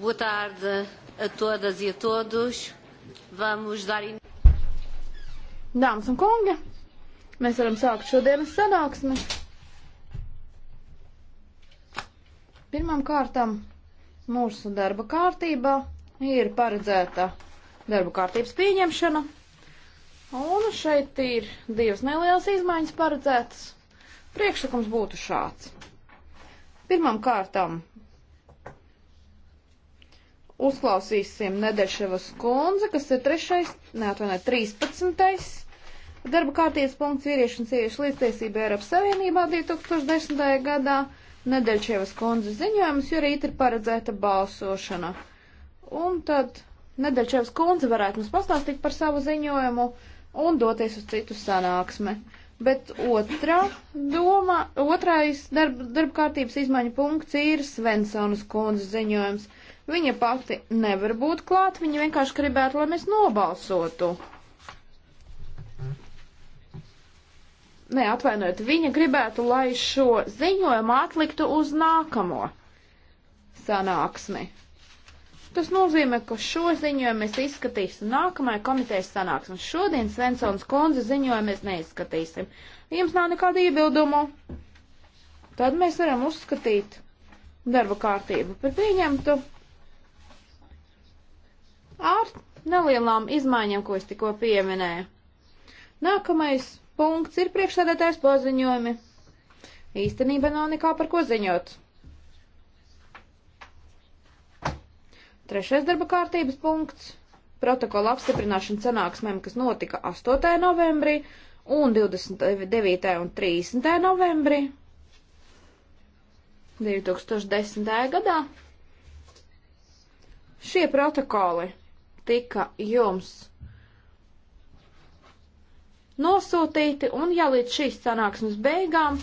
Boa tarde a todas e a todos. Vamos dar in... Dāmas un kungi, mēs varam sākt šodienas sanāksmi. Pirmām kārtām mūsu darba kārtībā ir paredzēta darba kārtības pieņemšana. Un šeit ir divas nelielas izmaiņas paredzētas. Priekšlikums būtu šāds. Pirmām kārtām uzklausīsim Nedeševas kundze, kas ir trešais, neatvainojiet, 13. darba kārtības punkts vīriešu un sieviešu līdztiesība Eiropas Savienībā 2010. gadā. Nedeševas kundze ziņojums, jo rīt ir paredzēta balsošana. Un tad Nedeševas kundze varētu mums pastāstīt par savu ziņojumu un doties uz citu sanāksmi. Bet otrā doma, otrais darba, darba kārtības izmaiņa punkts ir Svensonas kundzes ziņojums. Viņa pati nevar būt klāt, viņa vienkārši gribētu, lai mēs nobalsotu. Nē, atvainojiet, viņa gribētu, lai šo ziņojumu atliktu uz nākamo sanāksmi. Tas nozīmē, ka šo ziņojumu es izskatīsim nākamajā komitejas sanāksmē. Šodien Svensons kundze ziņojumu mēs neizskatīsim. Jums nav nekāda iebildumu. Tad mēs varam uzskatīt darba kārtību par pieņemtu ar nelielām izmaiņām, ko es tikko pieminēju. Nākamais punkts ir priekšsēdētājs paziņojumi. Īstenībā nav nekā par ko ziņot. Trešais darba kārtības punkts - protokola apstiprināšana sanāksmēm, kas notika 8. novembrī un 29. un 30. novembrī 2010. gadā. Šie protokoli tika jums nosūtīti, un ja līdz šīs sanāksmes beigām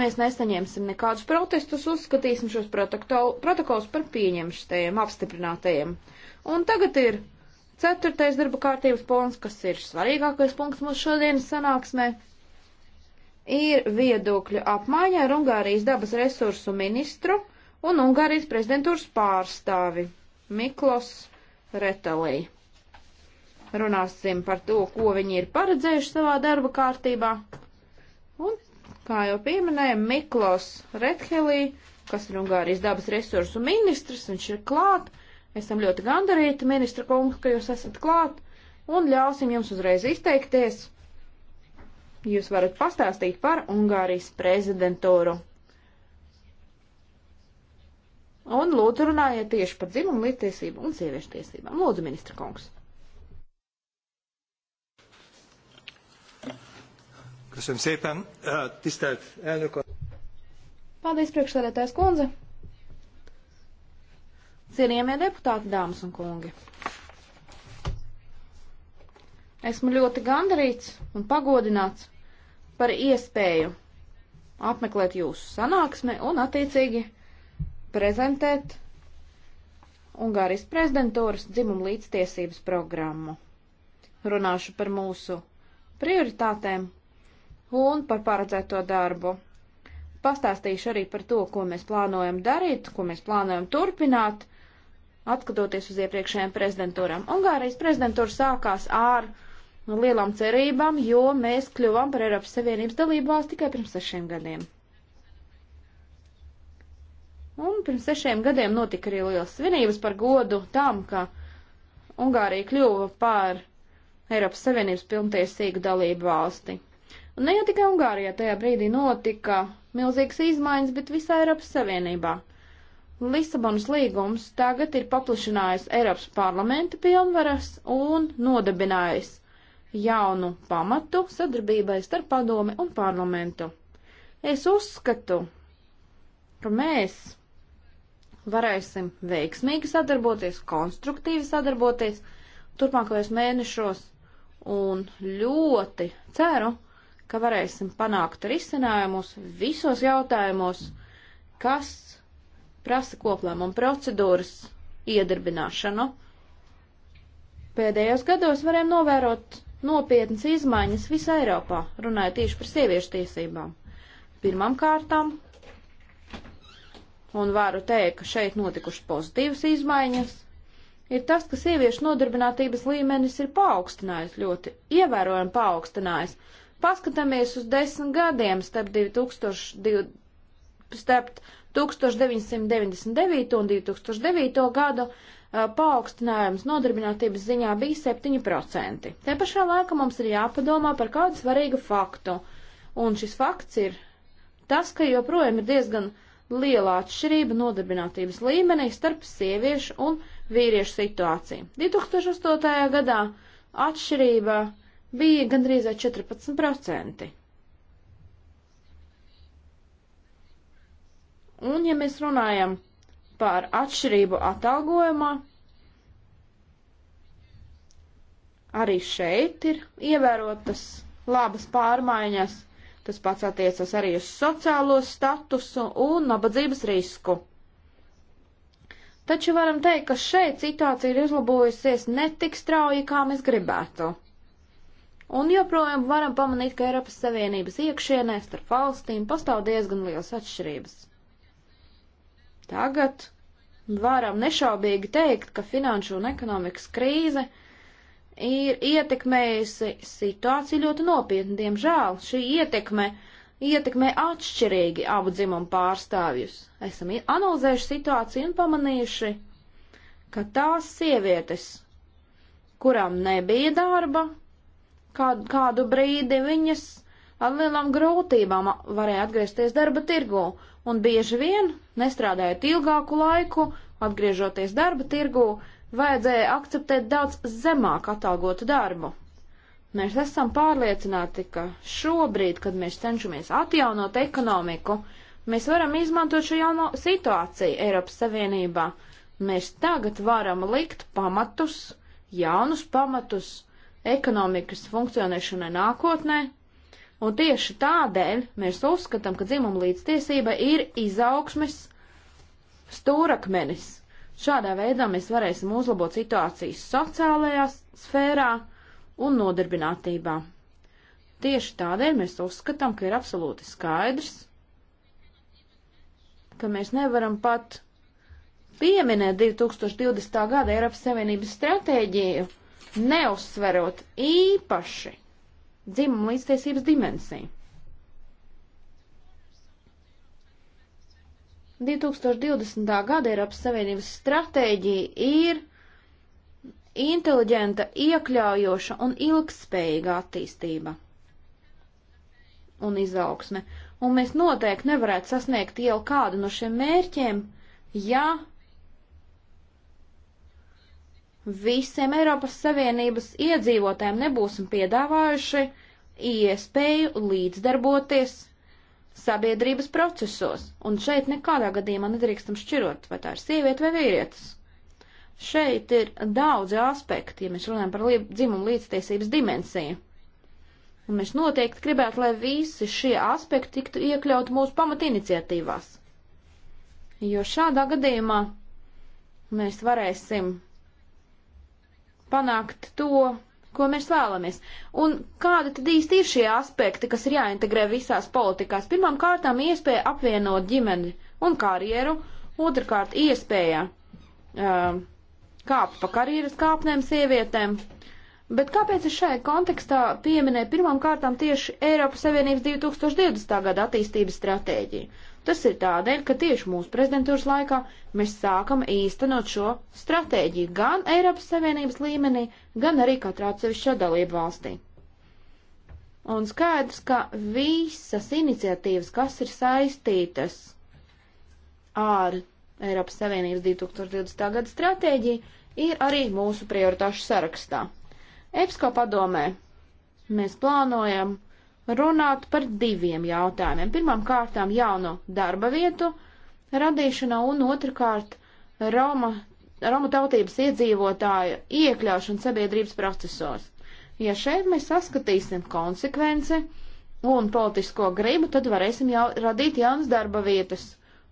mēs nesaņemsim nekādus protestus, uzskatīsim šos protokols par pieņemšajiem, apstiprinātajiem. Un tagad ir ceturtais darba kārtības punkts, kas ir svarīgākais punkts mūsu šodienas sanāksmē. Ir viedokļu apmaiņa ar Ungārijas dabas resursu ministru un Ungārijas prezidentūras pārstāvi Miklos Retalī runāsim par to, ko viņi ir paredzējuši savā darba kārtībā. Un, kā jau pieminēja, Miklós Redhelī, kas ir Ungārijas dabas resursu ministrs, viņš ir klāt. Esam ļoti gandarīti, ministra kungs, ka jūs esat klāt, un ļausim jums uzreiz izteikties. Jūs varat pastāstīt par Ungārijas prezidentūru. Un lūdzu runājiet tieši par dzimumu līdztiesību un sieviešu tiesībām. Lūdzu, ministra kungs. Köszönöm szépen. Tisztelt elnök a... Paldies, priekšsēdētājs kundze. Cienījamie deputāti, dāmas un kungi. Esmu ļoti gandarīts un pagodināts par iespēju apmeklēt jūsu sanāksmi un attiecīgi prezentēt Ungārijas prezidentūras dzimumu līdztiesības programmu. Runāšu par mūsu prioritātēm un par paredzēto darbu. Pastāstīšu arī par to, ko mēs plānojam darīt, ko mēs plānojam turpināt, atskatoties uz iepriekšējām prezidentūrām. Ungārijas prezidentūra sākās ar lielām cerībām, jo mēs kļuvām par Eiropas Savienības dalību valsts tikai pirms sešiem gadiem. Un pirms sešiem gadiem notika arī liels svinības par godu tam, ka Ungārija kļuva par Eiropas Savienības pilntiesīgu dalību valsti. Un ne jau tikai Ungārijā tajā brīdī notika milzīgas izmaiņas, bet visā Eiropas Savienībā. Lisabonas līgums tagad ir paplašinājis Eiropas parlamenta pilnvaras un nodabinājis jaunu pamatu sadarbībai starp padomi un parlamentu. Es uzskatu, ka mēs varēsim veiksmīgi sadarboties, konstruktīvi sadarboties turpmākajos mēnešos un ļoti ceru, ka varēsim panākt risinājumus visos jautājumos, kas prasa koplēmumu procedūras iedarbināšanu. Pēdējos gados varējām novērot nopietnas izmaiņas visā Eiropā, runājot tieši par sieviešu tiesībām. Pirmām kārtām, un varu teikt, ka šeit notikušas pozitīvas izmaiņas, ir tas, ka sieviešu nodarbinātības līmenis ir paaugstinājis ļoti ievērojami paaugstinājis Paskatāmies uz desmit gadiem starp 2000, starp 1999 un 2009 gadu paaugstinājums nodarbinātības ziņā bija 7%. Te pašā laikā mums ir jāpadomā par kādu svarīgu faktu. Un šis fakts ir tas, ka joprojām ir diezgan liela atšķirība nodarbinātības līmenī starp sieviešu un vīriešu situāciju. 2008. gadā atšķirība bija gandrīz vai 14%. Un, ja mēs runājam par atšķirību atalgojumā, arī šeit ir ievērotas labas pārmaiņas. Tas pats attiecas arī uz sociālo statusu un nabadzības risku. Taču varam teikt, ka šeit situācija ir uzlabojusies netik strauji, kā mēs gribētu. Un joprojām varam pamanīt, ka Eiropas Savienības iekšienē starp valstīm pastāv diezgan liels atšķirības. Tagad varam nešaubīgi teikt, ka finanšu un ekonomikas krīze ir ietekmējusi situāciju ļoti nopietni. Diemžēl šī ietekme ietekmē atšķirīgi abu dzimumu pārstāvjus. Esam analizējuši situāciju un pamanījuši, ka tās sievietes, kurām nebija darba, kādu, kādu brīdi viņas ar lielām grūtībām varēja atgriezties darba tirgu, un bieži vien, nestrādājot ilgāku laiku, atgriežoties darba tirgu, vajadzēja akceptēt daudz zemāk atalgotu darbu. Mēs esam pārliecināti, ka šobrīd, kad mēs cenšamies atjaunot ekonomiku, mēs varam izmantot šo jauno situāciju Eiropas Savienībā. Mēs tagad varam likt pamatus, jaunus pamatus ekonomikas funkcionēšanai nākotnē, un tieši tādēļ mēs uzskatām, ka dzimuma līdztiesība ir izaugsmes stūrakmenis. Šādā veidā mēs varēsim uzlabot situācijas sociālajā sfērā un nodarbinātībā. Tieši tādēļ mēs uzskatām, ka ir absolūti skaidrs, ka mēs nevaram pat pieminēt 2020. gada Eiropas Savienības stratēģiju, neuzsverot īpaši dzimumu līdztiesības dimensiju. 2020. gada Eiropas Savienības stratēģija ir inteliģenta, iekļaujoša un ilgspējīga attīstība un izaugsme. Un mēs noteikti nevarētu sasniegt jau kādu no šiem mērķiem, ja visiem Eiropas Savienības iedzīvotājiem nebūsim piedāvājuši iespēju līdzdarboties sabiedrības procesos, un šeit nekādā gadījumā nedrīkstam šķirot, vai tā ir sieviete vai vīrietis. Šeit ir daudzi aspekti, ja mēs runājam par līb, dzimumu līdztiesības dimensiju. Un mēs noteikti gribētu, lai visi šie aspekti tiktu iekļauti mūsu pamatiniciatīvās. Jo šādā gadījumā mēs varēsim panākt to, ko mēs vēlamies. Un kāda tad īsti ir šie aspekti, kas ir jāintegrē visās politikās? Pirmām kārtām iespēja apvienot ģimeni un karjeru, otrkārt iespēja um, kāpt pa karjeras kāpnēm sievietēm. Bet kāpēc es šajā kontekstā pieminēju pirmām kārtām tieši Eiropas Savienības 2020. gada attīstības stratēģiju? Tas ir tādēļ, ka tieši mūsu prezidentūras laikā mēs sākam īstenot šo stratēģiju gan Eiropas Savienības līmenī, gan arī katrā atsevišķā dalību valstī. Un skaidrs, ka visas iniciatīvas, kas ir saistītas ar Eiropas Savienības 2020. gada stratēģiju, ir arī mūsu prioritāšu sarakstā. EPSCO padomē mēs plānojam runāt par diviem jautājumiem. Pirmām kārtām jauno darba vietu radīšana un otrkārt Roma, Roma tautības iedzīvotāju iekļaušana sabiedrības procesos. Ja šeit mēs saskatīsim konsekvenci un politisko gribu, tad varēsim jau radīt jaunas darba vietas.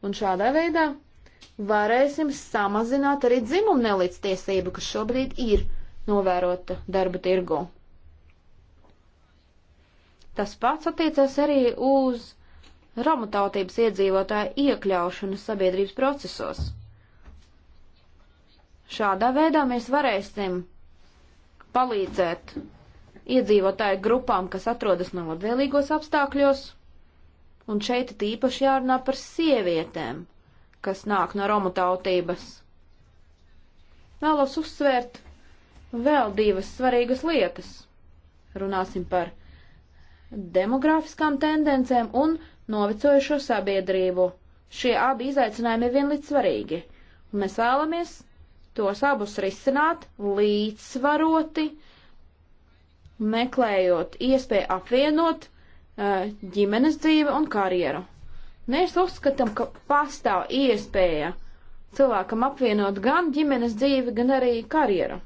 Un šādā veidā varēsim samazināt arī dzimumu nelīdztiesību, kas šobrīd ir novērota darba tirgu. Tas pats attiecas arī uz Romu tautības iedzīvotāju iekļaušanu sabiedrības procesos. Šādā veidā mēs varēsim palīdzēt iedzīvotāju grupām, kas atrodas nelabvēlīgos apstākļos, un šeit tīpaši jārunā par sievietēm, kas nāk no Romu tautības. Vēlos uzsvērt vēl divas svarīgas lietas. Runāsim par demografiskām tendencēm un novecojušo sabiedrību. Šie abi izaicinājumi ir vienlīdz svarīgi, un mēs vēlamies tos abus risināt līdzsvaroti, meklējot iespēju apvienot eh, ģimenes dzīvi un karjeru. Mēs uzskatām, ka pastāv iespēja cilvēkam apvienot gan ģimenes dzīvi, gan arī karjeru.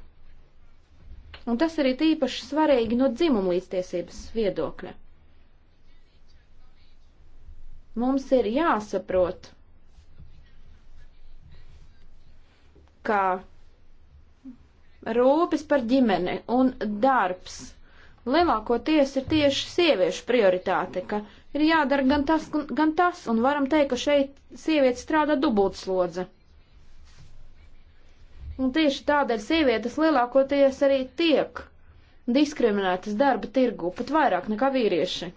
Un tas arī tīpaši svarīgi no dzimuma līdztiesības viedokļa. Mums ir jāsaprot, ka rūpes par ģimeni un darbs lielākoties ir tieši sieviešu prioritāte, ka ir jādara gan tas, gan tas, un varam teikt, ka šeit sieviete strādā dubultslodze. Un tieši tādēļ sievietes lielākoties arī tiek diskriminētas darba tirgu pat vairāk nekā vīrieši.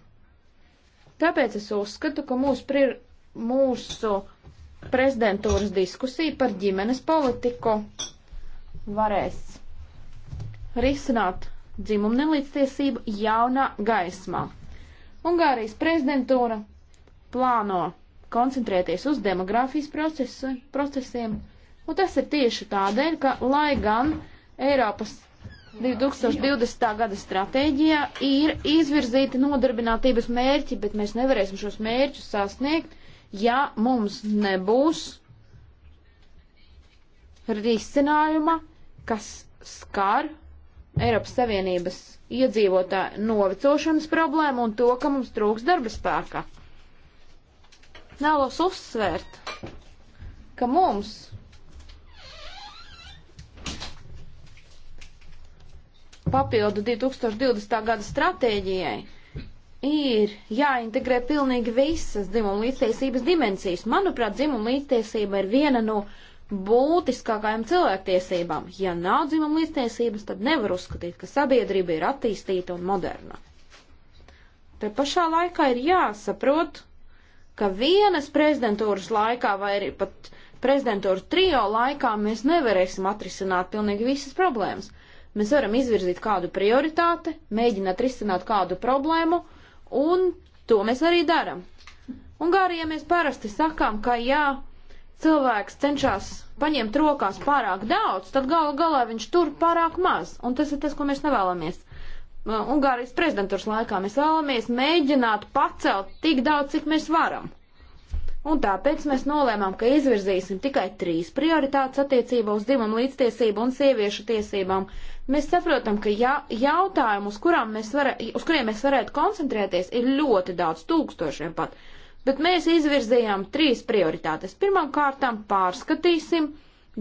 Tāpēc es uzskatu, ka mūsu, prir, mūsu prezidentūras diskusija par ģimenes politiku varēs risināt dzimumu nelīdztiesību jaunā gaismā. Ungārijas prezidentūra plāno koncentrēties uz demogrāfijas procesu, procesiem Un tas ir tieši tādēļ, ka lai gan Eiropas 2020. gada stratēģijā ir izvirzīti nodarbinātības mērķi, bet mēs nevarēsim šos mērķus sasniegt, ja mums nebūs risinājuma, kas skar Eiropas Savienības iedzīvotāju novecošanas problēmu un to, ka mums trūks darba spēka. Nālos uzsvērt, ka mums papildu 2020. gada stratēģijai ir jāintegrē pilnīgi visas dzimuma līdztiesības dimensijas. Manuprāt, dzimuma līdztiesība ir viena no būtiskākajām cilvēktiesībām. Ja nav dzimuma līdztiesības, tad nevar uzskatīt, ka sabiedrība ir attīstīta un moderna. Te pašā laikā ir jāsaprot, ka vienas prezidentūras laikā vai arī pat prezidentūras trijo laikā mēs nevarēsim atrisināt pilnīgi visas problēmas. Mēs varam izvirzīt kādu prioritāti, mēģināt risināt kādu problēmu, un to mēs arī darām. Ungārijā mēs parasti sakām, ka jā, cilvēks cenšas paņemt rokās pārāk daudz, tad galu galā viņš tur pārāk maz, un tas ir tas, ko mēs nevēlamies. Ungārijas prezidentūras laikā mēs vēlamies mēģināt pacelt tik daudz, cik mēs varam. Un tāpēc mēs nolēmām, ka izvirzīsim tikai trīs prioritātes attiecībā uz dzimumu līdztiesību un sieviešu tiesībām. Mēs saprotam, ka ja, jautājumu, uz, mēs varē, uz kuriem mēs varētu koncentrēties, ir ļoti daudz tūkstošiem pat. Bet mēs izvirzījām trīs prioritātes. Pirmām kārtām pārskatīsim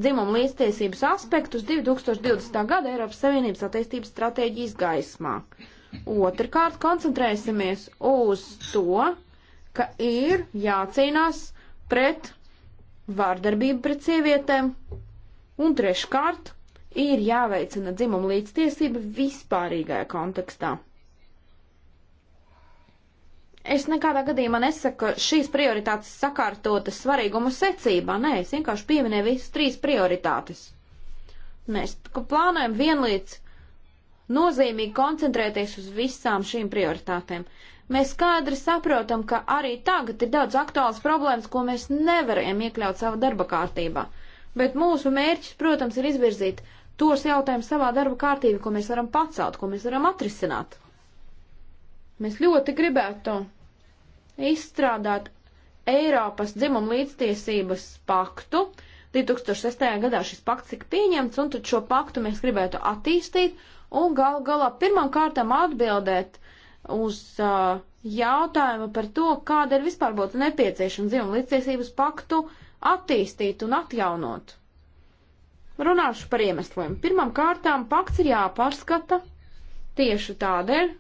dzimumu līdztiesības aspektus 2020. gada Eiropas Savienības attīstības stratēģijas gaismā. Otrkārt, koncentrēsimies uz to, ka ir jācīnās pret vārdarbību pret sievietēm. Un treškārt, ir jāveicina dzimuma līdztiesība vispārīgajā kontekstā. Es nekādā gadījumā nesaku, ka šīs prioritātes sakārtotas svarīguma secībā. Nē, es vienkārši pieminēju visas trīs prioritātes. Mēs plānojam vienlīdz nozīmīgi koncentrēties uz visām šīm prioritātēm. Mēs skaidri saprotam, ka arī tagad ir daudz aktuāls problēmas, ko mēs nevarējam iekļaut savā darba kārtībā. Bet mūsu mērķis, protams, ir izvirzīt tos jautājumus savā darba kārtībā, ko mēs varam pacelt, ko mēs varam atrisināt. Mēs ļoti gribētu izstrādāt Eiropas dzimumu līdztiesības paktu. 2006. gadā šis pakts tika pieņemts, un tad šo paktu mēs gribētu attīstīt un gal galā pirmām kārtām atbildēt uz uh, jautājumu par to, kādēļ vispār būtu nepieciešams dzimumu līdztiesības paktu attīstīt un atjaunot. Runāšu par iemesliem. Pirmam kārtām pakts ir jāpārskata tieši tādēļ,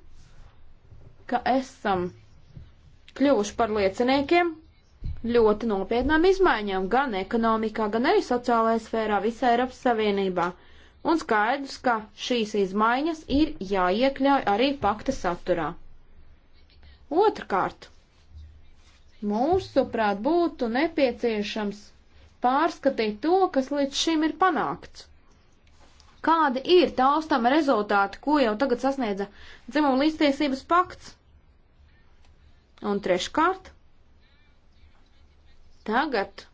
ka esam kļuvuši par lieciniekiem ļoti nopietnām izmaiņām gan ekonomikā, gan arī sociālajā sfērā visā Eiropas Savienībā. Un skaidrs, ka šīs izmaiņas ir jāiekļauj arī pakta saturā. Otrkārt, mūsuprāt, būtu nepieciešams pārskatīt to, kas līdz šim ir panākts. Kādi ir taustāma rezultāti, ko jau tagad sasniedza dzimuma līdztiesības pakts? Un treškārt, tagad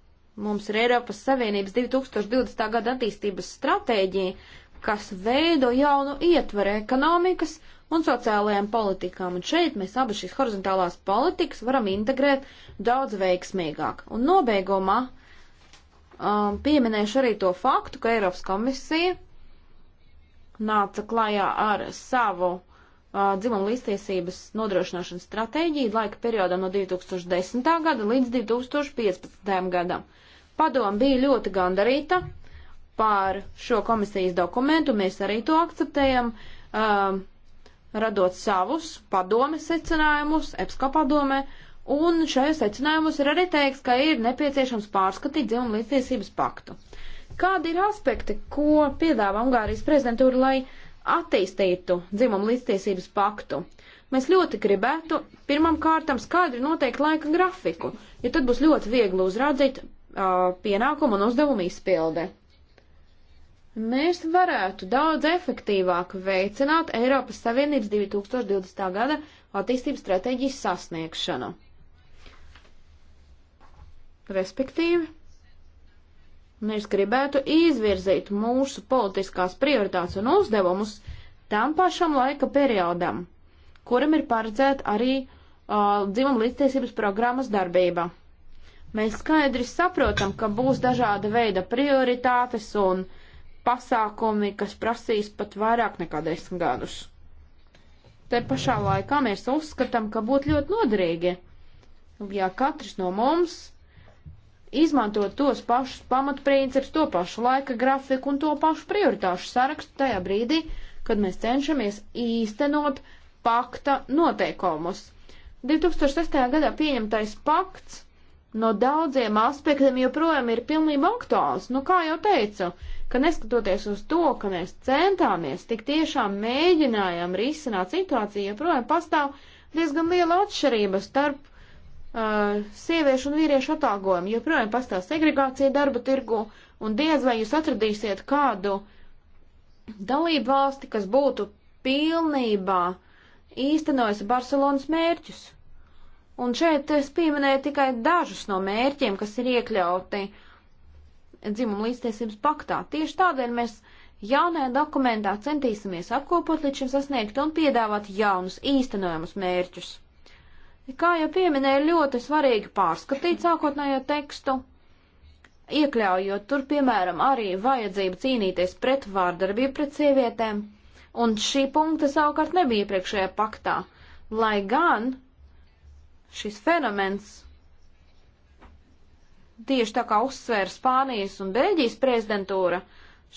mums ir Eiropas Savienības 2020. gada attīstības stratēģija, kas veido jaunu ietvaru ekonomikas un sociālajām politikām, un šeit mēs abas šīs horizontālās politikas varam integrēt daudz veiksmīgāk. Un nobeigumā Um, pieminēšu arī to faktu, ka Eiropas komisija nāca klajā ar savu uh, dzimumu līdztiesības nodrošināšanas stratēģiju laika periodam no 2010. gada līdz 2015. gadam. Padoma bija ļoti gandarīta par šo komisijas dokumentu, mēs arī to akceptējam. Uh, radot savus padomes secinājumus EPSKO padomē, Un šajos secinājumos ir arī teiks, ka ir nepieciešams pārskatīt dzimumu līdztiesības paktu. Kādi ir aspekti, ko piedāvā Ungārijas prezidentūra, lai attīstītu dzimumu līdztiesības paktu? Mēs ļoti gribētu pirmam kārtam skaidri noteikt laika grafiku, jo tad būs ļoti viegli uzrādzīt uh, pienākumu un uzdevumu izpildi. Mēs varētu daudz efektīvāk veicināt Eiropas Savienības 2020. gada attīstības stratēģijas sasniegšanu. Respektīvi, mēs gribētu izvirzīt mūsu politiskās prioritātes un uzdevumus tam pašam laika periodam, kuram ir paredzēta arī uh, dzimuma līdztiesības programmas darbība. Mēs skaidri saprotam, ka būs dažāda veida prioritātes un pasākumi, kas prasīs pat vairāk nekā desmit gadus. Te pašā laikā mēs uzskatām, ka būtu ļoti noderīgi, ja katrs no mums izmantot tos pašus pamatprincips, to pašu laika grafiku un to pašu prioritāšu sarakstu tajā brīdī, kad mēs cenšamies īstenot pakta noteikumus. 2006. gadā pieņemtais pakts no daudziem aspektiem joprojām ir pilnībā aktuāls. Nu, kā jau teicu, ka neskatoties uz to, ka mēs centāmies, tik tiešām mēģinājām risināt situāciju, joprojām pastāv diezgan liela atšķirība starp uh, sieviešu un vīriešu atalgojumu. Joprojām pastāv segregācija darba tirgu, un diez vai jūs atradīsiet kādu dalību valsti, kas būtu pilnībā īstenojusi Barcelonas mērķus. Un šeit es pieminēju tikai dažus no mērķiem, kas ir iekļauti dzimuma līdztiesības paktā. Tieši tādēļ mēs jaunajā dokumentā centīsimies apkopot līdz šim sasniegt un piedāvāt jaunus īstenojumus mērķus. Kā jau pieminēju, ļoti svarīgi pārskatīt sākotnējo tekstu, iekļaujot tur, piemēram, arī vajadzību cīnīties pret vārdarbību pret sievietēm, un šī punkta savukārt nebija iepriekšējā paktā, lai gan šis fenomens tieši tā kā uzsvēra Spānijas un Beļģijas prezidentūra,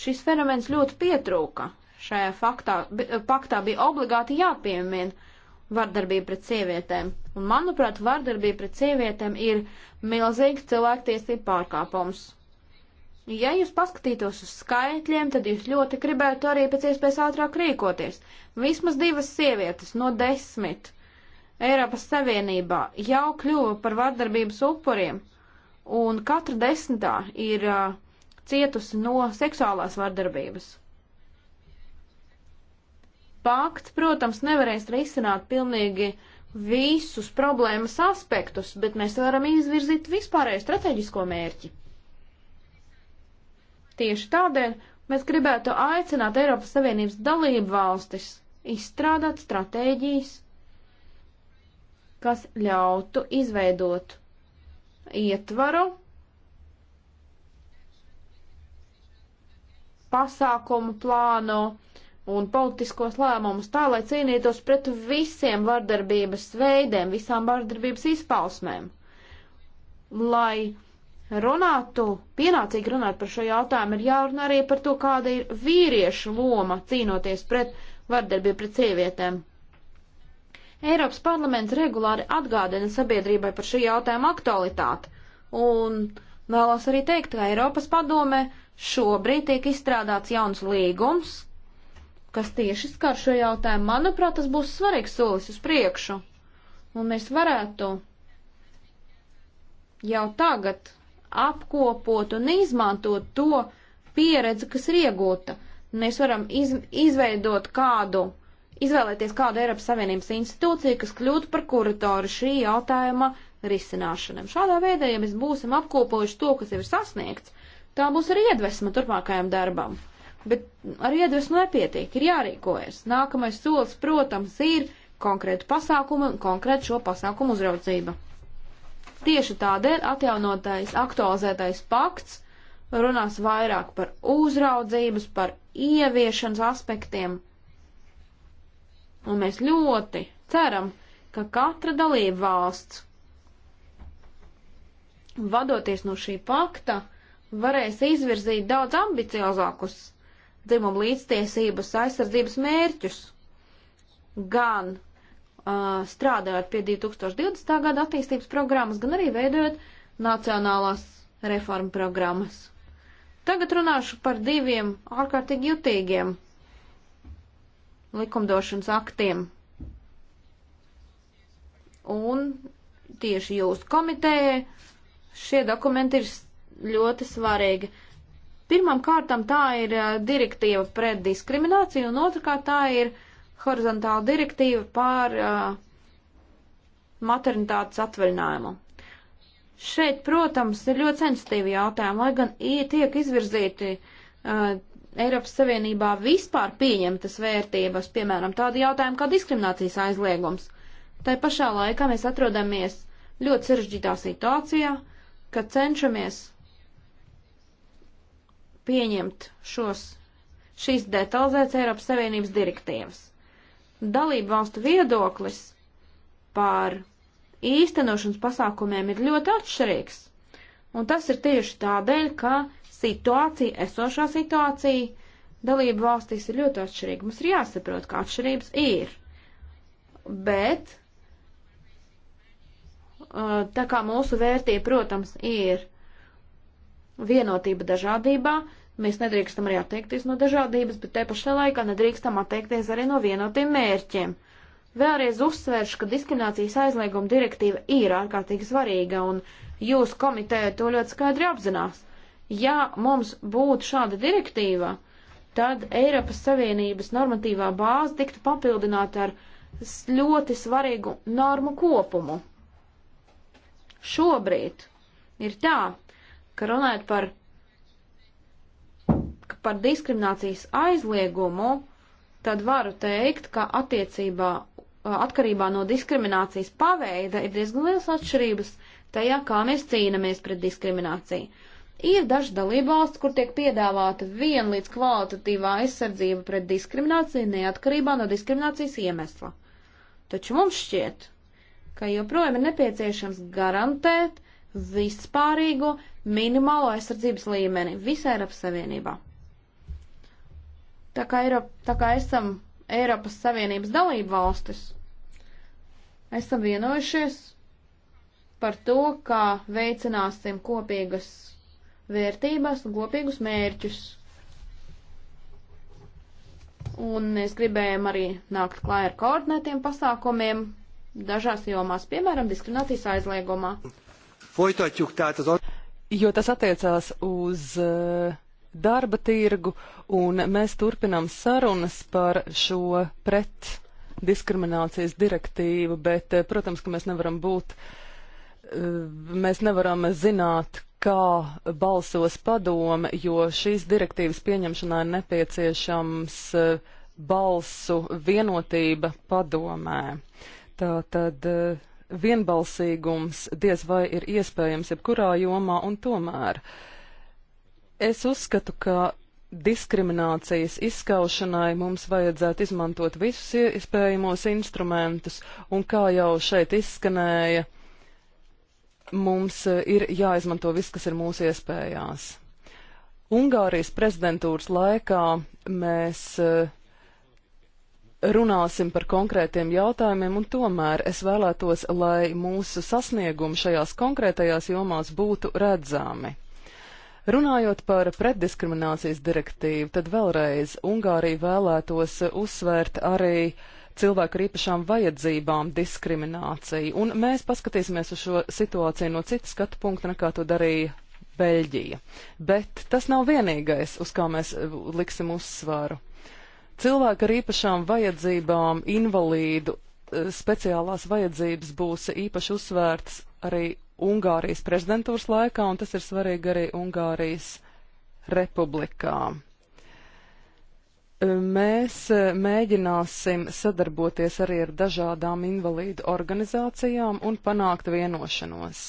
šis fenomens ļoti pietrūka. Šajā faktā, paktā bija obligāti jāpiemina vardarbība pret sievietēm. Un, manuprāt, vardarbība pret sievietēm ir milzīgs cilvēktiesību pārkāpums. Ja jūs paskatītos uz skaitļiem, tad jūs ļoti gribētu arī pēc iespējas ātrāk rīkoties. Vismaz divas sievietes no desmit Eiropas Savienībā jau kļuva par vardarbības upuriem, un katra desmitā ir uh, cietusi no seksuālās vardarbības. Pakts, protams, nevarēs risināt pilnīgi uh, visus problēmas aspektus, bet mēs varam izvirzīt vispārēju strateģisko mērķi. Tieši tādēļ mēs gribētu aicināt Eiropas Savienības dalību valstis izstrādāt stratēģijas, kas ļautu izveidot ietvaru pasākumu plānu, uh, un politiskos lēmumus tā, lai cīnītos pret visiem vardarbības veidiem, visām vardarbības izpausmēm. Lai runātu, pienācīgi runāt par šo jautājumu, ir jārunā arī par to, kāda ir vīriešu loma cīnoties pret vardarbību pret sievietēm. Eiropas parlaments regulāri atgādina sabiedrībai par šī jautājuma aktualitāti, un vēlos arī teikt, ka Eiropas padome šobrīd tiek izstrādāts jauns līgums, kas tieši skar šo jautājumu. Manuprāt, tas būs svarīgs solis uz priekšu. Un mēs varētu jau tagad apkopot un izmantot to pieredzi, kas ir iegūta. Mēs varam iz, izveidot kādu, izvēlēties kādu Eiropas Savienības institūciju, kas kļūtu par kuratoru šī jautājuma risināšanam. Šādā veidā, ja mēs būsim apkopojuši to, kas jau ir sasniegts, tā būs arī iedvesma turpmākajam darbam bet ar iedvesmu nepietiek, ir jārīkojas. Nākamais solis, protams, ir konkrēta pasākuma un konkrēta šo pasākumu uzraudzība. Tieši tādēļ atjaunotais, aktualizētais pakts runās vairāk par uzraudzības, par ieviešanas aspektiem. Un mēs ļoti ceram, ka katra dalība valsts, vadoties no šī pakta, varēs izvirzīt daudz ambiciozākus dzimumu līdztiesības aizsardzības mērķus, gan uh, strādājot pie 2020. gada attīstības programmas, gan arī veidojot nacionālās reformu programmas. Tagad runāšu par diviem ārkārtīgi jutīgiem likumdošanas aktiem. Un tieši jūsu komitējai šie dokumenti ir ļoti svarīgi. Pirmām kārtām tā ir direktīva pret diskrimināciju, un otrkārt tā ir horizontāla direktīva pār uh, maternitātes atvaļinājumu. Šeit, protams, ir ļoti sensitīvi jautājumi, lai gan tiek izvirzīti uh, Eiropas Savienībā vispār pieņemtas vērtības, piemēram, tādi jautājumi kā diskriminācijas aizliegums. Tā pašā laikā mēs atrodamies ļoti sarežģītā situācijā, kad cenšamies pieņemt šos, šīs detalizētas Eiropas Savienības direktīvas. Dalību valstu viedoklis par īstenošanas pasākumiem ir ļoti atšķirīgs. Un tas ir tieši tādēļ, ka situācija, esošā situācija dalību valstīs ir ļoti atšķirīga. Mums ir jāsaprot, ka atšķirības ir. Bet uh, tā kā mūsu vērtība, protams, ir Vienotība dažādībā. Mēs nedrīkstam arī atteikties no dažādības, bet te pašā laikā nedrīkstam atteikties arī no vienotiem mērķiem. Vēlreiz uzsvēršu, ka diskriminācijas aizlieguma direktīva ir ārkārtīgi svarīga, un jūs komiteja to ļoti skaidri apzinās. Ja mums būtu šāda direktīva, tad Eiropas Savienības normatīvā bāze tiktu papildināta ar ļoti svarīgu normu kopumu. Šobrīd ir tā, ka runājot par, par diskriminācijas aizliegumu, tad varu teikt, ka attiecībā atkarībā no diskriminācijas paveida ir diezgan liels atšķirības tajā, kā mēs cīnāmies pret diskrimināciju. Ir daži dalībvalsts, kur tiek piedāvāta viena līdz kvalitatīvā aizsardzība pret diskrimināciju neatkarībā no diskriminācijas iemesla. Taču mums šķiet, ka joprojām ir nepieciešams garantēt vispārīgo minimālo aizsardzības līmeni visā Eiropas Savienībā. Tā kā, Eiropa, tā kā esam Eiropas Savienības dalību valstis, esam vienojušies par to, kā veicināsim kopīgas vērtības un kopīgus mērķus. Un mēs gribējām arī nākt klāj ar koordinētiem pasākumiem dažās jomās, piemēram, diskriminācijas aizliegumā. Folytatjuk tehát az jo tas attiecās uz eh, darba tirgu, un mēs turpinām sarunas par šo pret diskriminācijas direktīvu, bet, eh, protams, ka mēs nevaram būt, eh, mēs nevaram zināt, kā balsos padome, jo šīs direktīvas pieņemšanā ir nepieciešams balsu vienotība padomē. Tā tad. Uh, vienbalsīgums diez vai ir iespējams jebkurā jomā, un tomēr es uzskatu, ka diskriminācijas izskaušanai mums vajadzētu izmantot visus iespējamos instrumentus, un kā jau šeit izskanēja, mums ir jāizmanto viss, kas ir mūsu iespējās. Ungārijas prezidentūras laikā mēs uh, runāsim par konkrētiem jautājumiem, un tomēr es vēlētos, lai mūsu sasniegumi šajās konkrētajās jomās būtu redzami. Runājot par pretdiskriminācijas direktīvu, tad vēlreiz Ungārija vēlētos uzsvērt arī cilvēku ar īpašām vajadzībām diskrimināciju, un mēs paskatīsimies uz šo situāciju no citas skatu punkta, nekā to darīja Beļģija. Bet tas nav vienīgais, uz kā mēs liksim uzsvaru. Cilvēki ar īpašām vajadzībām, invalīdu e, speciālās vajadzības būs īpaši uzsvērtas arī Ungārijas prezidentūras laikā, un tas ir svarīgi arī Ungārijas republikā. E, mēs e, mēģināsim sadarboties arī ar dažādām invalīdu organizācijām un panākt vienošanos.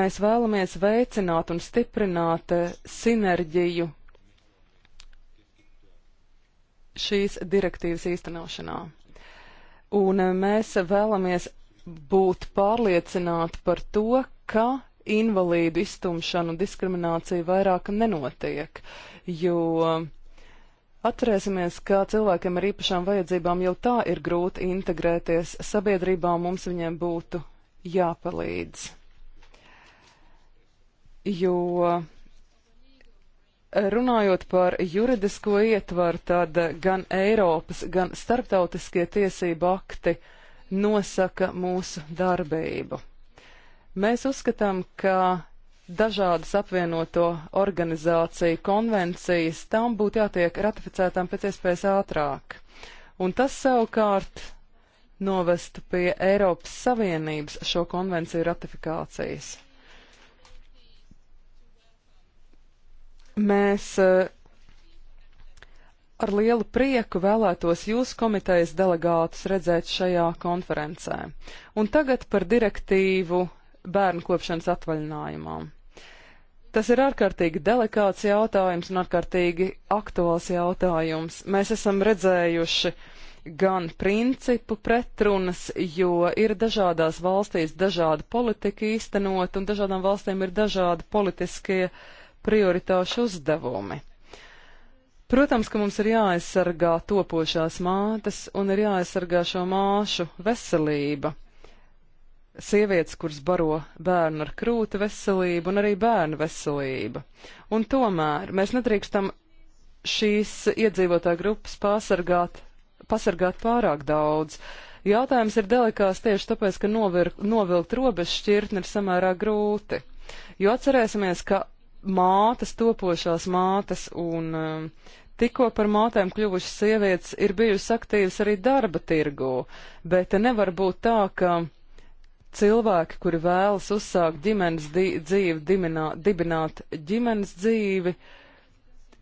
Mēs vēlamies veicināt un stiprināt sinerģiju šīs direktīvas īstenošanā. Un eh, mēs vēlamies būt pārliecināti par to, ka invalīdu iztumšanu un diskrimināciju vairāk nenotiek, jo atcerēsimies, ka cilvēkiem ar īpašām vajadzībām jau tā ir grūti integrēties sabiedrībā, mums viņiem būtu jāpalīdz. Jo Runājot par juridisko ietvaru, tad gan Eiropas, gan starptautiskie tiesību akti nosaka mūsu darbību. Mēs uzskatām, ka dažādas apvienoto organizāciju konvencijas tam būtu jātiek ratificētām pēc iespējas ātrāk. Un tas savukārt novestu pie Eiropas Savienības šo konvenciju ratifikācijas. Mēs eh, ar lielu prieku vēlētos jūsu komitejas delegātus redzēt šajā konferencē. Un tagad par direktīvu bērnu kopšanas atvaļinājumā. Tas ir ārkārtīgi delikāts jautājums un ārkārtīgi aktuāls jautājums. Mēs esam redzējuši gan principu pretrunas, jo ir dažādās valstīs dažāda politika īstenot, un dažādām valstīm ir dažādi politiskie uh, prioritāšu uzdevumi. Protams, ka mums ir jāaizsargā topošās mātes un ir jāaizsargā šo māšu veselība. Sievietes, kuras baro bērnu ar krūti veselību un arī bērnu veselība. Un tomēr mēs nedrīkstam šīs iedzīvotā grupas pasargāt, pasargāt pārāk daudz. Jautājums ir delikāts tieši tāpēc, ka novir, novilkt robežu šķirtni ir samērā grūti. Jo atcerēsimies, ka mātes, topošās mātes un uh, tikko par mātēm kļuvušas sievietes ir bijusi aktīvas arī darba tirgū, bet nevar būt tā, ka cilvēki, kuri vēlas uzsākt ģimenes di dzīvi, diminā, dibināt ģimenes dzīvi,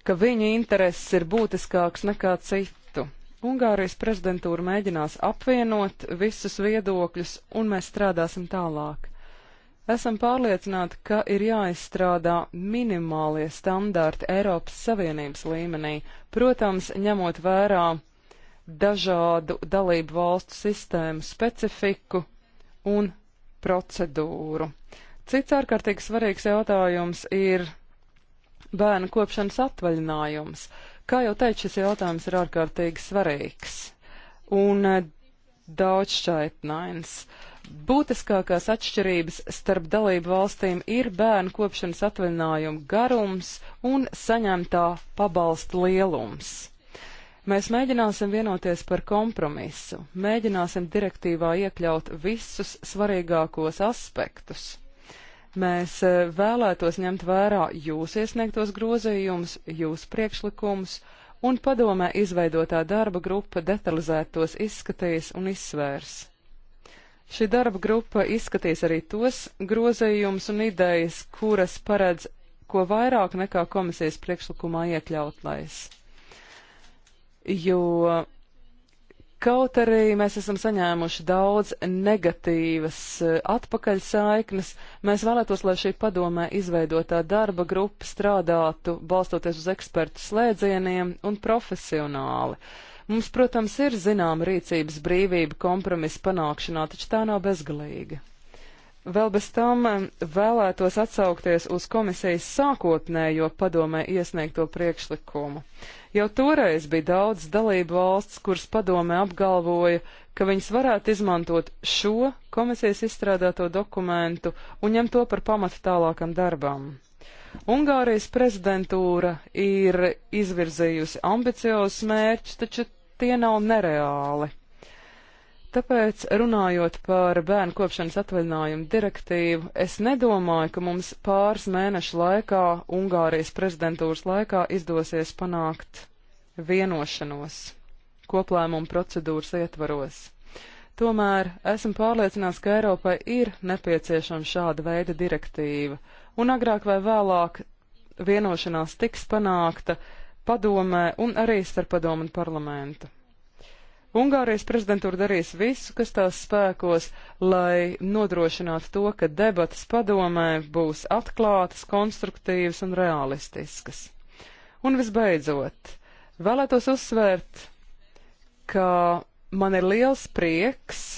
ka viņu intereses ir būtiskāks nekā citu. Ungārijas prezidentūra mēģinās apvienot visus viedokļus, un mēs strādāsim tālāk. Esam pārliecināti, ka ir jāizstrādā minimālie standarti Eiropas Savienības līmenī, protams, ņemot vērā dažādu dalību valstu sistēmu specifiku un procedūru. Cits ārkārtīgi svarīgs jautājums ir bērnu kopšanas atvaļinājums. Kā jau teicu, šis jautājums ir ārkārtīgi svarīgs un eh, daudz šķaitnains. Uh, Būtiskākās atšķirības starp dalību valstīm ir bērnu kopšanas atvaļinājuma garums un saņemtā pabalsta lielums. Mēs mēģināsim vienoties par kompromisu, mēģināsim direktīvā iekļaut visus svarīgākos aspektus. Mēs eh, vēlētos ņemt vērā jūsu iesniegtos grozījumus, jūsu priekšlikumus, un padomē izveidotā darba grupa detalizētos izskatīs un izsvērs. Šī darba grupa izskatīs arī tos grozījumus un idejas, kuras paredz ko vairāk nekā komisijas priekšlikumā iekļautlais. Jo kaut arī mēs esam saņēmuši daudz negatīvas eh, atpakaļsaiknes, mēs vēlētos, lai šī padomē izveidotā darba grupa strādātu balstoties uz ekspertu slēdzieniem un profesionāli. Uh, Mums, protams, ir zināma rīcības brīvība kompromisa panākšanā, taču tā nav bezgalīga. Vēl bez tam vēlētos atsaukties uz komisijas sākotnējo padomē iesniegto priekšlikumu. Jau toreiz bija daudz dalību valsts, kuras padomē apgalvoja, ka viņas varētu izmantot šo komisijas izstrādāto dokumentu un ņemt to par pamatu tālākam darbam. Ungārijas prezidentūra ir izvirzījusi ambiciozus mērķus, taču tie nav nereāli. Tāpēc, runājot par bērnu kopšanas atvaļinājumu direktīvu, es nedomāju, ka mums pāris mēnešu laikā, Ungārijas prezidentūras laikā, izdosies panākt vienošanos koplēmumu procedūras ietvaros. Tomēr esmu pārliecināts, ka Eiropai ir nepieciešama šāda veida direktīva, un agrāk vai vēlāk vienošanās tiks panākta, padomē un arī starp padomu un parlamentu. Ungārijas prezidentūra darīs visu, kas tās spēkos, lai nodrošinātu to, ka debatas padomē būs atklātas, konstruktīvas un realistiskas. Un visbeidzot, vēlētos uzsvērt, ka man ir liels prieks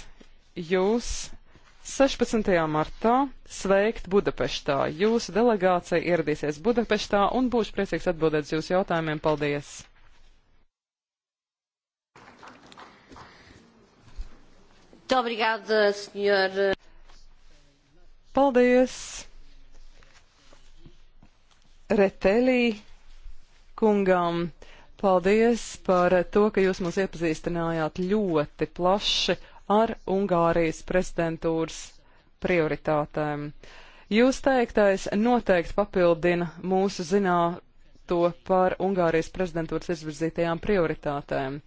jūs 16. martā sveikt Budapeštā. Jūsu delegācija ieradīsies Budapeštā un būšu priecīgs atbildēt uz jūsu jautājumiem. Paldies! Obrigada, senhor. Paldies! Retelī kungam, paldies par to, ka jūs mūs iepazīstinājāt ļoti plaši ar Ungārijas prezidentūras prioritātēm. Jūs teiktais noteikti papildina mūsu zināto par Ungārijas prezidentūras izvirzītajām prioritātēm.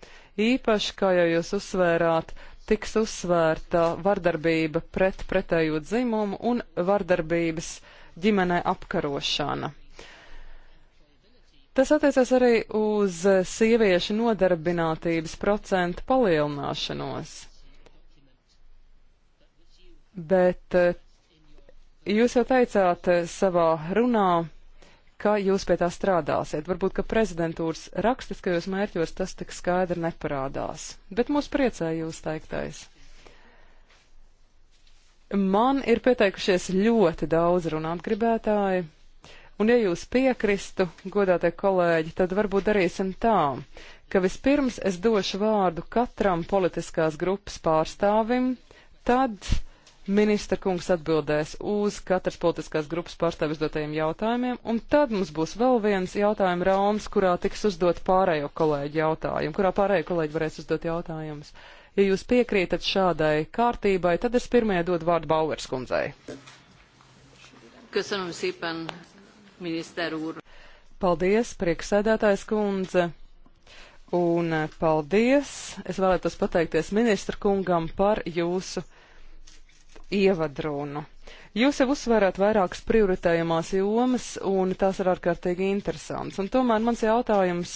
Īpaši, kā jau jūs uzsvērāt, tiks uzsvērta vardarbība pret pretējo dzimumu un vardarbības ģimenē apkarošana. Tas attiecas arī uz sieviešu nodarbinātības procentu palielināšanos bet eh, jūs jau teicāt eh, savā runā, ka jūs pie tā strādāsiet. Varbūt, ka prezidentūras rakstiskajos mērķos tas tik skaidri neparādās, bet mūs priecē jūs teiktais. Man ir pieteikušies ļoti daudz runāt gribētāji, un ja jūs piekristu, godātie kolēģi, tad varbūt darīsim tā, ka vispirms es došu vārdu katram politiskās grupas pārstāvim, tad Ministra kungs atbildēs uz katras politiskās grupas pārstāvis dotajiem jautājumiem, un tad mums būs vēl viens jautājuma rauns, kurā tiks uzdot pārējo kolēģi jautājumu, kurā pārējo kolēģi varēs uzdot jautājumus. Ja jūs piekrītat šādai kārtībai, tad es pirmajai dodu vārdu Bauers kundzei. Köszönöm szépen, miniszter úr! Paldies, prieksēdētājs kundze! Un eh, paldies! Es vēlētos pateikties ministra kungam par jūsu ievadrunu. Jūs jau uzsvērāt vairākas prioritējumās jomas, un tās ir ārkārtīgi interesants. Un tomēr mans jautājums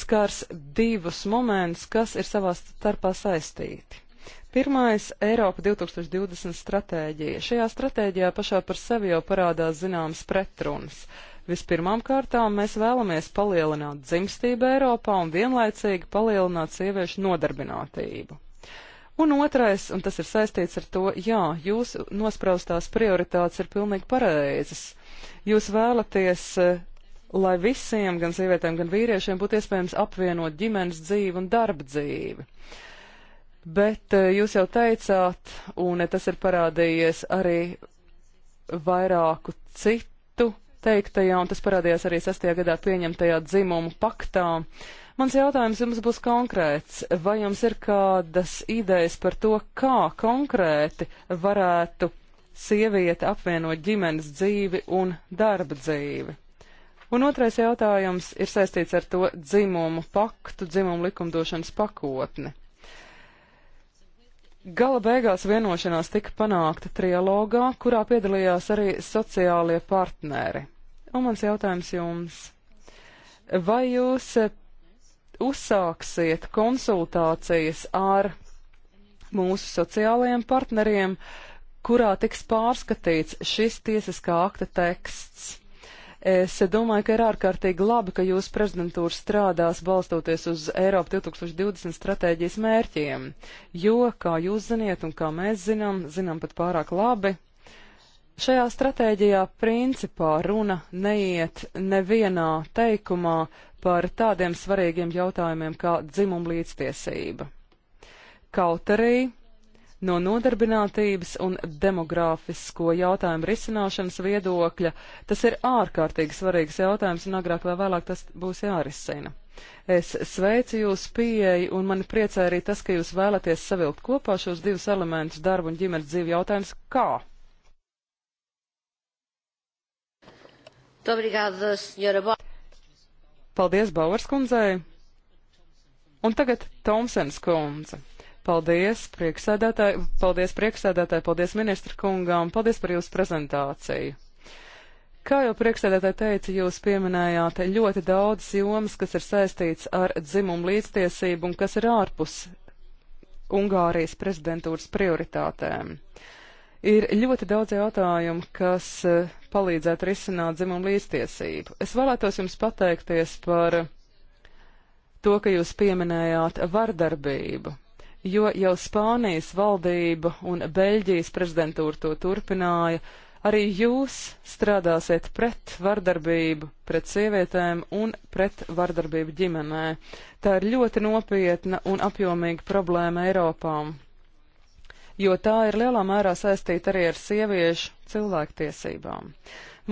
skars divus momentus, kas ir savā starpā saistīti. Pirmais - Eiropa 2020 stratēģija. Šajā stratēģijā pašā par sevi jau parādās zināmas pretrunas. Vispirmām kārtām mēs vēlamies palielināt dzimstību Eiropā un vienlaicīgi palielināt sieviešu nodarbinātību. Un otrais, un tas ir saistīts ar to, jā, jūs nospraustās prioritātes ir pilnīgi pareizas. Jūs vēlaties, eh, lai visiem, gan sievietēm, gan vīriešiem, būtu iespējams apvienot ģimenes dzīvi un darba dzīvi. Bet eh, jūs jau teicāt, un tas ir parādījies arī vairāku citu teiktajā, un tas parādījās arī sastajā gadā pieņemtajā dzimumu paktā. Uh, Mans jautājums jums būs konkrēts. Vai jums ir kādas idejas par to, kā konkrēti varētu sieviete apvienot ģimenes dzīvi un darba dzīvi? Un otrais jautājums ir saistīts ar to dzimumu paktu, dzimumu likumdošanas pakotni. Gala beigās vienošanās tika panākta trialogā, kurā piedalījās arī sociālie partneri. Un mans jautājums jums. Vai jūs uzsāksiet konsultācijas ar mūsu sociālajiem partneriem, kurā tiks pārskatīts šis tiesiskā akta teksts. Es domāju, ka ir ārkārtīgi labi, ka jūsu prezidentūra strādās balstoties uz Eiropa 2020 stratēģijas mērķiem, jo, kā jūs ziniet un kā mēs zinām, zinām pat pārāk labi, šajā stratēģijā principā runa neiet nevienā teikumā par tādiem svarīgiem jautājumiem kā dzimuma līdztiesība. Kaut arī no nodarbinātības un demogrāfisko jautājumu risināšanas viedokļa tas ir ārkārtīgi svarīgs jautājums un agrāk vai vēlāk tas būs jārisina. Es sveicu jūs pieeju un mani priecē arī tas, ka jūs vēlaties savilkt kopā šos divus elementus darbu un ģimenes dzīvi jautājums kā. Obrigada, senhora Borges. Paldies Bauers kundzei. Un tagad Tomsens kundze. Paldies priekšsēdētāji, paldies priekšsēdētāji, paldies ministra kungām, paldies par jūsu prezentāciju. Kā jau priekšsēdētāji teica, jūs pieminējāt ļoti daudz jomas, kas ir saistīts ar dzimumu līdztiesību un kas ir ārpus Ungārijas prezidentūras prioritātēm. Uh, Ir ļoti daudz jautājumu, kas eh, palīdzētu risināt dzimumu līdztiesību. Es vēlētos jums pateikties par to, ka jūs pieminējāt vardarbību, jo jau Spānijas valdība un Beļģijas prezidentūra to turpināja. Arī jūs strādāsiet pret vardarbību, pret sievietēm un pret vardarbību ģimenē. Tā ir ļoti nopietna un apjomīga problēma Eiropām jo tā ir lielā mērā saistīta arī ar sieviešu cilvēktiesībām.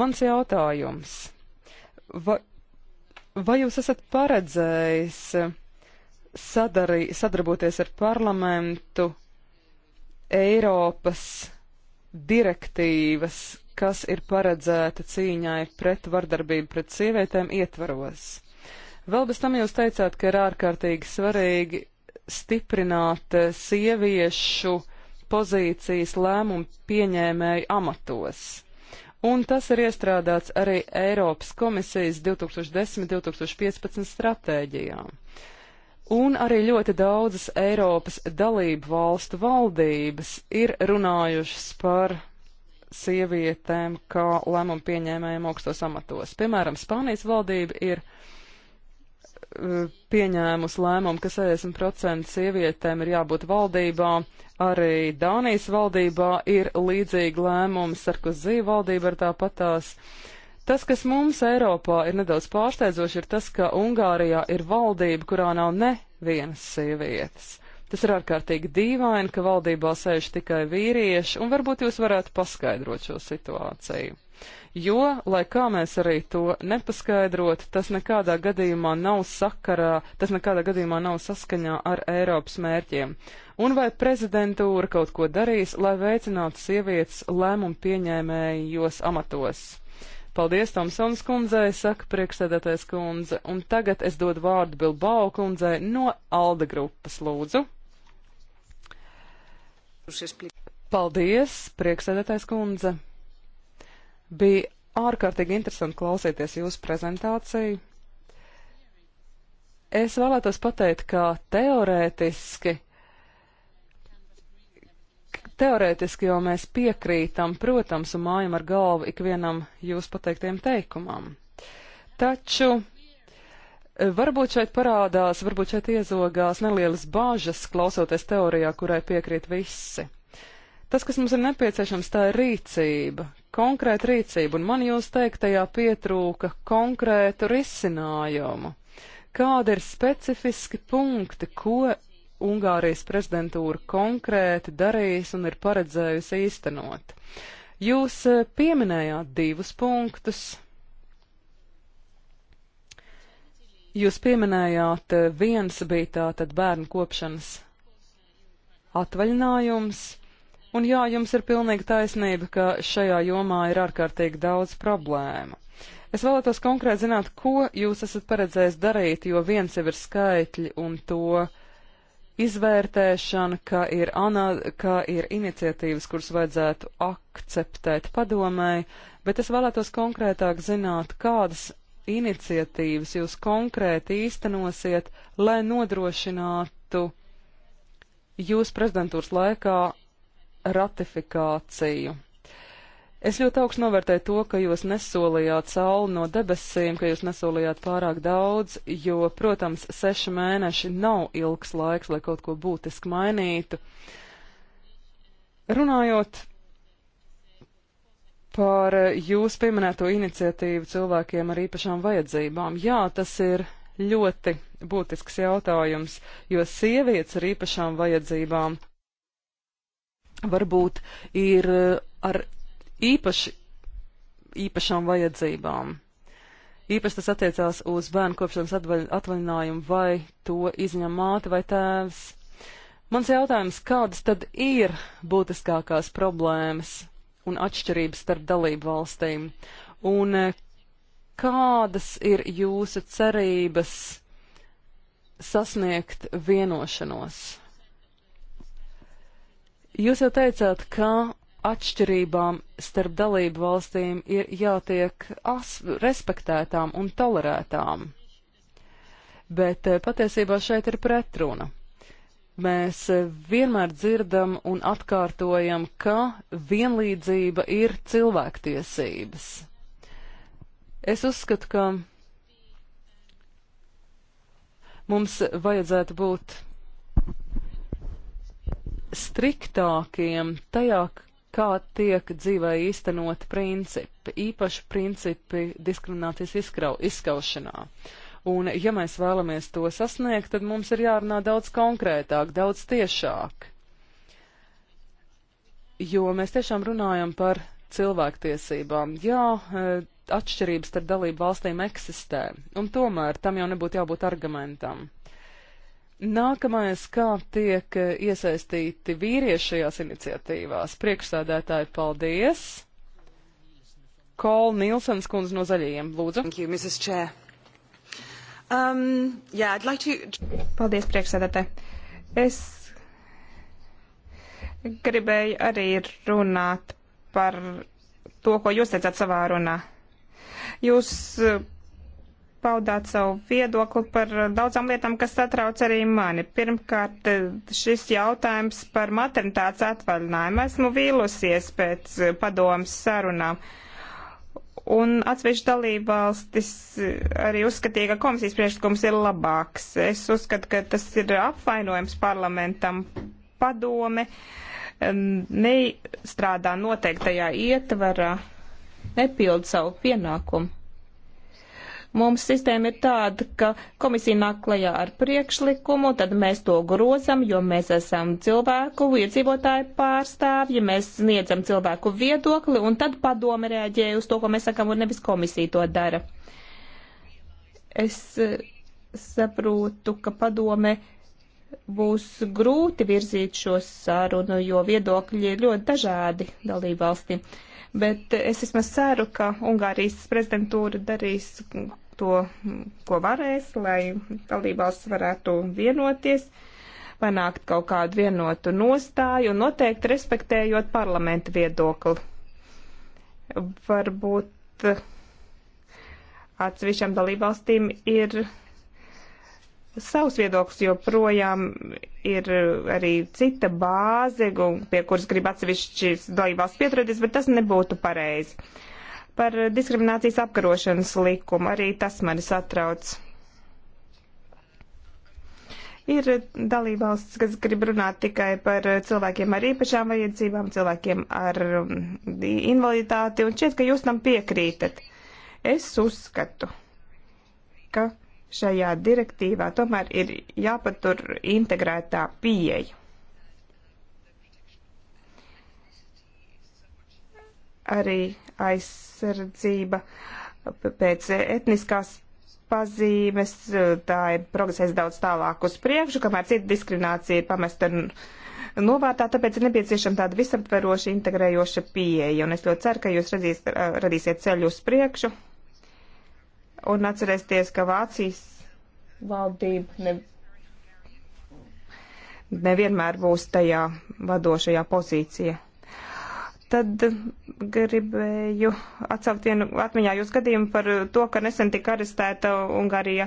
Mans jautājums. Vai, vai jūs esat paredzējis sadarī, sadarboties ar parlamentu Eiropas direktīvas, kas ir paredzēta cīņai pret vardarbību pret sievietēm ietvaros? Vēl bez tam jūs teicāt, ka ir ārkārtīgi svarīgi stiprināt sieviešu pozīcijas lēmumu pieņēmēju amatos. Un tas ir iestrādāts arī Eiropas komisijas 2010-2015 stratēģijā. Un arī ļoti daudzas Eiropas dalību valstu valdības ir runājušas par sievietēm kā lēmumu pieņēmējiem augstos amatos. Piemēram, Spānijas valdība ir uh, pieņēmusi lēmumu, ka 60% sievietēm ir jābūt valdībā. Arī Dānijas valdībā ir līdzīgi lēmumi, Sarkozī valdība ir tāpatās. Tas, kas mums Eiropā ir nedaudz pārsteidzoši, ir tas, ka Ungārijā ir valdība, kurā nav nevienas sievietes. Tas ir ārkārtīgi dīvaini, ka valdībā sēž tikai vīrieši, un varbūt jūs varētu paskaidrot šo situāciju. Jo, lai kā mēs arī to nepaskaidrot, tas nekādā gadījumā nav sakarā, tas nekādā gadījumā nav saskaņā ar Eiropas mērķiem. Un vai prezidentūra kaut ko darīs, lai veicinātu sievietes lēmumu pieņēmējos amatos? Paldies Tomsons kundzei, saka priekšsēdētais kundze, un tagad es dodu vārdu Bilbao kundzei no Alda grupas lūdzu. Paldies, priekšsēdētais kundze. Bija ārkārtīgi interesanti klausīties jūsu prezentāciju. Es vēlētos pateikt, ka teorētiski, teorētiski jau mēs piekrītam, protams, un mājam ar galvu ikvienam jūs pateiktiem teikumam. Taču eh, Varbūt šeit parādās, varbūt šeit iezogās nelielas bāžas, klausoties teorijā, kurai piekrīt visi. Tas, kas mums ir nepieciešams, tā ir rīcība, konkrēta rīcība, un man jūs teiktajā pietrūka konkrētu risinājumu. Kāda ir specifiski punkti, ko Ungārijas prezidentūra konkrēti darīs un ir paredzējusi īstenot? Jūs eh, pieminējāt divus punktus. Jūs pieminējāt, eh, viens bija tātad bērnu kopšanas atvaļinājums, Un jā, jums ir pilnīgi taisnība, ka šajā jomā ir ārkārtīgi daudz problēmu. Es vēlētos konkrēti zināt, ko jūs esat paredzējis darīt, jo viens jau ir skaitļi un to izvērtēšana, ka ir, ana, ka ir iniciatīvas, kuras vajadzētu akceptēt padomēji, bet es vēlētos konkrētāk zināt, kādas iniciatīvas jūs konkrēti īstenosiet, lai nodrošinātu jūs prezidentūras laikā ratifikāciju. Es ļoti augstu novērtēju to, ka jūs nesolījāt sauli no debesīm, ka jūs nesolījāt pārāk daudz, jo, protams, seši mēneši nav ilgs laiks, lai kaut ko būtiski mainītu. Runājot par jūsu pieminēto iniciatīvu cilvēkiem ar īpašām vajadzībām, jā, tas ir ļoti būtisks jautājums, jo sievietes ar īpašām vajadzībām varbūt ir eh, ar īpaši, īpašām vajadzībām. Īpaši tas attiecās uz bērnu kopšanas atvaļinājumu, vai to izņem māte vai tēvs. Mans jautājums, kādas tad ir būtiskākās problēmas un atšķirības starp dalību valstīm? Un eh, kādas ir jūsu cerības sasniegt vienošanos? Jūs jau teicāt, ka atšķirībām starp dalību valstīm ir jātiek as, respektētām un tolerētām. Bet eh, patiesībā šeit ir pretruna. Mēs eh, vienmēr dzirdam un atkārtojam, ka vienlīdzība ir cilvēktiesības. Es uzskatu, ka mums vajadzētu būt striktākiem tajā, kā tiek dzīvē īstenot principi, īpaši principi diskriminācijas izkrau, izskaušanā. Un, ja mēs vēlamies to sasniegt, tad mums ir jārunā daudz konkrētāk, daudz tiešāk. Jo mēs tiešām runājam par cilvēktiesībām. Jā, e, atšķirības starp dalību valstīm eksistē, un tomēr tam jau nebūtu jābūt argumentam. Nākamais, kā tiek iesaistīti vīrieši šajās iniciatīvās? Priekšsēdētāji, paldies! Kola Nilsens kundze no Zaļajiem, lūdzu. Thank you, Mrs. Chair. Um, yeah, I'd like to... Paldies, priekšsēdētāji. Es gribēju arī runāt par to, ko jūs teicāt savā runā. Jūs paudāt savu viedokli par eh, daudzām lietām, kas satrauc arī mani. Pirmkārt, eh, šis jautājums par maternitātes atvaļinājumu. Esmu vīlusies pēc eh, padomas sarunām. Un atsevišķi dalībvalstis arī uzskatīja, ka komisijas priekšlikums ir labāks. Es uzskatu, ka tas ir apvainojums parlamentam padome nestrādā noteiktajā ietvarā, nepild savu pienākumu. Mums sistēma ir tāda, ka komisija nāk klajā ar priekšlikumu, tad mēs to grozam, jo mēs esam cilvēku iedzīvotāju pārstāvji, mēs sniedzam cilvēku viedokli, un tad padome reaģē uz to, ko mēs sakam, un nevis komisija to dara. Es e, saprotu, ka padome būs grūti virzīt šo sarunu, jo viedokļi ir ļoti dažādi dalībvalstīm. Bet es vismaz ceru, ka Ungārijas prezidentūra darīs to, ko varēs, lai dalībvalsts varētu vienoties, panākt kaut kādu vienotu nostāju un noteikti respektējot parlamentu viedokli. Varbūt atsevišķām dalībvalstīm ir savs viedoklis, jo projām ir arī cita bāze, pie kuras grib atsevišķas dalībvalsts pieturēties, bet tas nebūtu pareizi. Uh, Par diskriminācijas apkarošanas likumu arī tas mani satrauc. Ir dalībvalsts, kas grib runāt tikai par cilvēkiem ar īpašām vajadzībām, cilvēkiem ar um, invaliditāti, un šķiet, ka jūs tam piekrītat. Es uzskatu, ka šajā direktīvā tomēr ir jāpatur integrētā pieeja arī aizsardzība pēc etniskās pazīmes, tā ir progresēs daudz tālāk uz priekšu, kamēr cita diskriminācija ir pamesta novārtā, tāpēc ir nepieciešama tāda visaptveroša, integrējoša pieeja, un es ļoti ceru, ka jūs radīs, radīsiet ceļu uz priekšu, un atcerēsties, ka Vācijas valdība ne, nevienmēr būs tajā vadošajā pozīcijā. Tad gribēju atsaukt vienu atmiņā jūs gadījumu par to, ka nesen tika arestēta Ungārija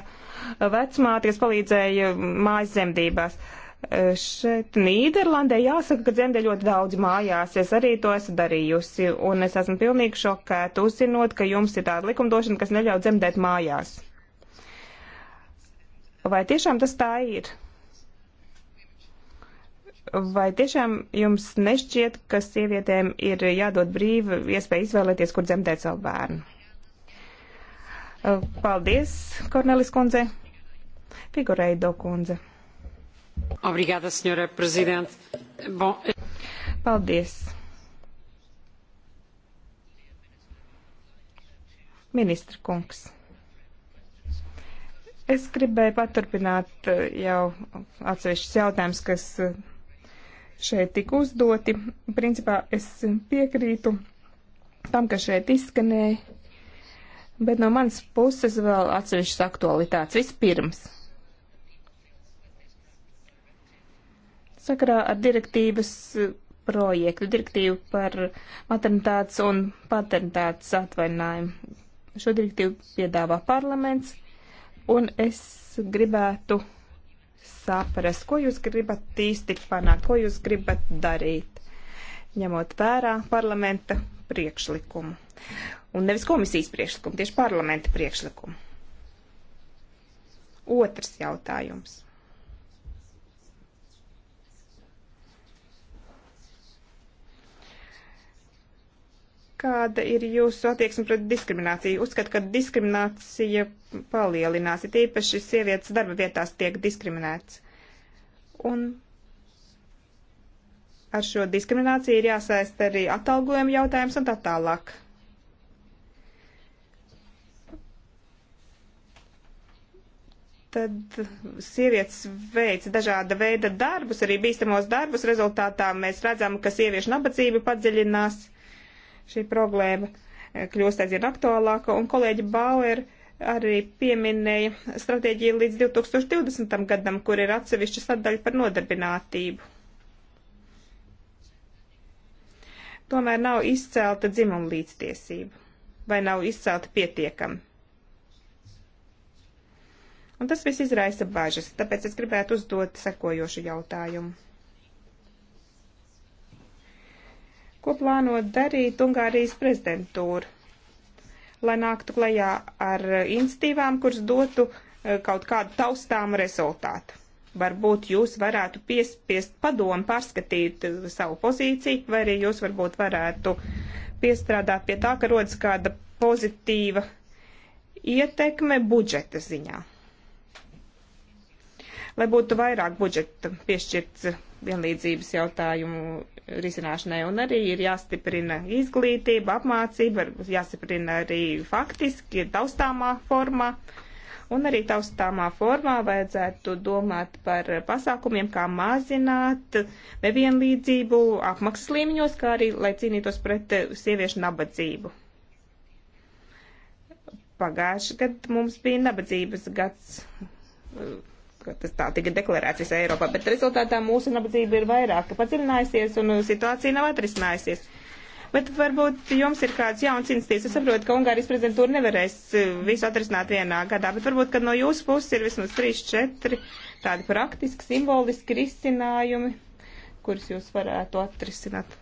vecmāte, kas palīdzēja mājas zemdībās. Šeit Nīderlandē jāsaka, ka dzemdē ļoti daudz mājās. Es arī to esmu darījusi, un es esmu pilnīgi šokēta uzzinot, ka jums ir tāda likumdošana, kas neļauj dzemdēt mājās. Vai tiešām tas tā ir? Vai tiešām jums nešķiet, ka sievietēm ir jādod brīva iespēja izvēlēties, kur dzemdēt savu bērnu? Eh, paldies, Kornelis kundze. Figureido kundze. Obrigada, senjora prezident. Bon. Eh, paldies. Ministra kungs. Es gribēju paturpināt eh, jau atsevišķus jautājumus, kas šeit tika uzdoti. Principā es piekrītu tam, kas šeit izskanēja, bet no manas puses vēl atsevišķas aktualitātes. Vispirms, sakarā ar direktīvas eh, projektu, direktīvu par maternitātes un paternitātes atvainājumu. Šo direktīvu piedāvā parlaments, un es gribētu saprast, ko jūs gribat īsti panākt, ko jūs gribat darīt, ņemot vērā parlamenta priekšlikumu. Un nevis komisijas priekšlikumu, tieši parlamenta priekšlikumu. Otrs jautājums. Kāda ir jūsu attieksme pret diskrimināciju? Uzskat, ka diskriminācija palielinās, ir tīpaši sievietes darba vietās tiek diskriminēts. Un ar šo diskrimināciju ir jāsaist arī atalgojuma jautājums un tā tālāk. tad sievietes veica dažāda veida darbus, arī bīstamos darbus. Rezultātā mēs redzam, ka sieviešu nabadzība padziļinās šī problēma kļūst aizvien aktuālāka, un kolēģi Bauer arī pieminēja stratēģiju līdz 2020. gadam, kur ir atsevišķa sadaļa par nodarbinātību. Tomēr nav izcelta dzimuma līdztiesība, vai nav izcelta pietiekami. Un tas viss izraisa bažas, tāpēc es gribētu uzdot sekojošu jautājumu. Ko plāno darīt Ungārijas prezidentūra, lai nāktu klajā ar institīvām, kuras dotu eh, kaut kādu taustām rezultātu? Varbūt jūs varētu piespiest padomu pārskatīt eh, savu pozīciju, vai arī jūs varbūt varētu piestrādāt pie tā, ka rodas kāda pozitīva ietekme budžeta ziņā. Lai būtu vairāk budžeta piešķirts vienlīdzības jautājumu risināšanai. Un arī ir jāstiprina izglītība, apmācība, jāstiprina arī faktiski taustāmā formā. Un arī taustāmā formā vajadzētu domāt par pasākumiem, kā mazināt nevienlīdzību apmaksas līmeņos, kā arī, lai cīnītos pret sieviešu nabadzību. Pagājuši gadu mums bija nabadzības gads ka tas tā tika deklarēts visā Eiropā, bet rezultātā mūsu nabadzība ir vairāk padziļinājusies un uh, situācija nav atrisinājusies. Bet varbūt jums ir kāds jauns institīvs. Es saprotu, ka Ungārijas prezidentūra nevarēs uh, visu atrisināt vienā gadā, bet varbūt, ka no jūsu puses ir vismaz 3-4 tādi praktiski, simboliski risinājumi, kurus jūs varētu atrisināt.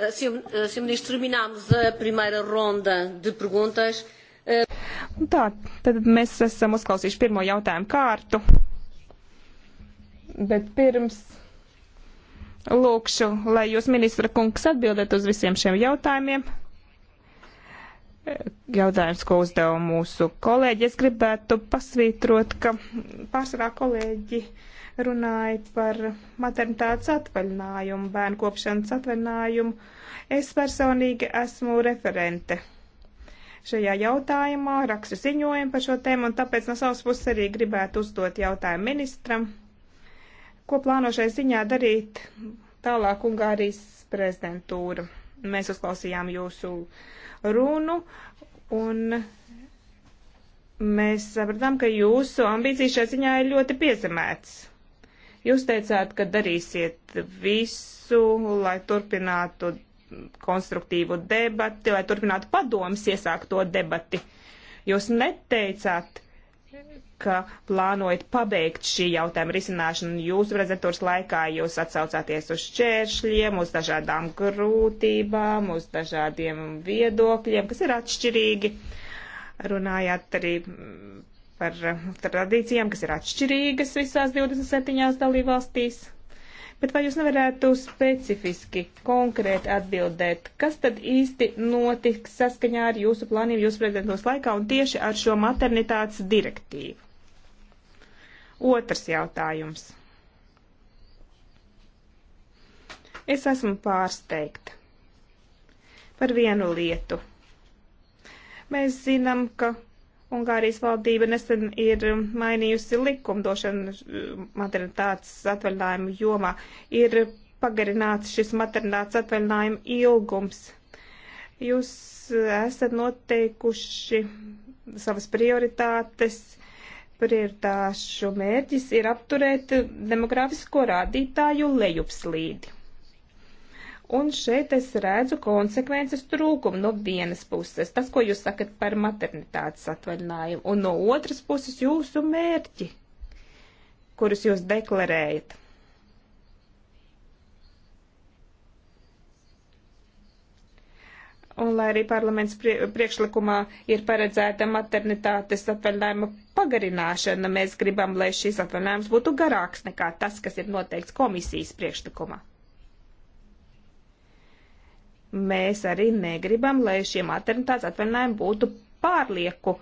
Eh, eh, Sr. Ministro, terminámos a primeira ronda de perguntas. Eh, tā, tad mēs esam uzklausījuši pirmo jautājumu kārtu, bet pirms lūkšu, lai jūs, ministra kungs, atbildat uz visiem šiem jautājumiem. Jautājums, ko uzdeva mūsu kolēģi, es gribētu pasvītrot, ka pārsvarā kolēģi uh, runāja par maternitātes atvaļinājumu, bērnu kopšanas atvaļinājumu. Es personīgi esmu referente šajā jautājumā, rakstu ziņojumu par šo tēmu, un tāpēc no savas puses arī gribētu uzdot jautājumu ministram, ko plāno šai ziņā darīt tālāk Ungārijas prezidentūra. Mēs uzklausījām jūsu runu, un mēs sapratām, ka jūsu ambīcijas šajā ziņā ir ļoti piezemētas. Jūs teicāt, ka darīsiet visu, lai turpinātu konstruktīvu debati, lai turpinātu padomus iesākto debati. Jūs neteicāt, ka plānojat pabeigt šī jautājuma risināšanu jūsu prezentūras laikā, jūs atsaucāties uz šķēršļiem, uz dažādām grūtībām, uz dažādiem viedokļiem, kas ir atšķirīgi. Runājāt arī par eh, tradīcijām, kas ir atšķirīgas visās 27 dalībvalstīs. Bet vai jūs nevarētu specifiski, konkrēti atbildēt, kas tad īsti notiks saskaņā ar jūsu plāniem jūsu prezidentūras laikā un tieši ar šo maternitātes direktīvu? Otrs jautājums. Es esmu pārsteigta par vienu lietu. Mēs zinām, ka Ungārijas valdība nesen ir mainījusi likumdošanu eh, maternitātes atvaļinājumu jomā. Ir pagarināts šis maternitātes atvaļinājuma ilgums. Jūs eh, esat noteikuši savas prioritātes. Prioritāšu mērķis ir apturēt demografisko rādītāju lejupslīdi. Un šeit es redzu konsekvences trūkumu no vienas puses, tas, ko jūs sakat par maternitātes atvaļinājumu, un no otras puses jūsu mērķi, kurus jūs deklarējat. Un lai arī parlaments priekšlikumā ir paredzēta maternitātes atvaļinājuma pagarināšana, mēs gribam, lai šis atvaļinājums būtu garāks nekā tas, kas ir noteikts komisijas priekšlikumā. Mēs arī negribam, lai šie maternitātes atvaļinājumi būtu pārlieku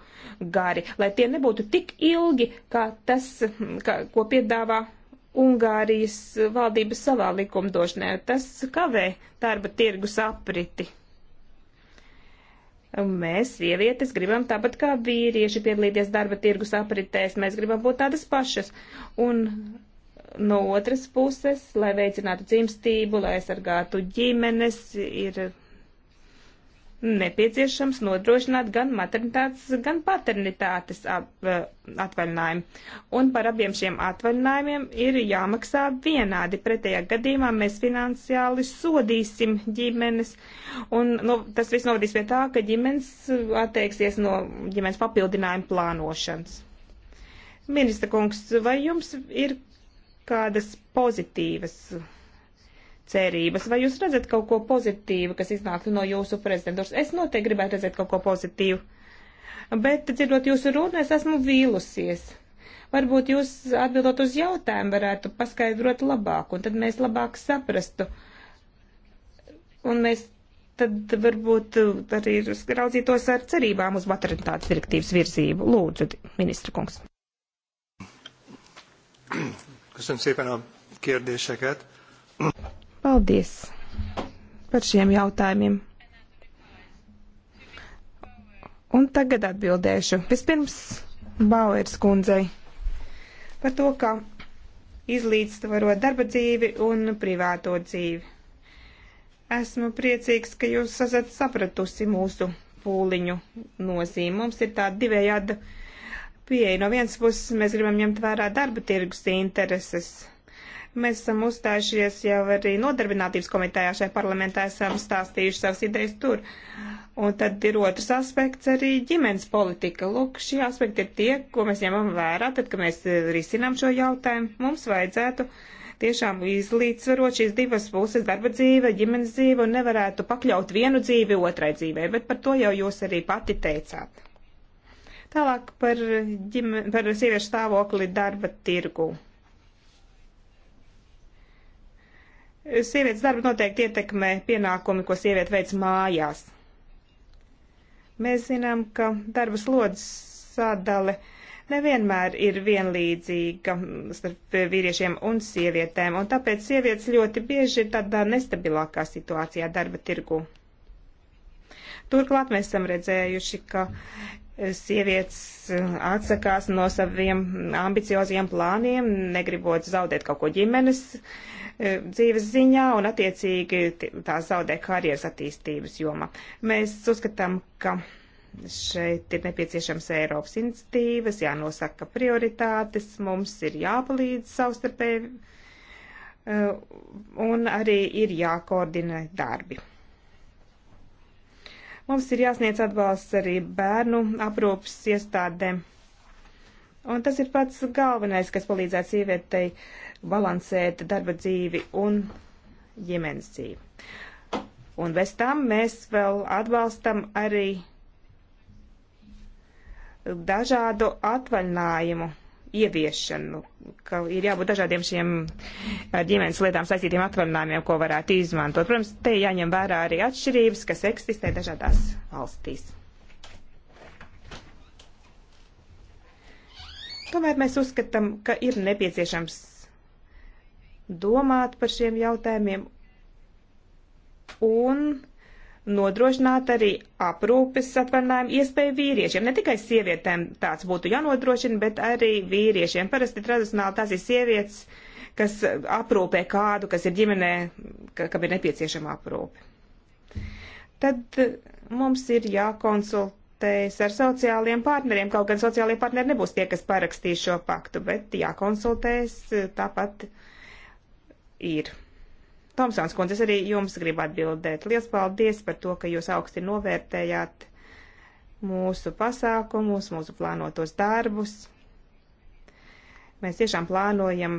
gari, lai tie nebūtu tik ilgi, kā tas, kā, ko piedāvā Ungārijas valdības savā likumdošanā. Tas kavē darba tirgus apriti. Mēs, sievietes, gribam tāpat kā vīrieši piedalīties darba tirgus apritēs, mēs gribam būt tādas pašas. Un No otras puses, lai veicinātu dzimstību, lai aizsargātu ģimenes, ir nepieciešams nodrošināt gan maternitātes, gan paternitātes eh, atvaļinājumu. Un par abiem šiem atvaļinājumiem ir jāmaksā vienādi. Pretējā gadījumā mēs finansiāli sodīsim ģimenes. Un nu, tas viss novadīs pie tā, ka ģimenes atteiksies no ģimenes papildinājuma plānošanas. Ministra kungs, vai jums ir kādas pozitīvas cerības. Vai jūs redzat kaut ko pozitīvu, kas iznāktu no jūsu prezidentūras? Es noteikti gribētu redzēt kaut ko pozitīvu, bet dzirdot jūsu runu, es esmu vīlusies. Varbūt jūs atbildot uz jautājumu varētu paskaidrot labāk, un tad mēs labāk saprastu. Un mēs tad varbūt arī raudzītos ar cerībām uz maternitātes direktīvas virzību. Lūdzu, ministra kungs. Köszönöm szépen a kérdéseket. Paldies par šiem jautājumiem. Un tagad atbildēšu. Vispirms Bauers kundzei par to, kā izlīdzsvarot darba dzīvi un privāto dzīvi. Esmu priecīgs, ka jūs esat sapratusi mūsu pūliņu nozīmi. Mums ir tāda divējāda uh, pieeja. No vienas puses mēs gribam ņemt vērā darba tirgus intereses. Mēs esam uzstājušies jau arī nodarbinātības komitejā šajā parlamentā, esam stāstījuši savas idejas tur. Un tad ir otrs aspekts arī ģimenes politika. Lūk, šie aspekti ir tie, ko mēs ņemam vērā, tad, kad mēs eh, risinām šo jautājumu. Mums vajadzētu tiešām izlīdzsvarot šīs divas puses - darba dzīve, ģimenes dzīve, un nevarētu pakļaut vienu dzīvi otrai dzīvē, bet par to jau jūs arī pati teicāt. Tālāk par, ģime, par sieviešu stāvokli darba tirgu. Sievietes darba noteikti ietekmē pienākumi, ko sieviete veic mājās. Mēs zinām, ka darba slodzes sadale nevienmēr ir vienlīdzīga starp vīriešiem un sievietēm, un tāpēc sievietes ļoti bieži ir tādā nestabilākā situācijā darba tirgu. Turklāt mēs esam redzējuši, ka sievietes eh, atsakās no saviem ambicioziem plāniem, negribot zaudēt kaut ko ģimenes eh, dzīves ziņā un attiecīgi tās zaudē karjeras attīstības jomā. Mēs uzskatām, ka šeit ir nepieciešams Eiropas institīvas, jānosaka prioritātes, mums ir jāpalīdz savstarpēji eh, un arī ir jākoordinē darbi. Mums ir jāsniedz atbalsts arī bērnu aprūpas iestādēm. Un tas ir pats galvenais, kas palīdzētu sievietei balansēt darba dzīvi un ģimenes dzīvi. Un bez tam mēs vēl atbalstam arī dažādu atvaļinājumu ieviešanu, ka ir jābūt dažādiem šiem eh, ģimenes lietām saistītiem atvaļinājumiem, ko varētu izmantot. Protams, te jāņem vērā arī atšķirības, kas eksistē dažādās valstīs. Tomēr mēs uzskatām, ka ir nepieciešams domāt par šiem jautājumiem un nodrošināt arī aprūpes atvaļinājumu iespēju vīriešiem. Ne tikai sievietēm tāds būtu jānodrošina, bet arī vīriešiem. Parasti tradicionāli tās ir sievietes, kas aprūpē kādu, kas ir ģimenē, ka, kam ir nepieciešama aprūpe. Tad mums ir jākonsultējas ar sociāliem partneriem. Kaut gan sociālie partneri nebūs tie, kas parakstīs šo paktu, bet jākonsultējas tāpat ir. Tomsons kundze, es arī jums gribu atbildēt. Lielas paldies par to, ka jūs augsti novērtējāt mūsu pasākumus, mūsu plānotos darbus. Mēs tiešām plānojam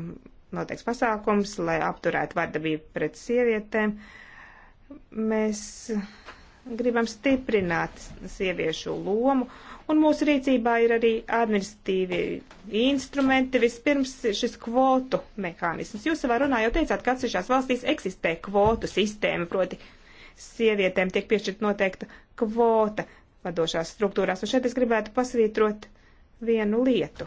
noteikts pasākums, lai apturētu vardarbību pret sievietēm. Mēs gribam stiprināt sieviešu lomu Un mūsu rīcībā ir arī administratīvi instrumenti. Vispirms šis kvotu mehānisms. Jūs savā runā jau teicāt, ka atsevišķās valstīs eksistē kvotu sistēma, proti sievietēm tiek piešķirt noteikta kvota vadošās struktūrās. Un šeit es gribētu pasvītrot vienu lietu.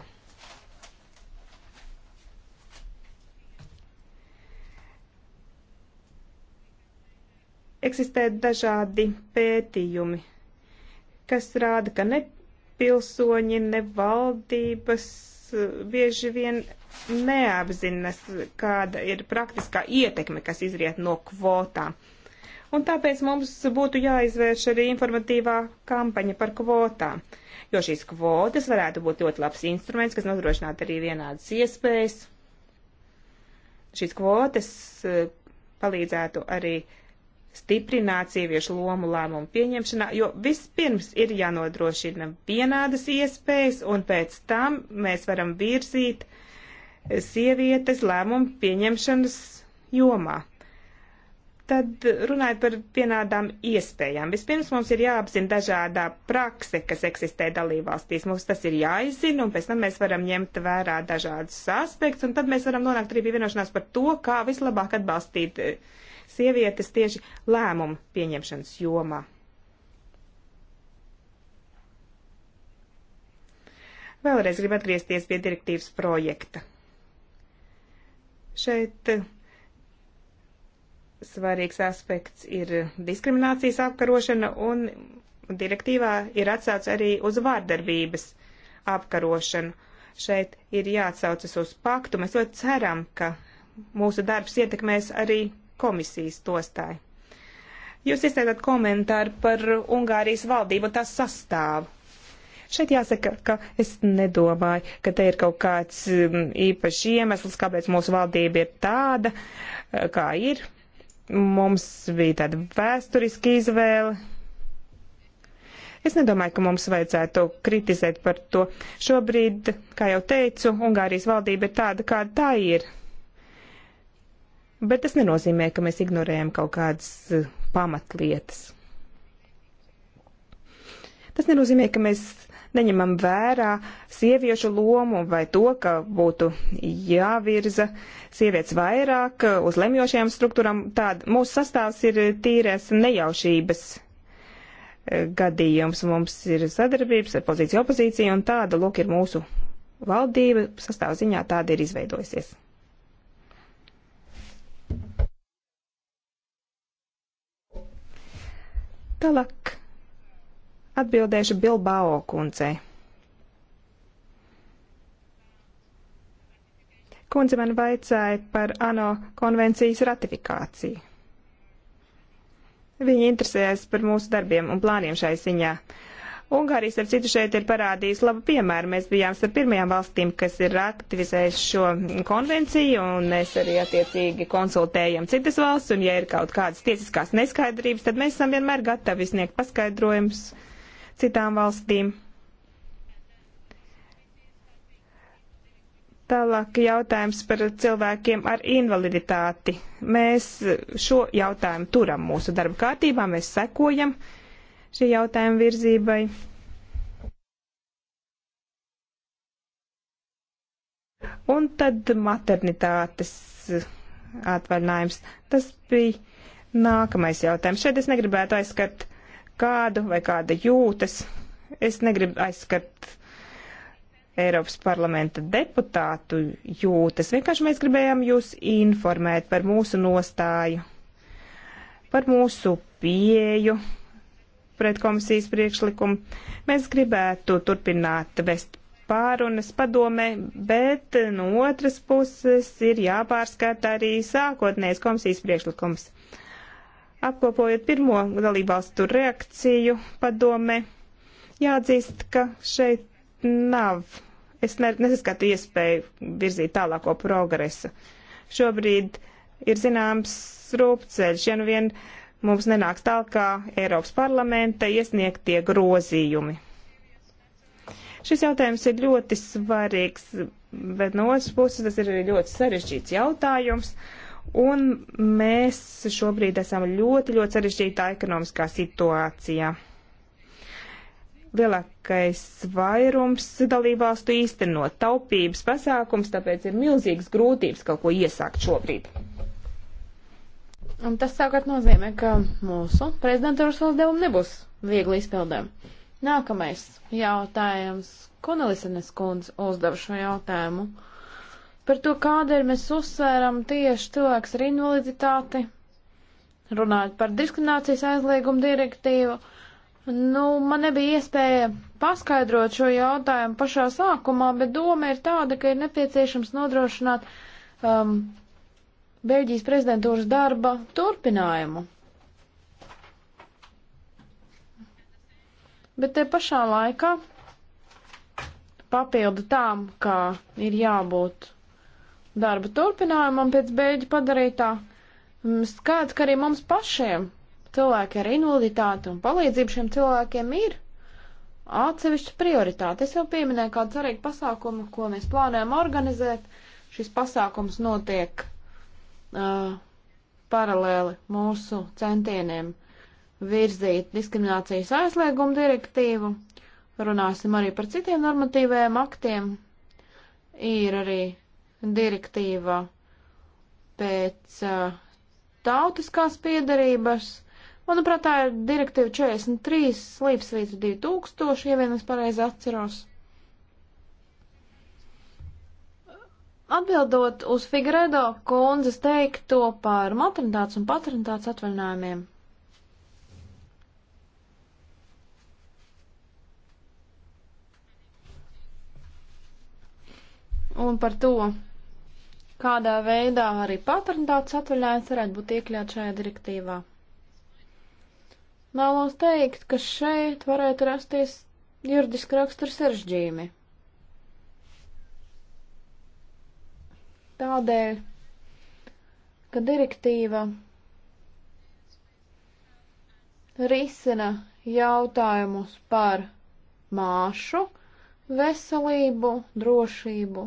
Eksistē dažādi pētījumi, kas rāda, ka ne pilsoņi, ne valdības eh, bieži vien neapzinas, kāda ir praktiskā ietekme, kas izriet no kvotām. Un tāpēc mums būtu jāizvērš arī informatīvā kampaņa par kvotām, jo šīs kvotas varētu būt ļoti labs instruments, kas nodrošinātu arī vienādas iespējas. Šīs kvotas eh, palīdzētu arī uh, stiprināt sieviešu lomu lēmumu pieņemšanā, jo vispirms ir jānodrošina vienādas iespējas, un pēc tam mēs varam virzīt sievietes lēmumu pieņemšanas jomā. Tad runājot par vienādām iespējām. Vispirms mums ir jāapzina dažādā prakse, kas eksistē dalībvalstīs. Mums tas ir jāizzina, un pēc tam mēs varam ņemt vērā dažādus aspektus, un tad mēs varam nonākt arī pie vienošanās par to, kā vislabāk atbalstīt uh, sievietes tieši lēmumu pieņemšanas jomā. Vēlreiz gribu atgriezties pie direktīvas projekta. Šeit eh, svarīgs aspekts ir diskriminācijas apkarošana, un direktīvā ir atsauts arī uz vārdarbības apkarošanu. Šeit ir jāatsaucas uz paktu. Mēs ļoti ceram, ka mūsu darbs ietekmēs arī komisijas nostāju. Jūs izteicāt komentāru par Ungārijas valdību un tās sastāvu. Šeit jāsaka, ka es nedomāju, ka te ir kaut kāds mm, īpašs iemesls, kāpēc mūsu valdība ir tāda, eh, kā ir. Mums bija tāda vēsturiska izvēle. Es nedomāju, ka mums vajadzētu kritizēt par to. Šobrīd, kā jau teicu, Ungārijas valdība ir tāda, kāda tā ir. Bet tas nenozīmē, ka mēs ignorējam kaut kādas eh, pamatlietas. Tas nenozīmē, ka mēs neņemam vērā sieviešu lomu vai to, ka būtu jāvirza sievietes vairāk eh, uz lemjošajām struktūrām. Tāda mūsu sastāvs ir tīrēs nejaušības eh, gadījums. Mums ir sadarbības ar pozīciju opozīciju un tāda, lūk, ir mūsu valdība sastāvziņā tāda ir izveidojusies. Tālāk atbildēšu Bilbao kundzei. Kundze man vaicāja par ANO konvencijas ratifikāciju. Viņa interesējas par mūsu darbiem un plāniem šai ziņā. Uh, Ungārijas ar citu šeit ir parādījis labu piemēru. Mēs bijām starp pirmajām valstīm, kas ir aktivizējuši šo konvenciju, un mēs arī attiecīgi konsultējam citas valsts, un ja ir kaut kādas tiesiskās neskaidrības, tad mēs esam vienmēr gatavi sniegt paskaidrojumus citām valstīm. Tālāk jautājums par cilvēkiem ar invaliditāti. Mēs šo jautājumu turam mūsu darba kārtībā, mēs sekojam. Uh, šī jautājuma virzībai. Un tad maternitātes atvaļinājums. Tas bija nākamais jautājums. Šeit es negribētu aizskart kādu vai kāda jūtas. Es negribu aizskart Eiropas parlamenta deputātu jūtas. Vienkārši mēs gribējām jūs informēt par mūsu nostāju, par mūsu pieju pret komisijas priekšlikumu. Mēs gribētu turpināt vest pārunas padomē, bet no otras puses ir jāpārskata arī sākotnējais komisijas priekšlikums. Apkopojot pirmo dalībvalstu reakciju padomē, jāatzīst, ka šeit nav. Es nesaskatu iespēju virzīt tālāko progresu. Šobrīd ir zināms rūpceļš, ja nu vien uh, mums nenāks tālāk kā Eiropas parlamenta iesniegtie grozījumi. Šis jautājums ir ļoti svarīgs, bet no otras puses tas ir arī ļoti sarežģīts jautājums. Un mēs šobrīd esam ļoti, ļoti sarežģītā ekonomiskā situācijā. Lielākais vairums dalībvalstu īstenot taupības pasākums, tāpēc ir milzīgas grūtības kaut ko iesākt šobrīd. Un tas savukārt nozīmē, ka mūsu prezidentūras uzdevumi nebūs viegli izpildām. Nākamais jautājums. Konelisenes kundze uzdeva šo jautājumu par to, kādēļ mēs uzsvēram tieši cilvēks ar invaliditāti, runājot par diskriminācijas aizliegumu direktīvu. Nu, man nebija iespēja paskaidrot šo jautājumu pašā sākumā, bet doma ir tāda, ka ir nepieciešams nodrošināt um, Beļģijas prezidentūras darba turpinājumu. Bet te pašā laikā papildu tām, kā ir jābūt darba turpinājumam pēc beidu padarītā, mm, skats, ka arī mums pašiem cilvēki ar invaliditāti un palīdzību šiem cilvēkiem ir atsevišķa prioritāte. Es jau pieminēju kādu svarīgu pasākumu, ko mēs plānojam organizēt. Šis pasākums notiek uh, paralēli mūsu centieniem virzīt diskriminācijas aizliegumu direktīvu. Runāsim arī par citiem normatīvajiem aktiem. Ir arī direktīva pēc uh, tautiskās piedarības. Manuprāt, tā ir direktīva 43, slīpsvītra 2000, ja vien es pareizi atceros. Atbildot uz Figredo kundzes teikto par maternitātes un paternitātes atvaļinājumiem. Un par to, kādā veidā arī paternitātes atvaļinājums varētu būt iekļauts šajā direktīvā. Vēlos teikt, ka šeit varētu rasties juridiski rakstura sarežģījumi. Tādēļ, ka direktīva risina jautājumus par māšu veselību, drošību,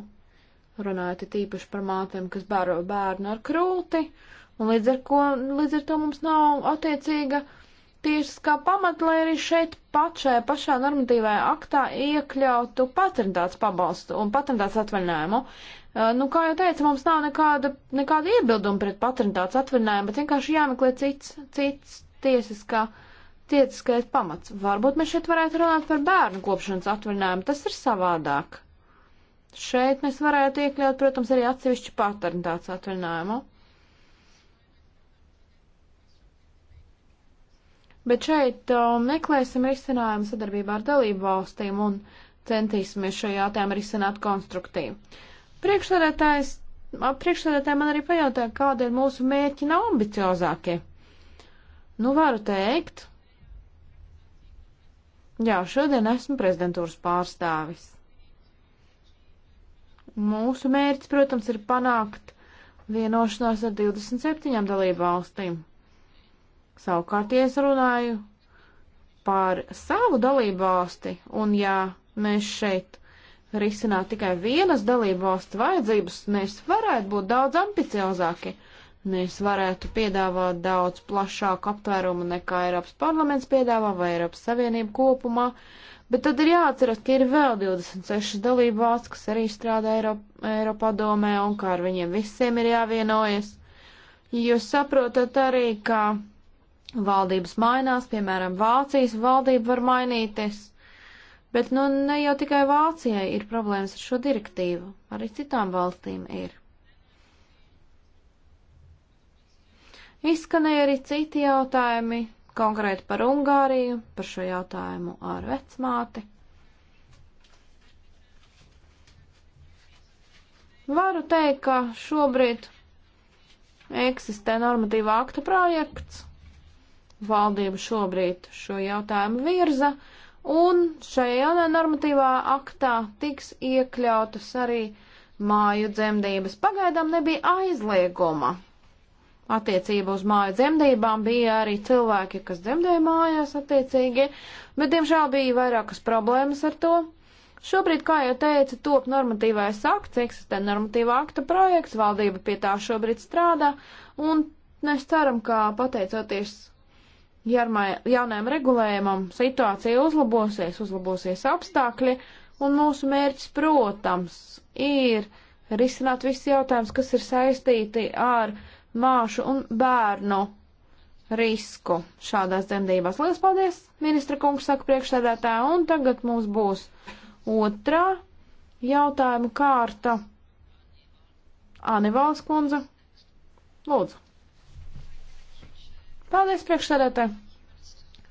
runājot tīpaši par mātēm, kas baro bērnu ar krūti, un līdz ar, ko, līdz ar to mums nav attiecīga tiesiskā pamata, lai arī šeit pašai pašā normatīvajā aktā iekļautu paternitātes pabalstu un paternitātes atvaļinājumu. Uh, nu, kā jau teicu, mums nav nekāda, nekāda iebilduma pret patentāts atvinējumu, bet vienkārši jāmeklē cits, cits tiesiskā, tiesiskais pamats. Varbūt mēs šeit varētu runāt par bērnu kopšanas atvinājumu. Tas ir savādāk. Šeit mēs varētu iekļaut, protams, arī atsevišķu patentāts atvinājumu. Bet šeit um, meklēsim risinājumu sadarbībā ar dalību valstīm un centīsimies šo jautājumu risināt konstruktīvi. Priekšsēdētājs, priekšsēdētāji man arī pajautāja, kāda ir mūsu mērķi nav ambiciozākie. Nu, varu teikt. Jā, šodien esmu prezidentūras pārstāvis. Mūsu mērķis, protams, ir panākt vienošanās ar 27 dalību valstīm. Savukārt, ja es runāju par savu dalību valsti, un ja mēs šeit risināt tikai vienas dalību valsts vajadzības, mēs varētu būt daudz ambiciozāki. Mēs varētu piedāvāt daudz plašāku aptvērumu nekā Eiropas parlaments piedāvā vai Eiropas Savienība kopumā, bet tad ir jāatceras, ka ir vēl 26 dalību valsts, kas arī strādā Eiropa, Eiropā domē un kā ar viņiem visiem ir jāvienojas. Jūs saprotat arī, ka valdības mainās, piemēram, Vācijas valdība var mainīties Bet nu ne jau tikai Vācijai ir problēmas ar šo direktīvu, arī citām valstīm ir. Izskanēja arī citi jautājumi, konkrēti par Ungāriju, par šo jautājumu ar vecmāti. Varu teikt, ka šobrīd eksistē normatīva akta projekts. Valdība šobrīd šo jautājumu virza. Uh, Un šajā jaunajā normatīvā aktā tiks iekļautas arī māju dzemdības. Pagaidām nebija aizlieguma. Attiecībā uz māju dzemdībām bija arī cilvēki, kas dzemdēja mājās attiecīgi, bet diemžēl bija vairākas problēmas ar to. Šobrīd, kā jau teicu, top normatīvais akts, eksistē normatīva akta projekts, valdība pie tā šobrīd strādā, un mēs ceram, ka pateicoties jaunajam regulējumam situācija uzlabosies, uzlabosies apstākļi, un mūsu mērķis, protams, ir risināt visus jautājumus, kas ir saistīti ar māšu un bērnu risku šādās dzemdībās. Lielas paldies, ministra kungs saka priekšsēdētāja, un tagad mums būs otrā jautājuma kārta. Anivalds kundze, lūdzu. Paldies priekšsēdētē.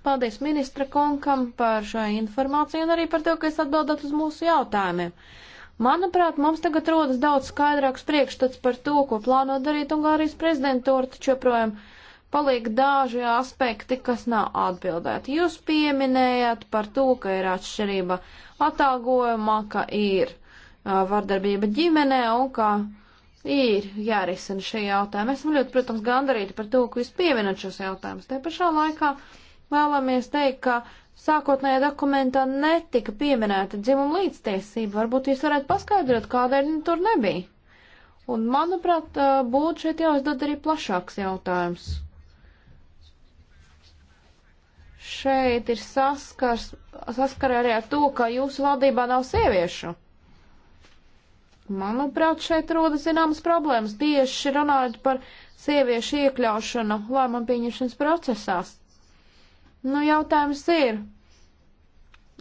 Paldies ministra konkam par šo informāciju un arī par to, ka es atbildot uz mūsu jautājumiem. Manuprāt, mums tagad rodas daudz skaidrāks priekšstats par to, ko plāno darīt Ungārijas prezidentūra, taču joprojām paliek daži aspekti, kas nav atbildēti. Jūs pieminējāt par to, ka ir atšķirība atāgojumā, ka ir uh, vardarbība ģimenē un ka uh, ir jārisina šie jautājumi. Esam ļoti, protams, gandarīti par to, ka jūs pievienat šos jautājumus. Te pašā laikā vēlamies teikt, ka sākotnējā dokumentā netika pieminēta dzimuma līdztiesība. Varbūt jūs varētu paskaidrot, kādēļ tur nebija. Un, manuprāt, būtu šeit jāuzdod arī plašāks jautājums. Šeit ir saskars, saskarē arī ar to, ka jūsu valdībā nav sieviešu. Manuprāt, šeit rodas zināmas problēmas tieši runājot par sieviešu iekļaušanu lēmumu pieņemšanas procesās. Nu, jautājums ir,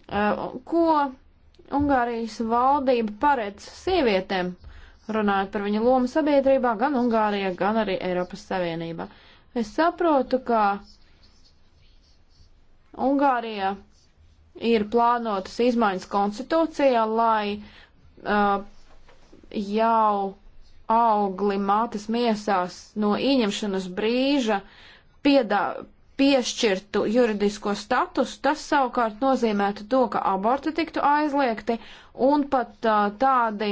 eh, ko Ungārijas valdība paredz sievietēm, runājot par viņu lomu sabiedrībā gan Ungārijā, gan arī Eiropas Savienībā. Es saprotu, ka Ungārijā ir plānotas izmaiņas konstitūcijā, lai uh, jau augli mātes miesās no ieņemšanas brīža piedā, piešķirtu juridisko statusu, tas savukārt nozīmētu to, ka aborti tiktu aizliegti un pat uh, tādi,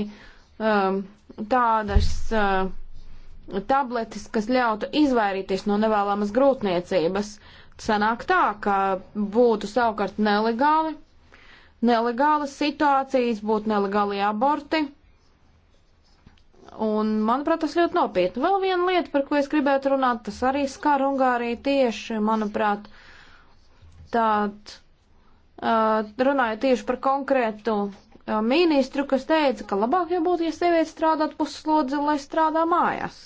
um, tādas uh, tabletes, kas ļautu izvairīties no nevēlamas grūtniecības. Sanāk tā, ka būtu savukārt nelegāli, nelegālas situācijas, būtu nelegāli aborti Un, manuprāt, tas ļoti nopietni. Vēl viena lieta, par ko es gribētu runāt, tas arī skar Ungāriju tieši, manuprāt, tād, uh, runāja tieši par konkrētu uh, ministru, kas teica, ka labāk jau būtu, ja sieviete strādātu pusslodzi, lai strādā mājās.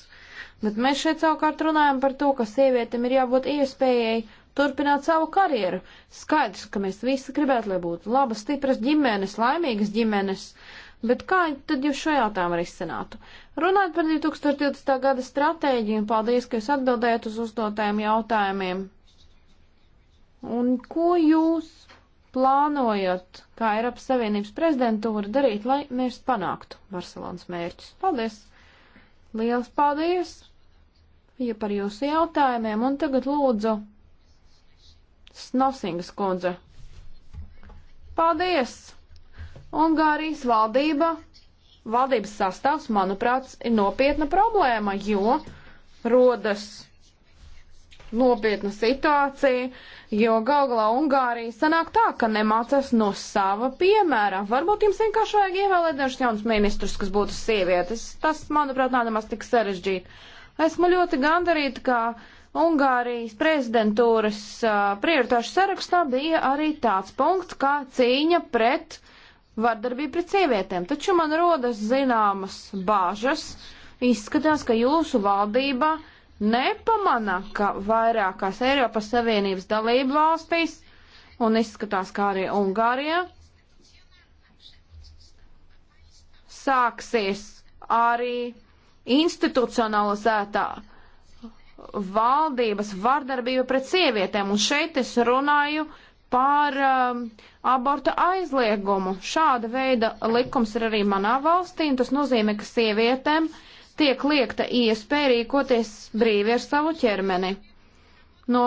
Bet mēs šeit savukārt runājam par to, ka sievietēm ir jābūt iespējai turpināt savu karjeru. Skaidrs, ka mēs visi gribētu, lai būtu labas, stipras ģimenes, laimīgas ģimenes. Uh, Bet kā tad jūs šo jautājumu risinātu? Runājot par 2020. gada stratēģiju, un paldies, ka jūs atbildējat uz uzdotajiem jautājumiem. Un ko jūs plānojat, kā Eiropas Savienības prezidentūra, darīt, lai mēs panāktu Barcelonas mērķus? Paldies! Liels paldies! Ja par jūsu jautājumiem, un tagad lūdzu Snosingas kundze. Paldies! Ungārijas valdība, valdības sastāvs, manuprāt, ir nopietna problēma, jo rodas nopietna situācija, jo galā Ungārija sanāk tā, ka nemācās no sava piemēra. Varbūt jums vienkārši vajag ievēlēt dažus jaunus ministrus, kas būtu sievietes. Tas, manuprāt, nav nemaz tik sarežģīti. Esmu ļoti gandarīta, ka Ungārijas prezidentūras uh, prioritāšu sarakstā bija arī tāds punkts kā cīņa pret vardarbību pret sievietēm. Taču man rodas zināmas bāžas. Izskatās, ka jūsu valdība nepamana, ka vairākās Eiropas Savienības dalību valstīs un izskatās, kā arī Ungārijā sāksies arī institucionalizētā valdības vardarbība pret sievietēm. Un šeit es runāju uh, par um, abortu aizliegumu. Šāda veida likums ir arī manā valstī, un tas nozīmē, ka sievietēm tiek liekta iespēja rīkoties brīvi ar savu ķermeni. No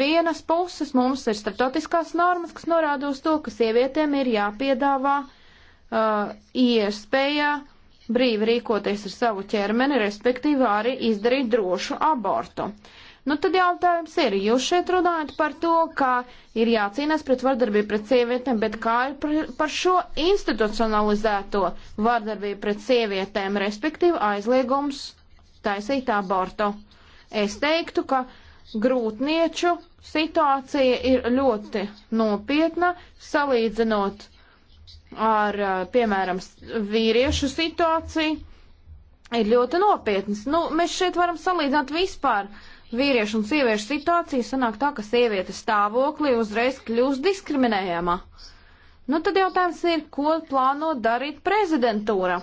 vienas puses mums ir starptautiskās normas, kas norāda uz to, ka sievietēm ir jāpiedāvā uh, iespēja brīvi rīkoties ar savu ķermeni, respektīvi arī izdarīt drošu abortu. Uh, Nu, tad jautājums ir, jūs šeit runājat par to, ka ir jācīnās pret vardarbību pret sievietēm, bet kā ir par, par šo institucionalizēto vardarbību pret sievietēm, respektīvi aizliegums taisīt abortu? Es teiktu, ka grūtnieču situācija ir ļoti nopietna, salīdzinot ar, eh, piemēram, vīriešu situāciju, ir ļoti nopietnas. Nu, mēs šeit varam salīdzināt vispār uh, vīriešu un sieviešu situāciju, sanāk tā, ka sievietes stāvoklī uzreiz kļūst diskriminējama. Nu, tad jautājums ir, ko plāno darīt prezidentūra?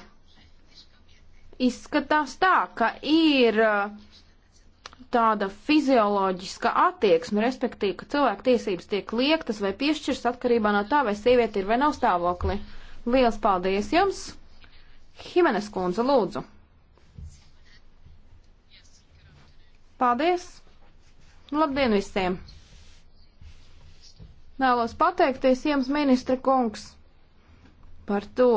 Izskatās tā, ka ir uh, tāda fizioloģiska attieksme, respektīvi, ka cilvēku tiesības tiek liektas vai piešķirs atkarībā no tā, vai sieviete ir vai nav stāvokli. Liels paldies jums! Himenes kundze, lūdzu! Paldies! Labdien visiem! Vēlos pateikties jums, ministra kungs, par to,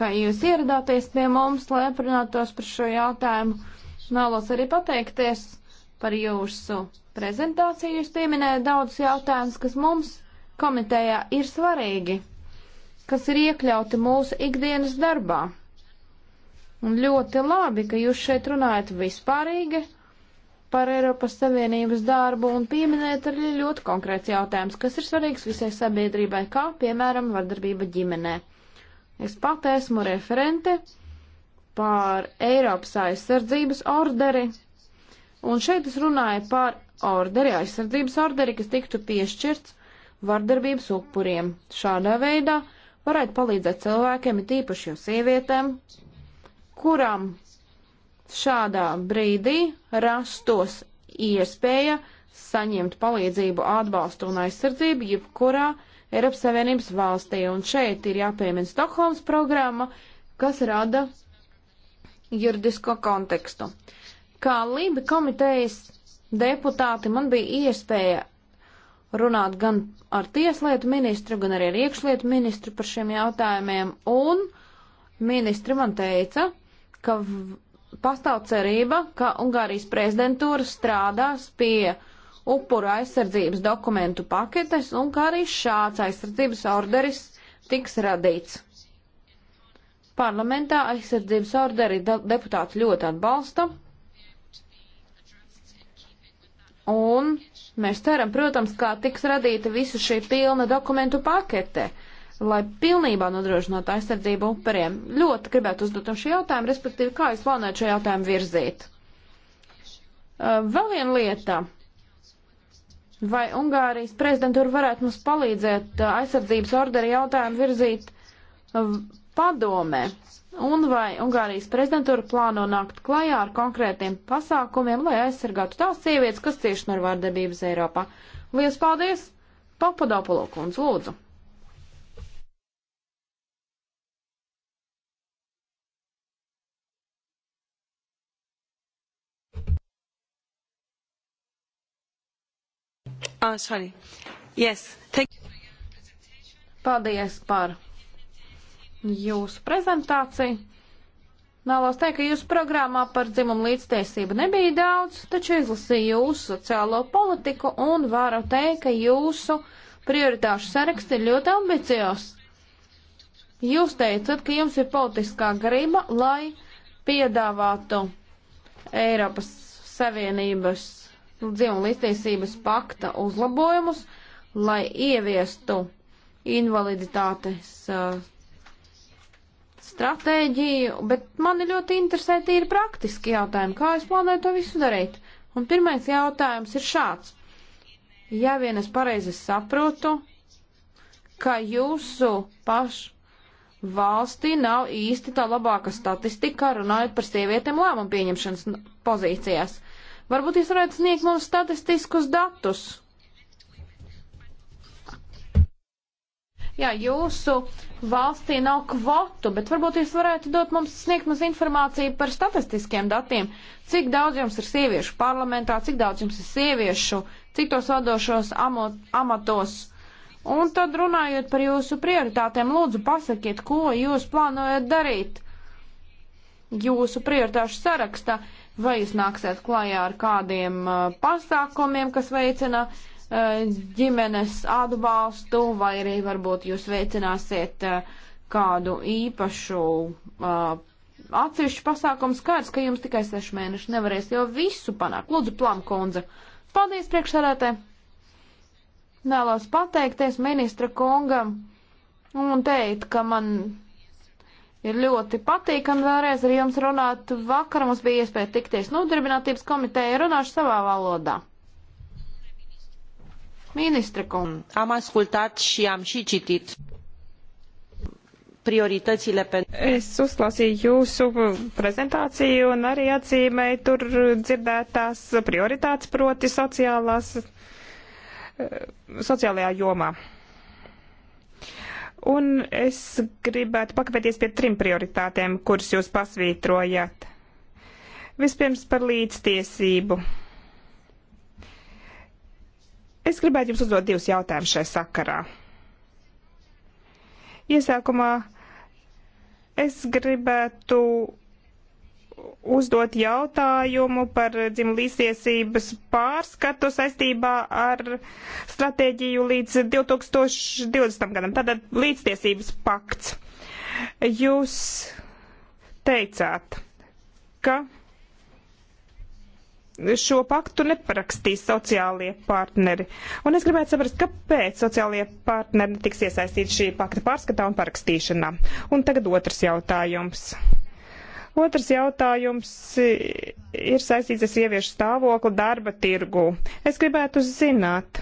ka jūs ieradāties pie mums, lai aprunātos par šo jautājumu. Vēlos arī pateikties par jūsu prezentāciju. Jūs pieminējat daudzus jautājumus, kas mums komitejā ir svarīgi, kas ir iekļauti mūsu ikdienas darbā. Un ļoti labi, ka jūs šeit runājat vispārīgi par Eiropas Savienības darbu un pieminēt arī ļoti konkrēts jautājums, kas ir svarīgs visai sabiedrībai, kā piemēram vardarbība ģimenē. Es pat esmu referente par Eiropas aizsardzības orderi, un šeit es runāju par orderi, aizsardzības orderi, kas tiktu piešķirts vardarbības upuriem. Šādā veidā varētu palīdzēt cilvēkiem, it īpaši jau sievietēm, kurām šādā brīdī rastos iespēja saņemt palīdzību, atbalstu un aizsardzību jebkurā Eiropas Savienības valstī. Un šeit ir jāpiemina Stokholmas programma, kas rada juridisko kontekstu. Kā Lība komitejas deputāti man bija iespēja runāt gan ar tieslietu ministru, gan arī ar iekšlietu ministru par šiem jautājumiem, un ministri man teica, ka pastāv cerība, ka Ungārijas prezidentūra strādās pie upura aizsardzības dokumentu paketes un ka arī šāds aizsardzības orderis tiks radīts. Parlamentā aizsardzības orderi deputāti ļoti atbalsta. Un mēs ceram, protams, kā tiks radīta visa šī pilna dokumentu pakete. Uh, lai pilnībā nodrošinātu aizsardzību upuriem. Ļoti gribētu uzdot šo jautājumu, respektīvi, kā jūs plānojat šo jautājumu virzīt. Vēl viena lieta. Vai Ungārijas prezidentūra varētu mums palīdzēt aizsardzības orderi jautājumu virzīt padomē? Un vai Ungārijas prezidentūra plāno nākt klajā ar konkrētiem pasākumiem, lai aizsargātu tās sievietes, kas cieši no vārdarbības Eiropā? Lielas paldies! Papadopulo kundze, lūdzu! Oh, sorry. Yes. Thank you. Paldies par jūsu prezentāciju. Nālos teikt, ka jūsu programmā par dzimumu līdztiesību nebija daudz, taču izlasīju jūsu sociālo politiku un varu teikt, ka jūsu prioritāšu saraksts ir ļoti ambicios. Jūs teicat, ka jums ir politiskā griba, lai piedāvātu Eiropas Savienības dzīvuma līdztiesības pakta uzlabojumus, lai ieviestu invaliditātes uh, stratēģiju, bet mani ļoti interesē tīri praktiski jautājumi, kā es plānoju to visu darīt. Un pirmais jautājums ir šāds. Ja vien es pareizi saprotu, ka jūsu pašu valstī nav īsti tā labāka statistika runājot par sievietēm lēmumu pieņemšanas pozīcijās. Varbūt jūs varētu sniegt mums statistiskus datus. Jā, jūsu valstī nav kvotu, bet varbūt jūs varētu dot mums, sniegt mums informāciju par statistiskiem datiem. Cik daudz jums ir sieviešu parlamentā, cik daudz jums ir sieviešu citos vadošos amot, amatos? Un tad runājot par jūsu prioritātēm, lūdzu pasakiet, ko jūs plānojat darīt jūsu prioritāšu sarakstā vai jūs nāksiet klajā ar kādiem uh, pasākumiem, kas veicina uh, ģimenes atbalstu, vai arī varbūt jūs veicināsiet uh, kādu īpašu uh, atsevišķu pasākumu. Skaidrs, ka jums tikai seši mēneši nevarēs jau visu panākt. Lūdzu, plamkundze. Paldies priekšsarētē. Vēlos pateikties ministra kungam un teikt, ka man Ir ļoti patīkami vēlreiz ar jums runāt. Vakar mums bija iespēja tikties nodarbinātības komiteja, runāšu savā valodā. Ministre cum am ascultat și am și citit prioritățile pentru. Es uzklausīju jūsu prezentāciju un arī atzīmēju tur dzirdētās prioritātes proti sociālās, eh, sociālajā jomā. Un es gribētu pakavēties pie trim prioritātēm, kuras jūs pasvītrojāt. Vispirms par līdztiesību. Es gribētu jums uzdot divus jautājumus šai sakarā. Iesākumā es gribētu uzdot jautājumu par dzimumu līdztiesības pārskatu saistībā ar stratēģiju līdz 2020. gadam, tātad līdztiesības pakts. Jūs teicāt, ka šo paktu neparakstīs sociālie partneri. Un es gribētu saprast, kāpēc sociālie partneri netiks iesaistīti šī pakta pārskatā un parakstīšanā. Un tagad otrs jautājums. Otrs jautājums ir saistīts ar sieviešu stāvokli darba tirgu. Es gribētu zināt,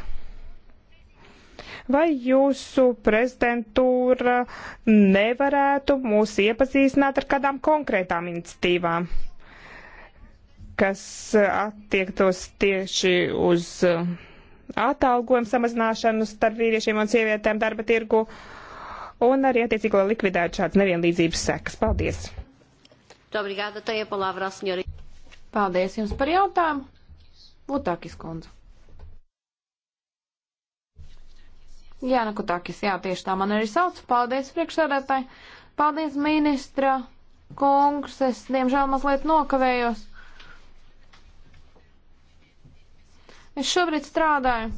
vai jūsu prezidentūra nevarētu mūs iepazīstināt ar kādām konkrētām iniciatīvām, kas attiektos tieši uz uh, atalgojumu samazināšanu starp vīriešiem un sievietēm darba tirgu un arī attiecīgo likvidēt šādas nevienlīdzības sekas. Paldies! Muito obrigada. Tem a palavra a senhora. Paldies jums par jautājumu. Lutakis kundze. Jā, Nakutakis, nu, jā, tieši tā man arī sauc. Paldies priekšsēdētāji. Paldies ministra kungs. Es, diemžēl, mazliet nokavējos. Es šobrīd strādāju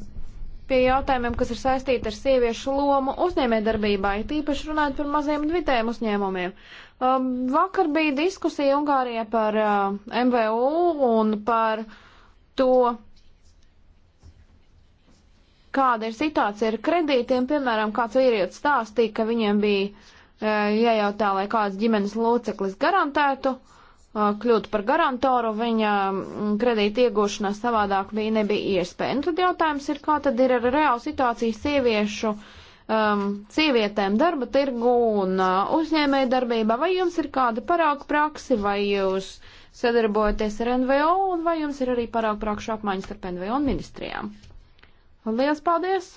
pie jautājumiem, kas ir saistīti ar sieviešu lomu uzņēmējdarbībā, it īpaši runājot par maziem un vidējiem uzņēmumiem. Um, vakar bija diskusija Ungārijā par uh, MVU un par to, kāda ir situācija ar kredītiem. Piemēram, kāds vīrietis stāstīja, ka viņiem bija uh, jājautā, lai kāds ģimenes loceklis garantētu uh, kļūt par garantoru viņa mm, kredīta iegūšanā, savādāk bija nebija iespēja. Un nu, tad jautājums ir, kā tad ir ar reālu situāciju sieviešu, um, sievietēm darba tirgu un uh, uzņēmēju darbībā, vai jums ir kāda parāku praksi, vai jūs sadarbojaties ar NVO, un vai jums ir arī parāku prakšu apmaiņas starp NVO un ministrijām. Lielas paldies!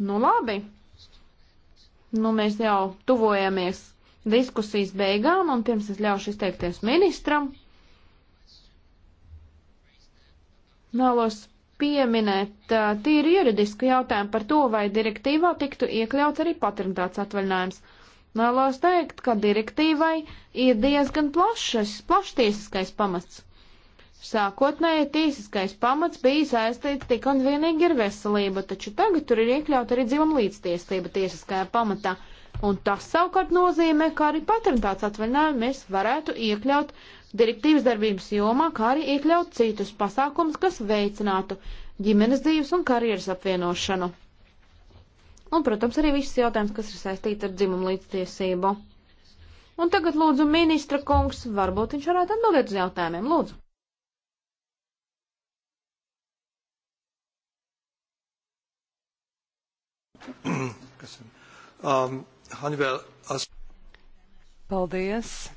Nu labi! Nu mēs jau tuvojamies diskusijas beigām, un pirms es ļaušu izteikties ministram, vēlos pieminēt uh, tīri juridisku jautājumu par to, vai direktīvā tiktu iekļauts arī paternitātes atvaļinājums. Vēlos teikt, ka direktīvai ir diezgan plašs, plaštiesiskais pamats. Sākotnēji tiesiskais pamats bija saistīts tik un vienīgi ar veselību, taču tagad tur ir iekļauta arī dzimuma līdztiesība tiesiskajā pamatā. Uh, Un tas savukārt nozīmē, ka arī patentāts atvaļinājumu mēs varētu iekļaut direktīvas darbības jomā, kā arī iekļaut citus pasākumus, kas veicinātu ģimenes dzīves un karjeras apvienošanu. Un, protams, arī viss jautājums, kas ir saistīts ar dzimumu līdztiesību. Un tagad lūdzu ministra kungs, varbūt viņš varētu atbildēt uz jautājumiem. Lūdzu. Um, Hanivel, as... Paldies!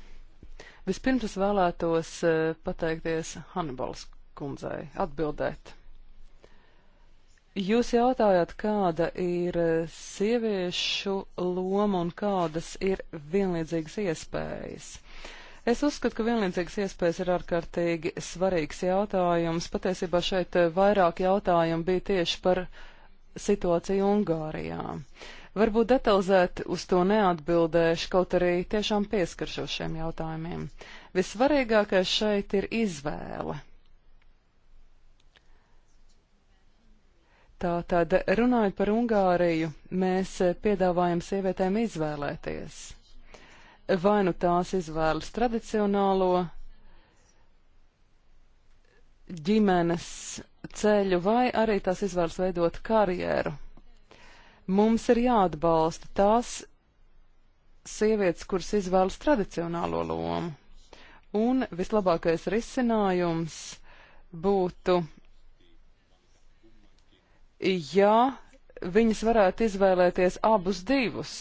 Vispirms es vēlētos eh, pateikties Hanibals kundzei atbildēt. Jūs jautājat, kāda ir eh, sieviešu loma un kādas ir vienlīdzīgas iespējas. Es uzskatu, ka vienlīdzīgas iespējas ir ārkārtīgi svarīgs jautājums. Patiesībā šeit eh, vairāk jautājumu bija tieši par situāciju Ungārijā. Varbūt detalizēti uz to neatbildēšu, kaut arī tiešām pieskaršos šiem jautājumiem. Vissvarīgākais šeit ir izvēle. Tātad, runājot par Ungāriju, mēs piedāvājam sievietēm izvēlēties. Vai nu tās izvēlas tradicionālo ģimenes ceļu, vai arī tās izvēlas veidot karjeru. Mums ir jāatbalsta tās sievietes, kuras izvēlas tradicionālo lomu. Un vislabākais risinājums būtu, ja viņas varētu izvēlēties abus divus.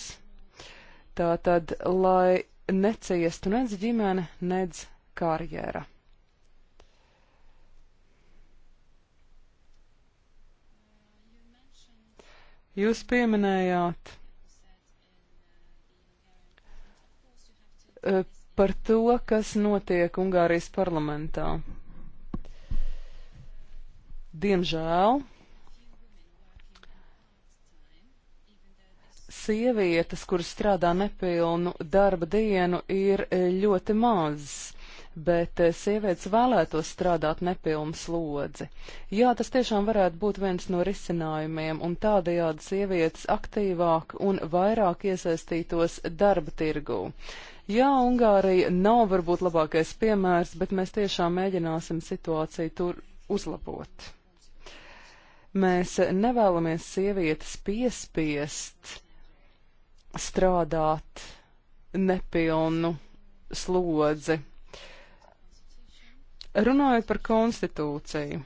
Tātad, lai neciestu nedz ģimene, nedz karjera. Jūs pieminējāt eh, par to, kas notiek Ungārijas parlamentā. Diemžēl sievietes, kuras strādā nepilnu darba dienu, ir ļoti mazas bet eh, sievietes vēlētos strādāt nepilnu slodzi. Jā, tas tiešām varētu būt viens no risinājumiem, un tādējādi sievietes aktīvāk un vairāk iesaistītos darba tirgū. Jā, Ungārija nav varbūt labākais piemērs, bet mēs tiešām mēģināsim situāciju tur uzlabot. Mēs nevēlamies sievietes piespiest strādāt nepilnu slodzi. Runājot par konstitūciju.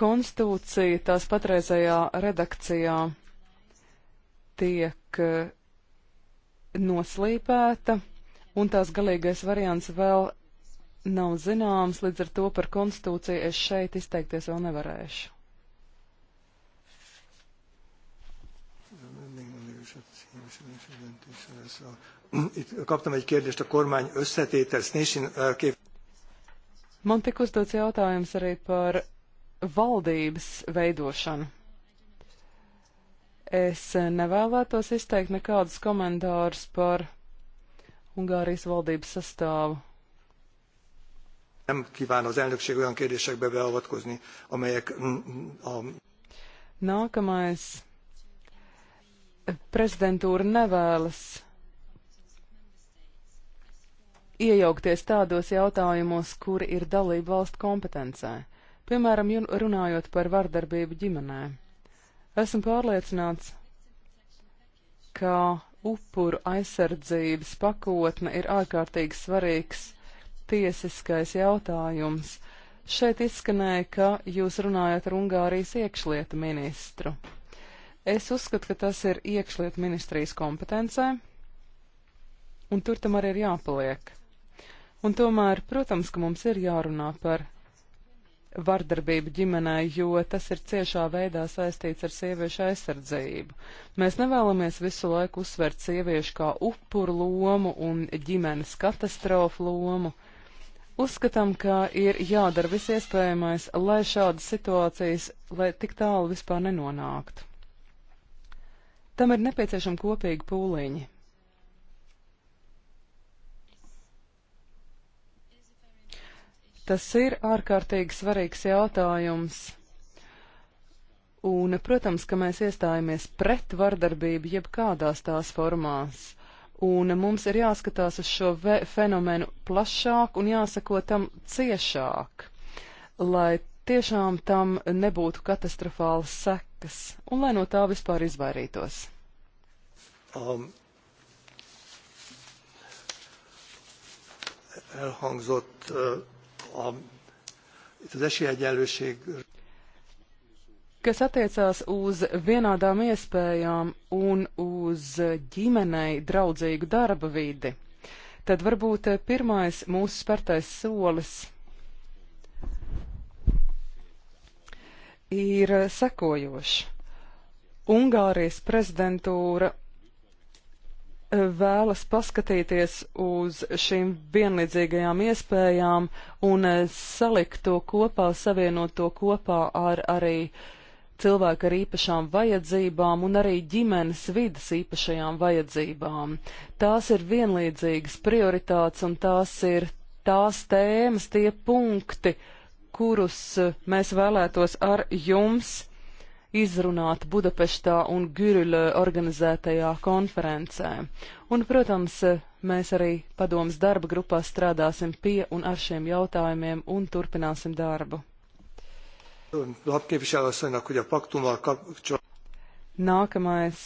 Konstitūcija tās patreizējā redakcijā tiek eh, noslīpēta, un tās galīgais variants vēl nav zināms, līdz ar to par konstitūciju es šeit izteikties vēl nevarēšu. Gracias itt kaptam egy kérdést a kormány összetétel Snésin kép. Man tik uzdots jautājums arī par valdības veidošanu. Es nevēlētos izteikt nekādus komentārus par Ungārijas valdības sastāvu. Nem kíván az elnökség olyan kérdésekbe beavatkozni, amelyek mm, mm, a... Nākamais. Prezidentūra nevēlas iejaukties tādos jautājumos, kuri ir dalību valstu kompetencē, piemēram, runājot par vardarbību ģimenē. Esmu pārliecināts, ka upuru aizsardzības pakotne ir ārkārtīgi svarīgs tiesiskais jautājums. Šeit izskanēja, ka jūs runājat ar Ungārijas iekšlietu ministru. Es uzskatu, ka tas ir iekšlietu ministrijas kompetencē, un tur tam arī ir jāpaliek. Un tomēr, protams, ka mums ir jārunā par vardarbību ģimenē, jo tas ir ciešā veidā saistīts ar sieviešu aizsardzību. Mēs nevēlamies visu laiku uzsvērt sieviešu kā upuru lomu un ģimenes katastrofu lomu. Uzskatām, ka ir jādara viss iespējamais, lai šādas situācijas, lai tik tālu vispār nenonāktu. Tam ir nepieciešama kopīga pūliņa. Tas ir ārkārtīgi svarīgs jautājums. Un, protams, ka mēs iestājāmies pret vardarbību jebkādās tās formās. Un mums ir jāskatās uz šo fenomenu plašāk un jāsako tam ciešāk, lai tiešām tam nebūtu katastrofālas sekas un lai no tā vispār izvairītos. Um, elhangzott uh, a, itt az esélyegyenlőség. Kas attiecās uz vienādām iespējām un uz ģimenei draudzīgu darba vidi, tad varbūt pirmais mūsu spērtais solis ir sekojošs. Ungārijas prezidentūra vēlas paskatīties uz šīm vienlīdzīgajām iespējām un eh, salikt to kopā, savienot to kopā ar arī cilvēku ar īpašām vajadzībām un arī ģimenes vidas īpašajām vajadzībām. Tās ir vienlīdzīgas prioritātes un tās ir tās tēmas, tie punkti, kurus eh, mēs vēlētos ar jums izrunāt Budapeštā un Gyrila organizētajā konferencē. Un, protams, mēs arī padomas darba grupā strādāsim pie un ar šiem jautājumiem un turpināsim darbu. Nākamais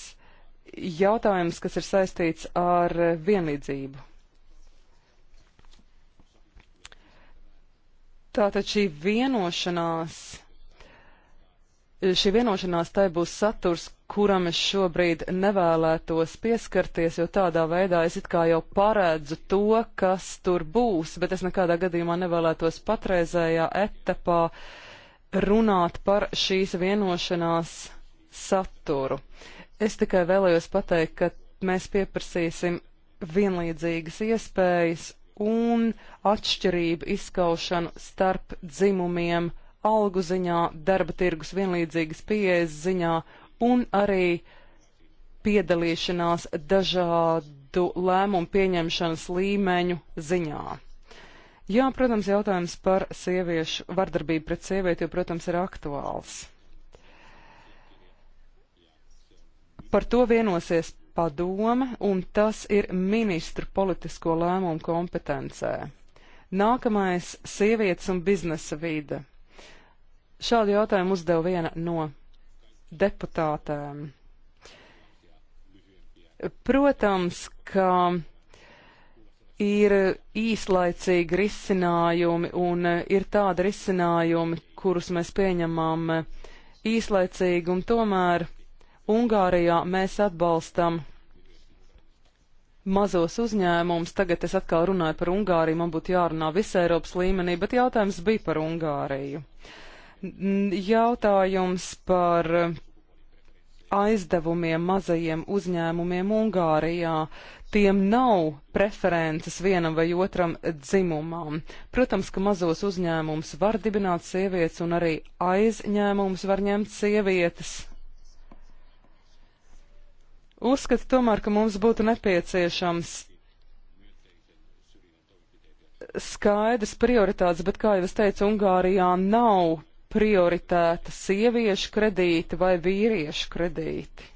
jautājums, kas ir saistīts ar vienlīdzību. Tātad šī vienošanās šī vienošanās tai būs saturs, kuram es šobrīd nevēlētos pieskarties, jo tādā veidā es it kā jau paredzu to, kas tur būs, bet es nekādā gadījumā nevēlētos patreizējā etapā runāt par šīs vienošanās saturu. Es tikai vēlējos pateikt, ka mēs pieprasīsim vienlīdzīgas iespējas un atšķirību izskaušanu starp dzimumiem algu ziņā, darba tirgus vienlīdzīgas pieejas ziņā un arī piedalīšanās dažādu lēmumu pieņemšanas līmeņu ziņā. Jā, protams, jautājums par sieviešu vardarbību pret sievieti, jo, protams, ir aktuāls. Par to vienosies padome, un tas ir ministru politisko lēmumu kompetencē. Nākamais - sievietes un biznesa vide. Šādu jautājumu uzdeva viena no deputātēm. Protams, ka ir īslaicīgi risinājumi un e, ir tādi risinājumi, kurus mēs pieņemam e, īslaicīgi, un tomēr Ungārijā mēs atbalstam mazos uzņēmumus. Tagad es atkal runāju par Ungāriju, man būtu jārunā visā Eiropas līmenī, bet jautājums bija par Ungāriju. Uh, Jautājums par aizdevumiem mazajiem uzņēmumiem Ungārijā. Tiem nav preferences vienam vai otram dzimumam. Protams, ka mazos uzņēmumus var dibināt sievietes un arī aizņēmumus var ņemt sievietes. Uzskatu tomēr, ka mums būtu nepieciešams skaidrs prioritātes, bet, kā jau es teicu, Ungārijā nav prioritēta sieviešu kredīti vai vīriešu kredīti.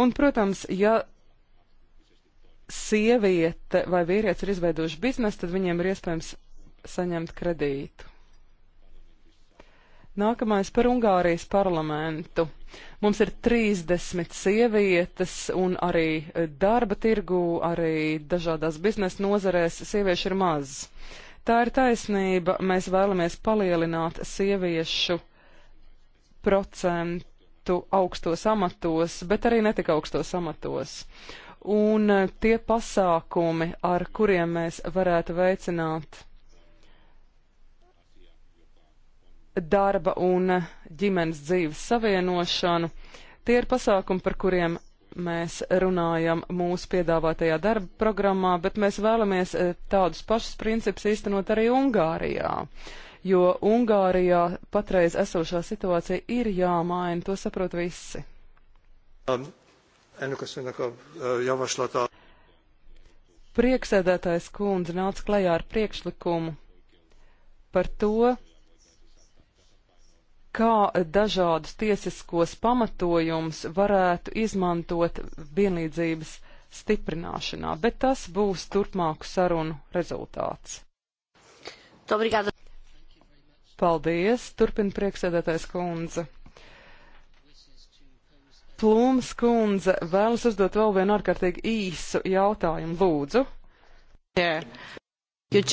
Un, protams, ja sieviete vai vīrietis ir izveidojuši biznesu, tad viņiem ir iespējams saņemt kredītu. Nākamais par Ungārijas parlamentu. Mums ir 30 sievietes un arī darba tirgu, arī dažādās biznesa nozarēs sieviešu ir maz. Uh, Tā ir taisnība, mēs vēlamies palielināt sieviešu procentu augstos amatos, bet arī netik augstos amatos. Un eh, tie pasākumi, ar kuriem mēs varētu veicināt darba un ģimenes dzīves savienošanu, tie ir pasākumi, par kuriem mēs runājam mūsu piedāvātajā darba programmā, bet mēs vēlamies eh, tādus pašus principus īstenot arī Ungārijā. Jo Ungārijā patreiz esošā situācija ir jāmaina, to saprot visi. Um, Prieksēdētājs kundze nāca klajā ar priekšlikumu par to, kā dažādus tiesiskos pamatojums varētu izmantot vienlīdzības stiprināšanā, bet tas būs turpmāku sarunu rezultāts. Obrigada. Paldies, turpina prieksēdētais kundze. Plūms kundze vēlas uzdot vēl vienu ārkārtīgi īsu jautājumu, lūdzu. Yeah. You,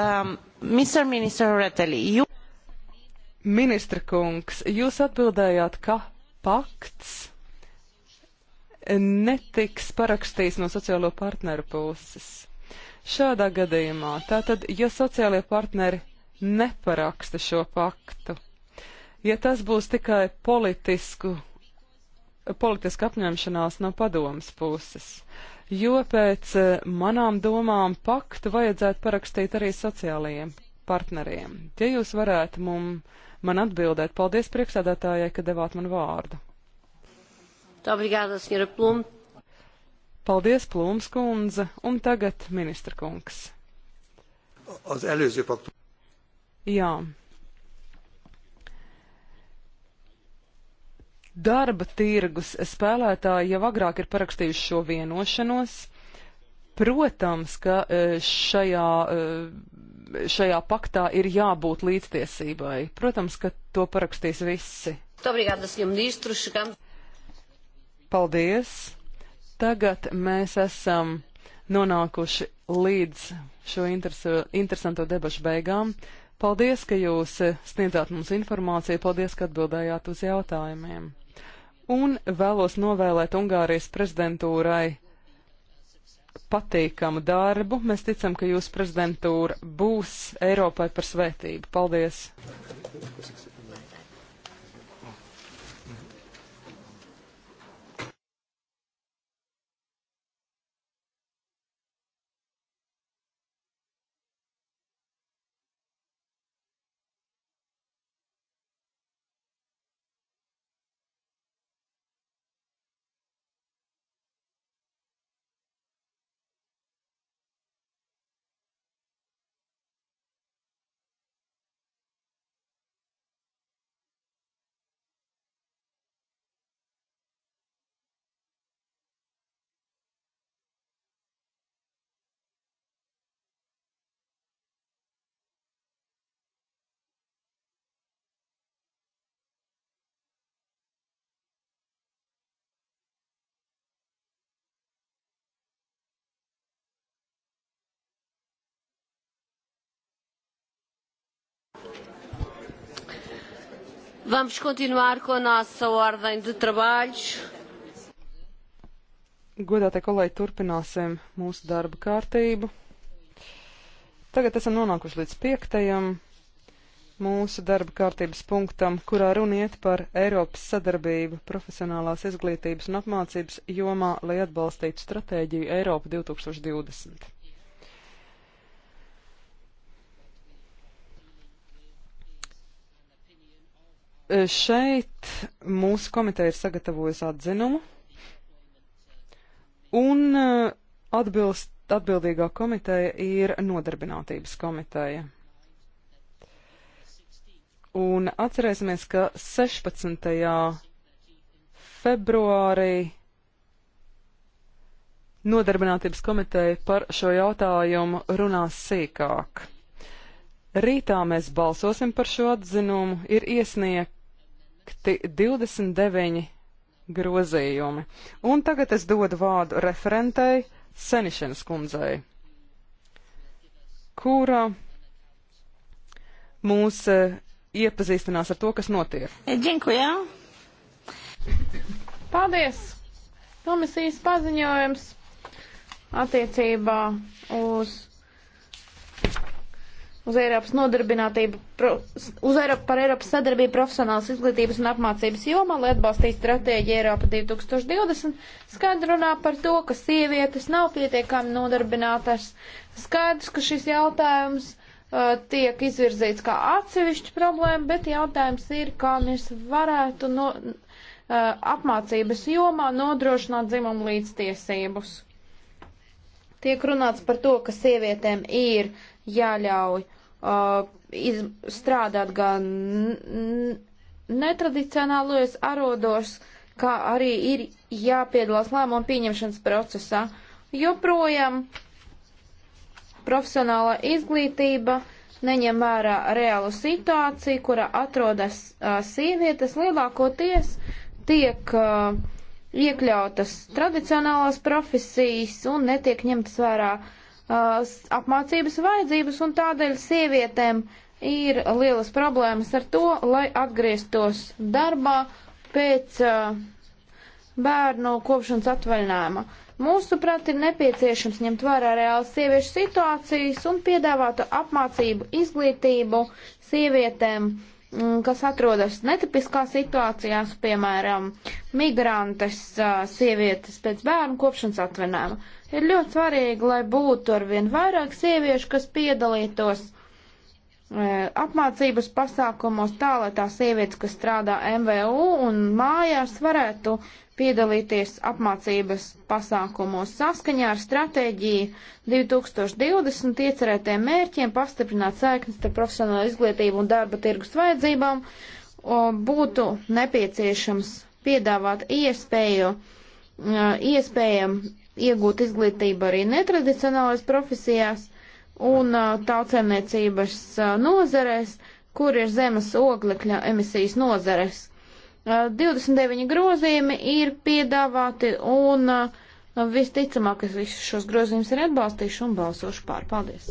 um, Mr. Minister Reteli, you... Ministra kungs, jūs atbildējāt, ka pakts netiks parakstīts no sociālo partneru puses. Šādā gadījumā, tātad, ja sociālie partneri neparaksta šo paktu, ja tas būs tikai politisku, politisku apņemšanās no padomas puses, jo pēc eh, manām domām paktu vajadzētu parakstīt arī sociālajiem partneriem. Ja jūs varētu mum, man atbildēt, paldies priekšsēdētājai, ka devāt man vārdu. Obrigada, senhora Plum. Paldies, Plums kundze, un tagad ministra kungs. Az előző paktum. Jā. Darba tirgus spēlētāji jau agrāk ir parakstījuši šo vienošanos. Protams, ka eh, šajā eh, šajā paktā ir jābūt līdztiesībai. Protams, ka to parakstīs visi. Paldies! Tagad mēs esam nonākuši līdz šo interesanto debašu beigām. Paldies, ka jūs sniedzāt mums informāciju, paldies, ka atbildējāt uz jautājumiem. Un vēlos novēlēt Ungārijas prezidentūrai patīkamu darbu. Mēs ticam, ka jūsu prezidentūra būs Eiropai par svētību. Paldies! Vamos continuar com a nossa ordem de trabalhos. Godātie kolēģi, turpināsim mūsu darba kārtību. Tagad esam nonākuši līdz piektajam mūsu darba kārtības punktam, kurā runa iet par Eiropas sadarbību profesionālās izglītības un apmācības jomā, lai atbalstītu stratēģiju Eiropa 2020. E, šeit mūsu komiteja ir sagatavojusi atzinumu, un e, atbilst, atbildīgā komiteja ir nodarbinātības komiteja. Un atcerēsimies, ka 16. februārī Nodarbinātības komiteja par šo jautājumu runās sīkāk. Rītā mēs balsosim par šo atzinumu. Ir iesniegti 29 grozījumi. Un tagad es dodu vārdu referentei Senišanas kundzei, kura mūs eh, iepazīstinās ar to, kas notiek. Džinkuja. Paldies! Komisijas paziņojums attiecībā uz uz Eiropas nodarbinātību, uz Eiropu par Eiropas sadarbību profesionālas izglītības un apmācības jomā, lai atbalstītu stratēģiju Eiropa 2020, skaidri runā par to, ka sievietes nav pietiekami nodarbinātas. Skaidrs, ka šis jautājums uh, tiek izvirzīts kā atsevišķa problēma, bet jautājums ir, kā mēs varētu no, uh, apmācības jomā nodrošināt dzimumu līdztiesības. Tiek runāts par to, ka sievietēm ir jāļauj uh, iz, strādāt gan netradicionālajos arodos, kā arī ir jāpiedalās lēmumu pieņemšanas procesā. Joprojām profesionālā izglītība neņem vērā reālu situāciju, kurā atrodas uh, sievietes lielākoties tiek uh, iekļautas tradicionālās profesijas un netiek ņemtas vērā uh, apmācības vajadzības, un tādēļ sievietēm ir lielas problēmas ar to, lai atgrieztos darbā pēc uh, bērnu kopšanas atvaļinājuma. Mūsuprāt, ir nepieciešams ņemt vērā reāls sieviešu situācijas un piedāvātu apmācību, izglītību sievietēm uh, Mm, kas atrodas netipiskā situācijās, piemēram, migrantes, sievietes pēc bērnu kopšanas atvinājuma. Ir ļoti svarīgi, lai būtu arvien vairāk sieviešu, kas piedalītos apmācības pasākumos tā, lai tās sievietes, kas strādā MVU un mājās, varētu piedalīties apmācības pasākumos saskaņā ar stratēģiju 2020 iecerētiem mērķiem, pastiprināt saiknes ar profesionālo izglītību un darba tirgus vajadzībām, būtu nepieciešams piedāvāt iespēju, iespējam iegūt izglītību arī netradicionālās profesijās un tautsēmniecības nozerēs, kur ir zemes oglekļa emisijas nozeres. 29 eh, grozījumi ir piedāvāti un eh, visticamāk es visus šos grozījumus arī atbalstīšu un balsošu pār. Paldies!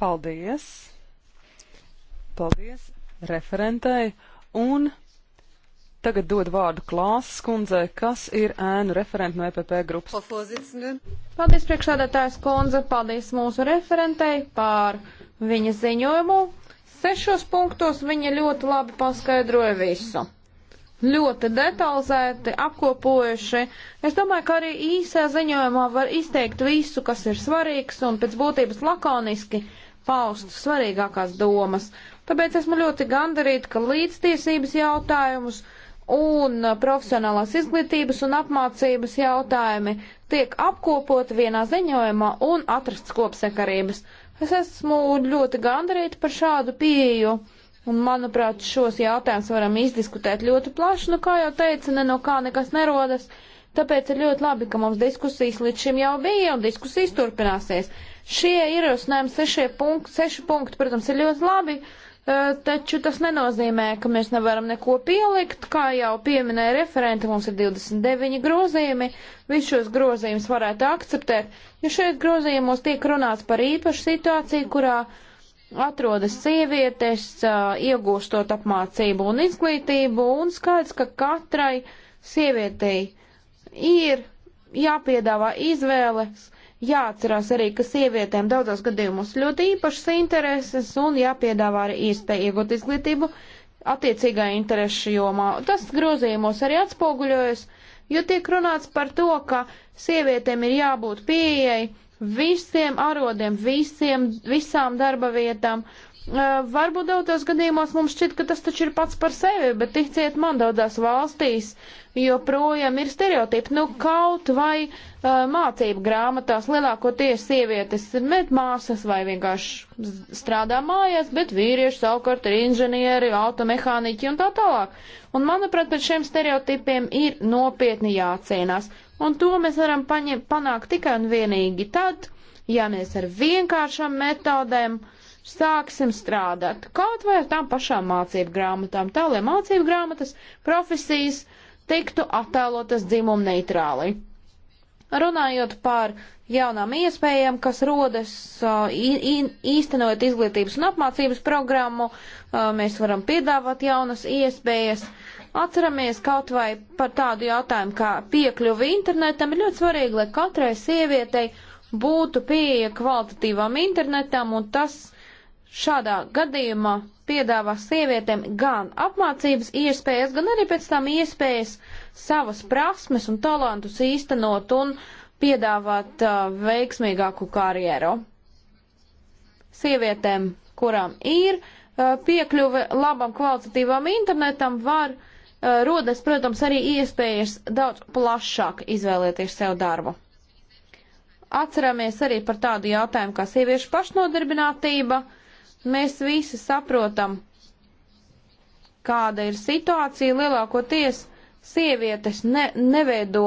Paldies! Paldies referentei un Tagad dod vārdu Klāsas kundzei, kas ir ēnu referenta no EPP grupas. Paldies priekšsādātājs kundze, paldies mūsu referentei par viņa ziņojumu. Sešos punktos viņa ļoti labi paskaidroja visu. Ļoti detalizēti, apkopojuši. Es domāju, ka arī īsā ziņojumā var izteikt visu, kas ir svarīgs un pēc būtības lakoniski paust svarīgākās domas. Tāpēc esmu ļoti gandarīta, ka līdztiesības jautājumus un profesionālās izglītības un apmācības jautājumi tiek apkopot vienā ziņojumā un atrasts kopsekarības. Es esmu ļoti gandarīta par šādu pieeju. Un, manuprāt, šos jautājumus varam izdiskutēt ļoti plaši. Nu, kā jau teicu, ne no kā nekas nerodas. Tāpēc ir ļoti labi, ka mums diskusijas līdz šim jau bija un diskusijas turpināsies. Šie ierosinājumi, seši punkti, seši punkti, protams, ir ļoti labi. Uh, Eh, taču tas nenozīmē, ka mēs nevaram neko pielikt. Kā jau pieminēja referenti, mums ir 29 grozījumi, visus šos grozījumus varētu akceptēt, jo šeit grozījumos tiek runāts par īpašu situāciju, kurā atrodas sievietes, eh, iegūstot apmācību un izglītību, un skaidrs, ka katrai sievietei ir jāpiedāvā izvēles Jāatcerās arī, ka sievietēm daudzos gadījumos ļoti īpašas intereses un jāpiedāvā arī iespēja iegūt izglītību attiecīgā interešu jomā. Tas grozījumos arī atspoguļojas, jo tiek runāts par to, ka sievietēm ir jābūt pieejai visiem arodiem, visiem, visām darba vietām, Varbūt daudzos gadījumos mums šķiet, ka tas taču ir pats par sevi, bet ticiet man daudzās valstīs joprojām ir stereotipi. Nu, kaut vai uh, mācību grāmatās lielākoties sievietes ir medmāsas vai vienkārši strādā mājās, bet vīrieši savukārt ir inženieri, automehāniķi un tā tālāk. Un manuprāt, pret šiem stereotipiem ir nopietni jācīnās. Un to mēs varam paņem, panākt tikai un vienīgi tad, ja mēs ar vienkāršām metodēm sāksim strādāt, kaut vai ar tām pašām mācību grāmatām, tā lai mācību grāmatas profesijas tiktu attēlotas dzimumu neitrāli. Runājot par jaunām iespējām, kas rodas uh, īstenojot izglītības un apmācības programmu, uh, mēs varam piedāvāt jaunas iespējas. Atceramies kaut vai par tādu jautājumu kā piekļuvi internetam ir ļoti svarīgi, lai katrai sievietei būtu pieeja kvalitatīvām internetam, un tas šādā gadījumā piedāvā sievietēm gan apmācības iespējas, gan arī pēc tam iespējas savas prasmes un talantus īstenot un piedāvāt uh, veiksmīgāku karjeru. Sievietēm, kurām ir uh, piekļuve labam kvalitatīvam internetam, var uh, rodas, protams, arī iespējas daudz plašāk izvēlēties sev darbu. Atceramies arī par tādu jautājumu kā sieviešu pašnodarbinātība. Mēs visi saprotam, kāda ir situācija. Lielākoties sievietes ne, neveido,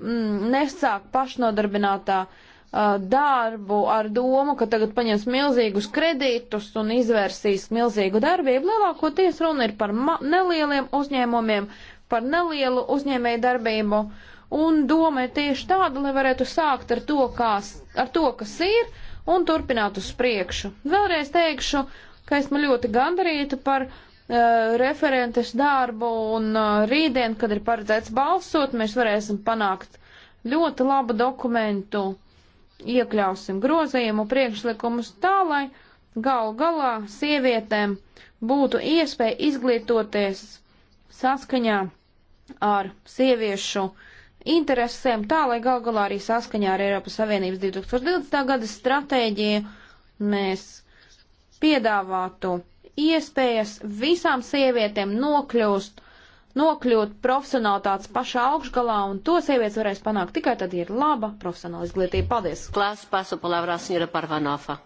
mm, nesāk pašnodarbinātā uh, darbu ar domu, ka tagad paņems milzīgus kredītus un izvērsīs milzīgu darbību. Lielākoties runa ir par nelieliem uzņēmumiem, par nelielu uzņēmēju darbību. Uh, Un doma ir tieši tāda, lai varētu sākt ar to, kas, ar to, kas ir, un turpināt uz priekšu. Vēlreiz teikšu, ka esmu ļoti gandarīta par uh, referentes darbu, un uh, rītdien, kad ir paredzēts balsot, mēs varēsim panākt ļoti labu dokumentu, iekļausim grozījumu priekšlikumus tā, lai gal galā sievietēm būtu iespēja izglītoties saskaņā ar sieviešu uh, interesēm, tā lai gal galā arī saskaņā ar Eiropas Savienības 2020. gada stratēģiju mēs piedāvātu iespējas visām sievietēm nokļūst, nokļūt profesionālitātes pašā augšgalā, un to sievietes varēs panākt tikai tad, ja ir laba profesionāla izglītība. Paldies! Klās pasu palavra signora Parvanova.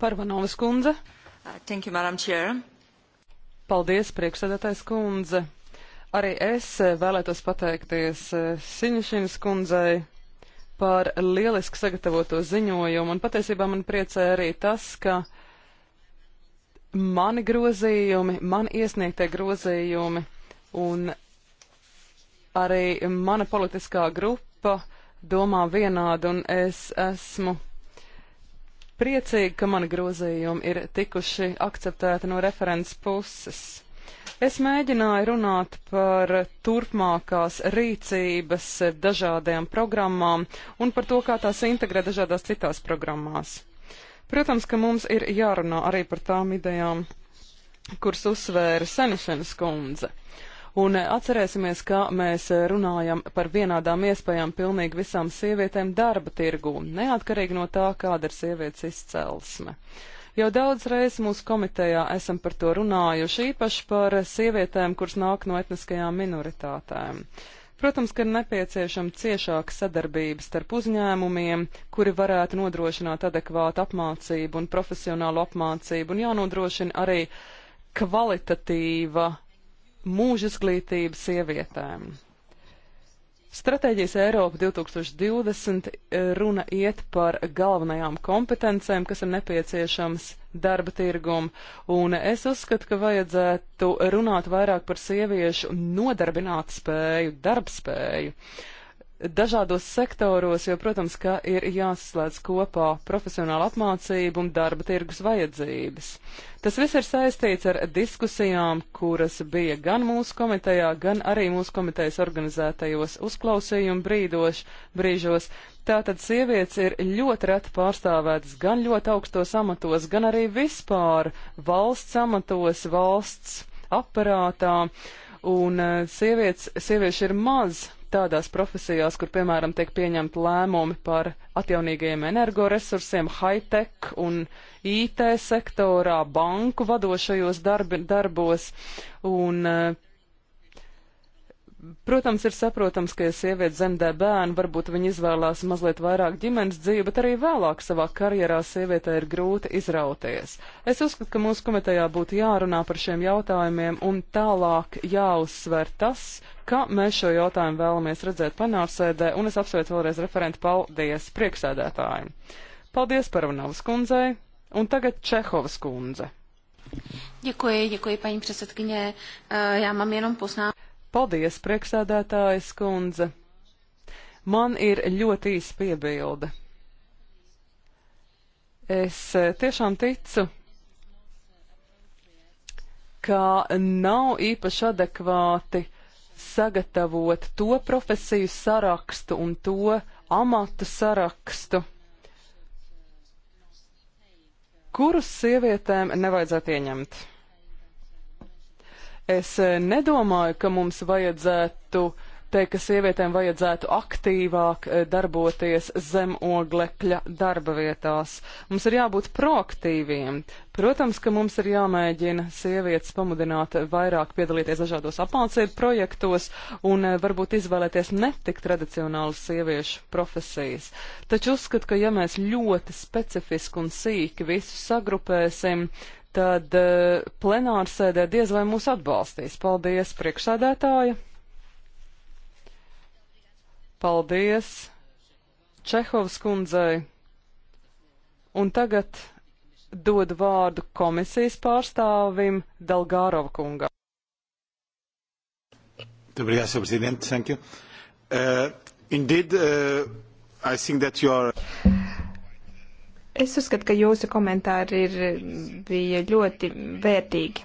Parvanovas kundze. Uh, thank you, Madam Chair. Paldies, priekšsēdētājs kundze. Arī es eh, vēlētos pateikties eh, Siņšīnas kundzei par lieliski sagatavoto ziņojumu, un patiesībā man priecē arī tas, ka mani grozījumi, man iesniegtie grozījumi un arī mana politiskā grupa domā vienādi, un es esmu priecīga, ka mani grozījumi ir tikuši akceptēti no referents puses. Es mēģināju runāt par turpmākās rīcības dažādajām programmām un par to, kā tās integrē dažādās citās programmās. Protams, ka mums ir jārunā arī par tām idejām, kuras uzsvēra Senišenas kundze. Un atcerēsimies, ka mēs runājam par vienādām iespējām pilnīgi visām sievietēm darba tirgū, neatkarīgi no tā, kāda ir sievietes izcelsme. Uh, Jau daudz reizes mūsu komitejā esam par to runājuši, īpaši par sievietēm, kuras nāk no etniskajām minoritātēm. Protams, ka ir nepieciešama ciešāka sadarbība starp uzņēmumiem, kuri varētu nodrošināt adekvātu apmācību un profesionālu apmācību, un jānodrošina arī kvalitatīva mūža izglītība sievietēm. Stratēģijas Eiropa 2020 eh, runa iet par galvenajām kompetencēm, kas ir nepieciešams darba tirgum, un es uzskatu, ka vajadzētu runāt vairāk par sieviešu nodarbināt spēju, darbspēju. spēju dažādos sektoros, jo, protams, ka ir jāsaslēdz kopā profesionāla apmācība un darba tirgus vajadzības. Tas viss ir saistīts ar diskusijām, kuras bija gan mūsu komitejā, gan arī mūsu komitejas organizētajos uzklausījumu brīdoš, brīžos. Tātad sievietes ir ļoti reti pārstāvētas gan ļoti augstos amatos, gan arī vispār valsts amatos, valsts aparātā. Un eh, sievietes, sievieši ir maz tādās profesijās, kur, piemēram, tiek pieņemti lēmumi par atjaunīgajiem energoresursiem, high-tech un IT sektorā, banku vadošajos darbi, darbos. Un, uh, Protams, ir saprotams, ka ja sieviete zemdē bērnu, varbūt viņa izvēlās mazliet vairāk ģimenes dzīvi, bet arī vēlāk savā karjerā sievietē ir grūti izrauties. Es uzskatu, ka mūsu komitejā būtu jārunā par šiem jautājumiem un tālāk jāuzsver tas, ka mēs šo jautājumu vēlamies redzēt panārsēdē, un es apsveicu vēlreiz referentu paldies priekšsēdētājiem. Paldies Parunavas kundzei, un tagad Čehovas kundze. Děkuji, děkuji paní předsedkyně. Eh, já mám jenom poznám. Paldies, prieksēdētājas kundze. Man ir ļoti īsa piebilde. Es eh, tiešām ticu, ka nav īpaši adekvāti sagatavot to profesiju sarakstu un to amatu sarakstu, kurus sievietēm nevajadzētu ieņemt. Es eh, nedomāju, ka mums vajadzētu teikt, ka sievietēm vajadzētu aktīvāk eh, darboties zemoglekļa darba vietās. Mums ir jābūt proaktīviem. Protams, ka mums ir jāmēģina sievietes pamudināt vairāk piedalīties dažādos apmācību projektos un eh, varbūt izvēlēties netik tradicionālas sieviešu profesijas. Taču uzskat, ka ja mēs ļoti specifiski un sīki visu sagrupēsim, tad eh, plenārsēdē diez vai mūs atbalstīs. Paldies, priekšsēdētāja! Paldies Čehovs kundzei! Un tagad dodu vārdu komisijas pārstāvim Dalgārova kungam. Obrigado, Sr. Presidente. Thank you. Uh, indeed, uh, I think that you are... Es uzskatu, ka jūsu komentāri ir, bija ļoti vērtīgi.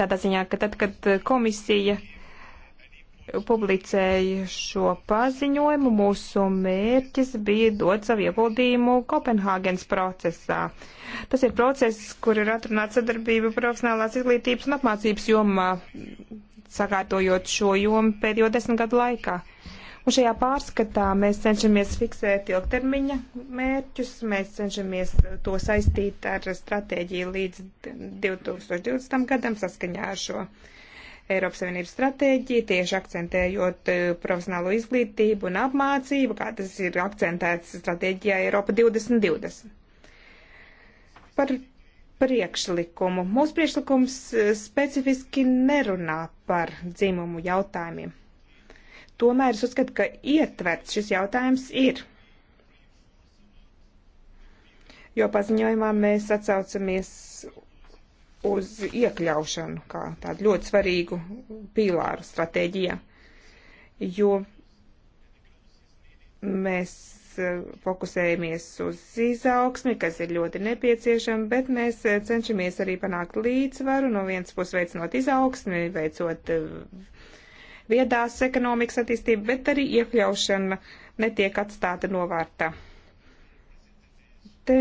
Tādā ziņā, ka tad, kad komisija publicēja šo paziņojumu, mūsu mērķis bija dot savu ieguldījumu Kopenhāgenes procesā. Tas ir process, kur ir atrunāta sadarbība profesionālās izglītības un apmācības jomā, sakārtojot šo jomu pēdējo desmit gadu laikā. Un šajā pārskatā mēs cenšamies fiksēt ilgtermiņa mērķus, mēs cenšamies to saistīt ar stratēģiju līdz 2020. gadam saskaņā ar šo Eiropas Savienības stratēģiju, tieši akcentējot e, profesionālo izglītību un apmācību, kā tas ir akcentēts stratēģijā Eiropa 2020. Par priekšlikumu. Mūsu priekšlikums e, specifiski nerunā par dzimumu jautājumiem Tomēr es uzskatu, ka ietverts šis jautājums ir. Jo paziņojumā mēs atsaucamies uz iekļaušanu kā tādu ļoti svarīgu pīlāru stratēģijā. Jo mēs eh, fokusējamies uz izaugsmi, kas ir ļoti nepieciešama, bet mēs eh, cenšamies arī panākt līdzsvaru no vienas puses veicinot izaugsmi, veicot uh, viedās ekonomikas attīstība, bet arī iekļaušana netiek atstāta novārtā. Te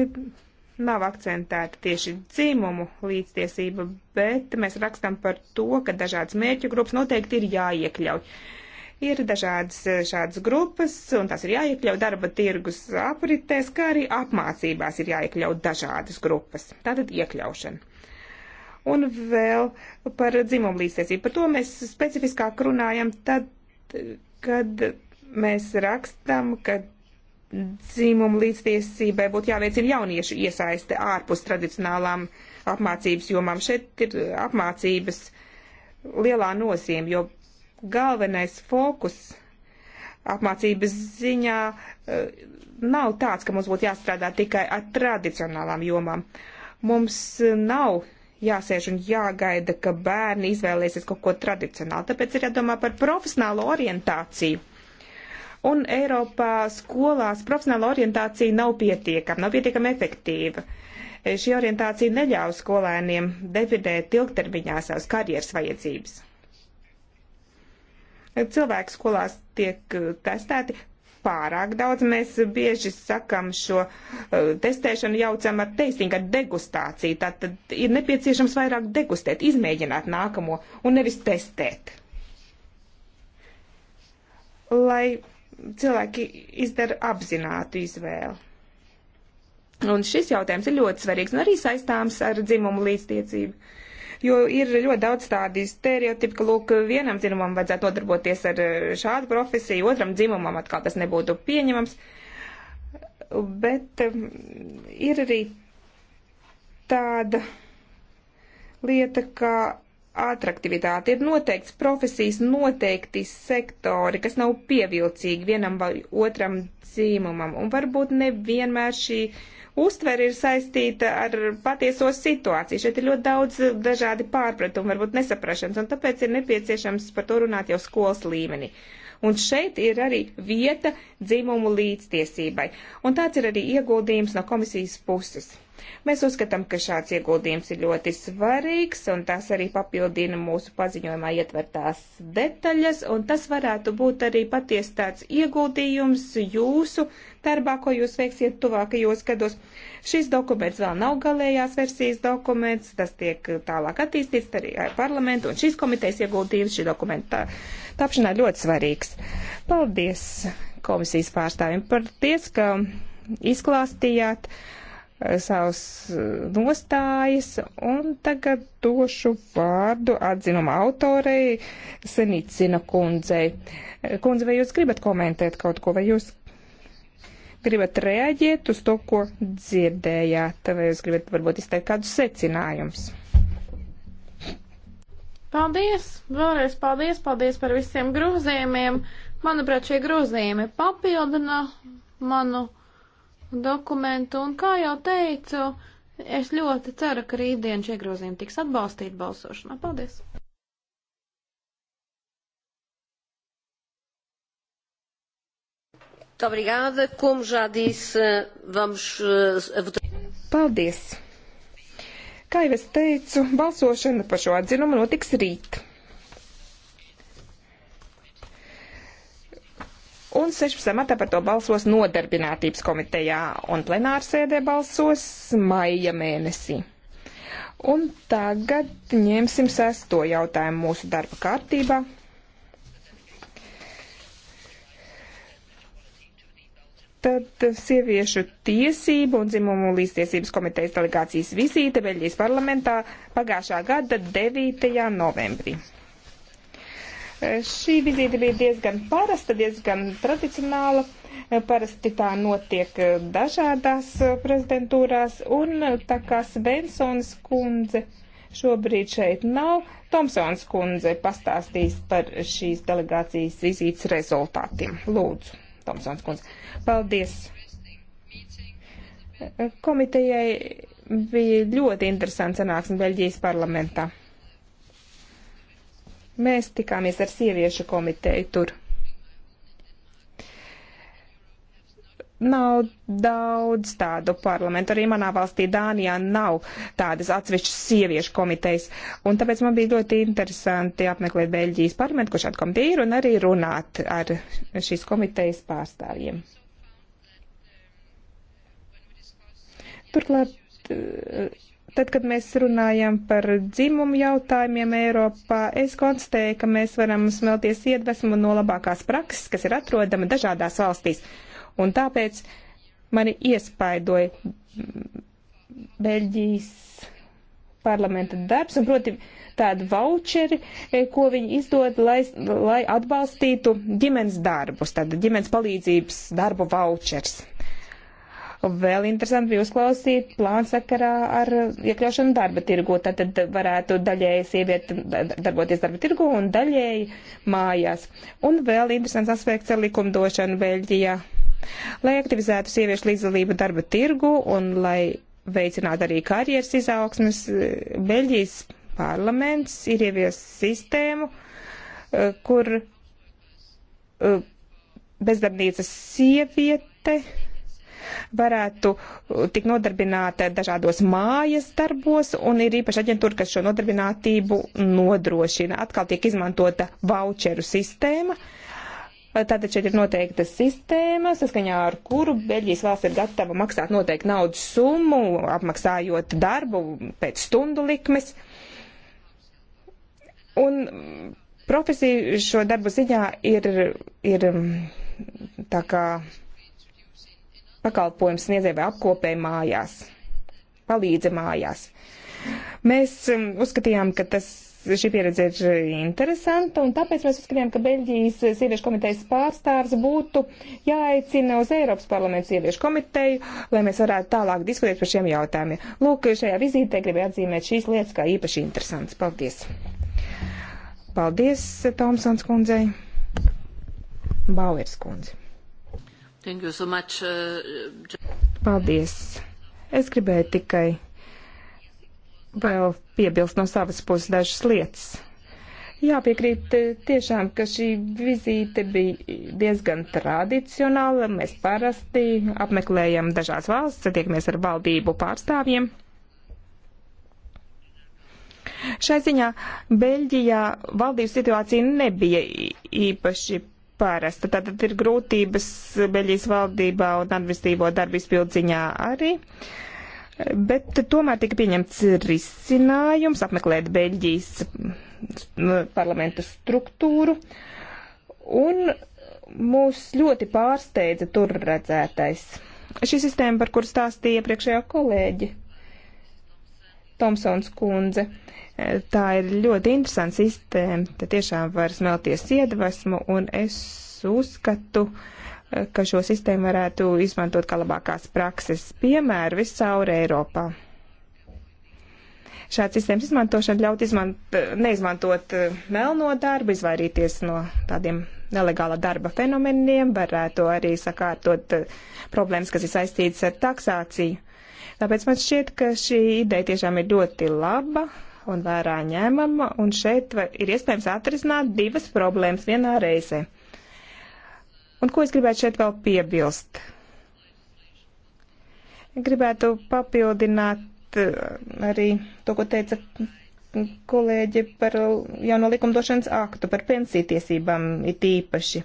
nav akcentēta tieši dzimumu līdztiesība, bet mēs rakstam par to, ka dažādas mērķu grupas noteikti ir jāiekļauj. Ir dažādas eh, šādas grupas, un tās ir jāiekļauj darba tirgus apritēs, kā arī apmācībās ir jāiekļauj dažādas grupas. Tātad iekļaušana. Un vēl par dzimumu līdztiesību. Par to mēs specifiskāk runājam tad, kad mēs rakstam, ka dzimumu līdztiesībai būtu jāveicina jauniešu iesaiste ārpus tradicionālām apmācības jomām. Šeit ir apmācības lielā nozīme, jo galvenais fokus apmācības ziņā eh, nav tāds, ka mums būtu jāstrādā tikai ar tradicionālām jomām. Mums nav jāsēž un jāgaida, ka bērni izvēlēsies kaut ko tradicionālu. Tāpēc ir jādomā par profesionālo orientāciju. Un Eiropā skolās profesionāla orientācija nav pietiekama, nav pietiekama efektīva. E, šī orientācija neļauj skolēniem definēt ilgtermiņā savas karjeras vajadzības e, cilvēki skolās tiek e, testēti pārāk daudz. Mēs bieži sakam šo eh, testēšanu jaucam ar teistingu, ar degustāciju. Tātad ir nepieciešams vairāk degustēt, izmēģināt nākamo un nevis testēt. Lai cilvēki izdara apzinātu izvēli. Un šis jautājums ir ļoti svarīgs un arī saistāms ar dzimumu līdztiecību jo ir ļoti daudz tādi stereotipi, ka, lūk, vienam dzimumam vajadzētu nodarboties ar eh, šādu profesiju, otram dzimumam atkal tas nebūtu pieņemams. Bet ehm, ir arī tāda lieta, ka atraktivitāte ir noteikts profesijas, noteikti sektori, kas nav pievilcīgi vienam vai otram dzīmumam, un varbūt nevienmēr šī uztvere ir saistīta ar patieso situāciju. Šeit ir ļoti daudz eh, dažādi pārpratumi, varbūt nesaprašanas, un tāpēc ir nepieciešams par to runāt jau skolas līmenī. Un šeit ir arī vieta dzimumu līdztiesībai. Un tāds ir arī ieguldījums no komisijas puses. Mēs uzskatām, ka šāds ieguldījums ir ļoti svarīgs, un tas arī papildina mūsu paziņojumā ietvertās detaļas, un tas varētu būt arī paties tāds ieguldījums jūsu darbā, ko jūs veiksiet tuvākajos gados. Šis dokuments vēl nav galējās versijas dokuments, tas tiek tālāk attīstīts arī ar parlamentu, un šīs komitejas ieguldījums šī dokumenta tapšanā ļoti svarīgs. Paldies komisijas pārstāvim par ties, ka izklāstījāt. Uh, Eh, savas eh, nostājas, un tagad došu vārdu atzinuma autorei Senicina kundzei. Eh, kundze, vai jūs gribat komentēt kaut ko, vai jūs gribat reaģēt uz to, ko dzirdējāt, vai jūs gribat varbūt izteikt kādus secinājumus? Paldies! Vēlreiz paldies! Paldies par visiem grozījumiem! Manuprāt, šie grozījumi papildina manu dokumentu, un kā jau teicu, es ļoti ceru, ka rītdien šie grozījumi tiks atbalstīti balsošanā. Paldies! Obrigada, como já disse, vamos a eh, votar. Paldies! Kā jau es teicu, balsošana par šo atzinumu notiks rīt. Un 16. martā par to balsos nodarbinātības komitejā un plenārsēdē balsos maija mēnesī. Un tagad ņemsim sesto jautājumu mūsu darba kārtībā. Tad sieviešu tiesību un dzimumu līdztiesības komitejas delegācijas vizīte Beļģijas parlamentā pagājušā gada 9. novembrī. Eh, šī vizīte bija diezgan parasta, diezgan tradicionāla. Eh, parasti tā notiek eh, dažādās prezidentūrās, un tā kā Svensonas kundze šobrīd šeit nav, Tomsons kundze pastāstīs par šīs delegācijas vizītes rezultātiem. Lūdzu, Tomsons kundze. Paldies! Komitejai bija ļoti interesanta sanāksme Beļģijas parlamentā. Mēs tikāmies ar sieviešu komiteju tur. Nav daudz tādu parlamentu. Arī manā valstī Dānijā nav tādas atsevišķas sieviešu komitejas. Un tāpēc man bija ļoti interesanti apmeklēt Beļģijas parlamentu, kur šāda komiteja ir, un arī runāt ar šīs komitejas pārstāvjiem. Turklāt Tad, kad mēs runājam par dzimumu jautājumiem Eiropā, es konstatēju, ka mēs varam smelties iedvesmu no labākās prakses, kas ir atrodama dažādās valstīs. Un tāpēc mani iespaidoja Beļģijas parlamenta darbs, un proti tādi voucheri, e, ko viņi izdod, lai, lai atbalstītu ģimenes darbus, tāda ģimenes palīdzības darbu vouchers. Vēl interesanti bija uzklausīt plānu sakarā ar iekļaušanu darba tirgu. Tad, tad varētu daļēji sievieti darboties darba tirgu un daļēji mājās. Un vēl interesants aspekts ar likumdošanu Beļģijā. Lai aktivizētu sieviešu līdzdalību darba tirgu un lai veicinātu arī karjeras izaugsmes, Beļģijas parlaments ir ievies sistēmu, eh, kur eh, bezdarbnīcas sieviete varētu tik nodarbināta dažādos mājas darbos, un ir īpaši aģentūra, kas šo nodarbinātību nodrošina. Atkal tiek izmantota voucheru sistēma. Tātad šeit ir noteikta sistēma, saskaņā ar kuru Beļģijas valsts ir gatava maksāt noteiktu naudas summu, apmaksājot darbu pēc stundu likmes. Un profesija šo darbu ziņā ir, ir tā kā pakalpojums sniedzēja vai apkopēja mājās, palīdza mājās. Mēs um, uzskatījām, ka tas šī pieredze ir interesanta, un tāpēc mēs uzskatījām, ka Beļģijas sieviešu komitejas pārstāvs būtu jāaicina uz Eiropas parlamentu sieviešu komiteju, lai mēs varētu tālāk diskutēt par šiem jautājumiem. Lūk, šajā vizītē gribēju atzīmēt šīs lietas kā īpaši interesants. Paldies! Paldies, Tomsons kundzei! Bauers kundze! Thank you so much. Uh, Paldies. Es gribēju tikai vēl piebilst no savas puses dažas lietas. Jā, piekrīt eh, tiešām, ka šī vizīte bija diezgan tradicionāla. Mēs parasti apmeklējam dažās valsts, satiekamies ar valdību pārstāvjiem. Šai ziņā Beļģijā valdības situācija nebija īpaši parasta. Tātad ir grūtības Beļģijas valdībā un administīvo darbu izpildziņā arī. Bet tomēr tika pieņemts risinājums apmeklēt Beļģijas parlamenta struktūru. Un mūs ļoti pārsteidza tur redzētais. Šī sistēma, par kuru stāstīja priekšējā kolēģi Tomsons kundze, uh, Tā ir ļoti interesanta sistēma, te tiešām var smelties iedvesmu, un es uzskatu, ka šo sistēmu varētu izmantot kā labākās prakses piemēru viscaur Eiropā. Šāda sistēmas izmantošana ļaut izmant, neizmantot eh, melno darbu, izvairīties no tādiem nelegāla darba fenomeniem, varētu arī sakārtot eh, problēmas, kas ir saistītas ar taksāciju. Tāpēc man šķiet, ka šī ideja tiešām ir ļoti laba, un vērā ņēmama, un šeit ir iespējams atrisināt divas problēmas vienā reizē. Un ko es gribētu šeit vēl piebilst? Gribētu papildināt eh, arī to, ko teica kolēģi par jauno likumdošanas aktu, par pensiju tiesībām it īpaši.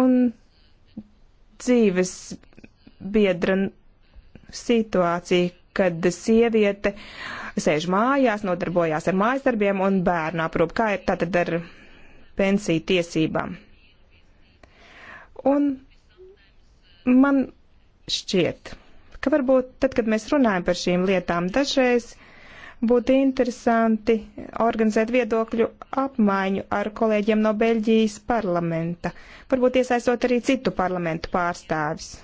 Un dzīves biedra situācija, kad sieviete sēž mājās, nodarbojās ar mājas darbiem un bērnu aprūp. Kā ir tātad ar pensiju tiesībām? Un man šķiet, ka varbūt tad, kad mēs runājam par šīm lietām, dažreiz būtu interesanti organizēt viedokļu apmaiņu ar kolēģiem no Beļģijas parlamenta, varbūt iesaistot arī citu parlamentu pārstāvis.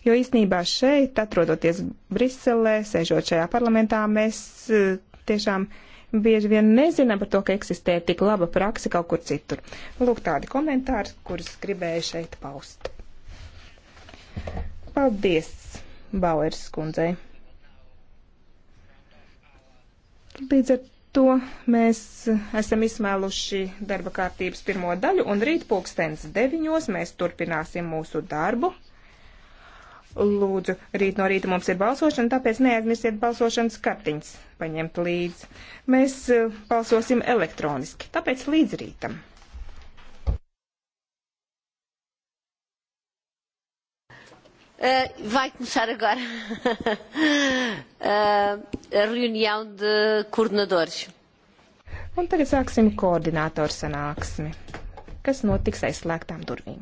Jo īstenībā šeit, atrodoties Briselē, sēžot šajā parlamentā, mēs e, tiešām bieži vien nezinām par to, ka eksistē tik laba praksa kaut kur citur. Lūk, tādi komentāri, kurus gribēju šeit paust. Paldies, Bauers kundzei. Līdz ar to mēs esam izsmēluši darba kārtības pirmo daļu, un rīt pulkstens deviņos mēs turpināsim mūsu darbu. Lūdzu, rīt no rīta mums ir balsošana, tāpēc neaizmirsiet balsošanas kartiņas paņemt līdzi. Mēs eh, balsosim elektroniski, tāpēc līdz rītam. Eh, vai começar agora eh, a reunião de coordenadores. Un tagad sāksim koordinātoru sanāksmi, kas notiks aizslēgtām durvīm.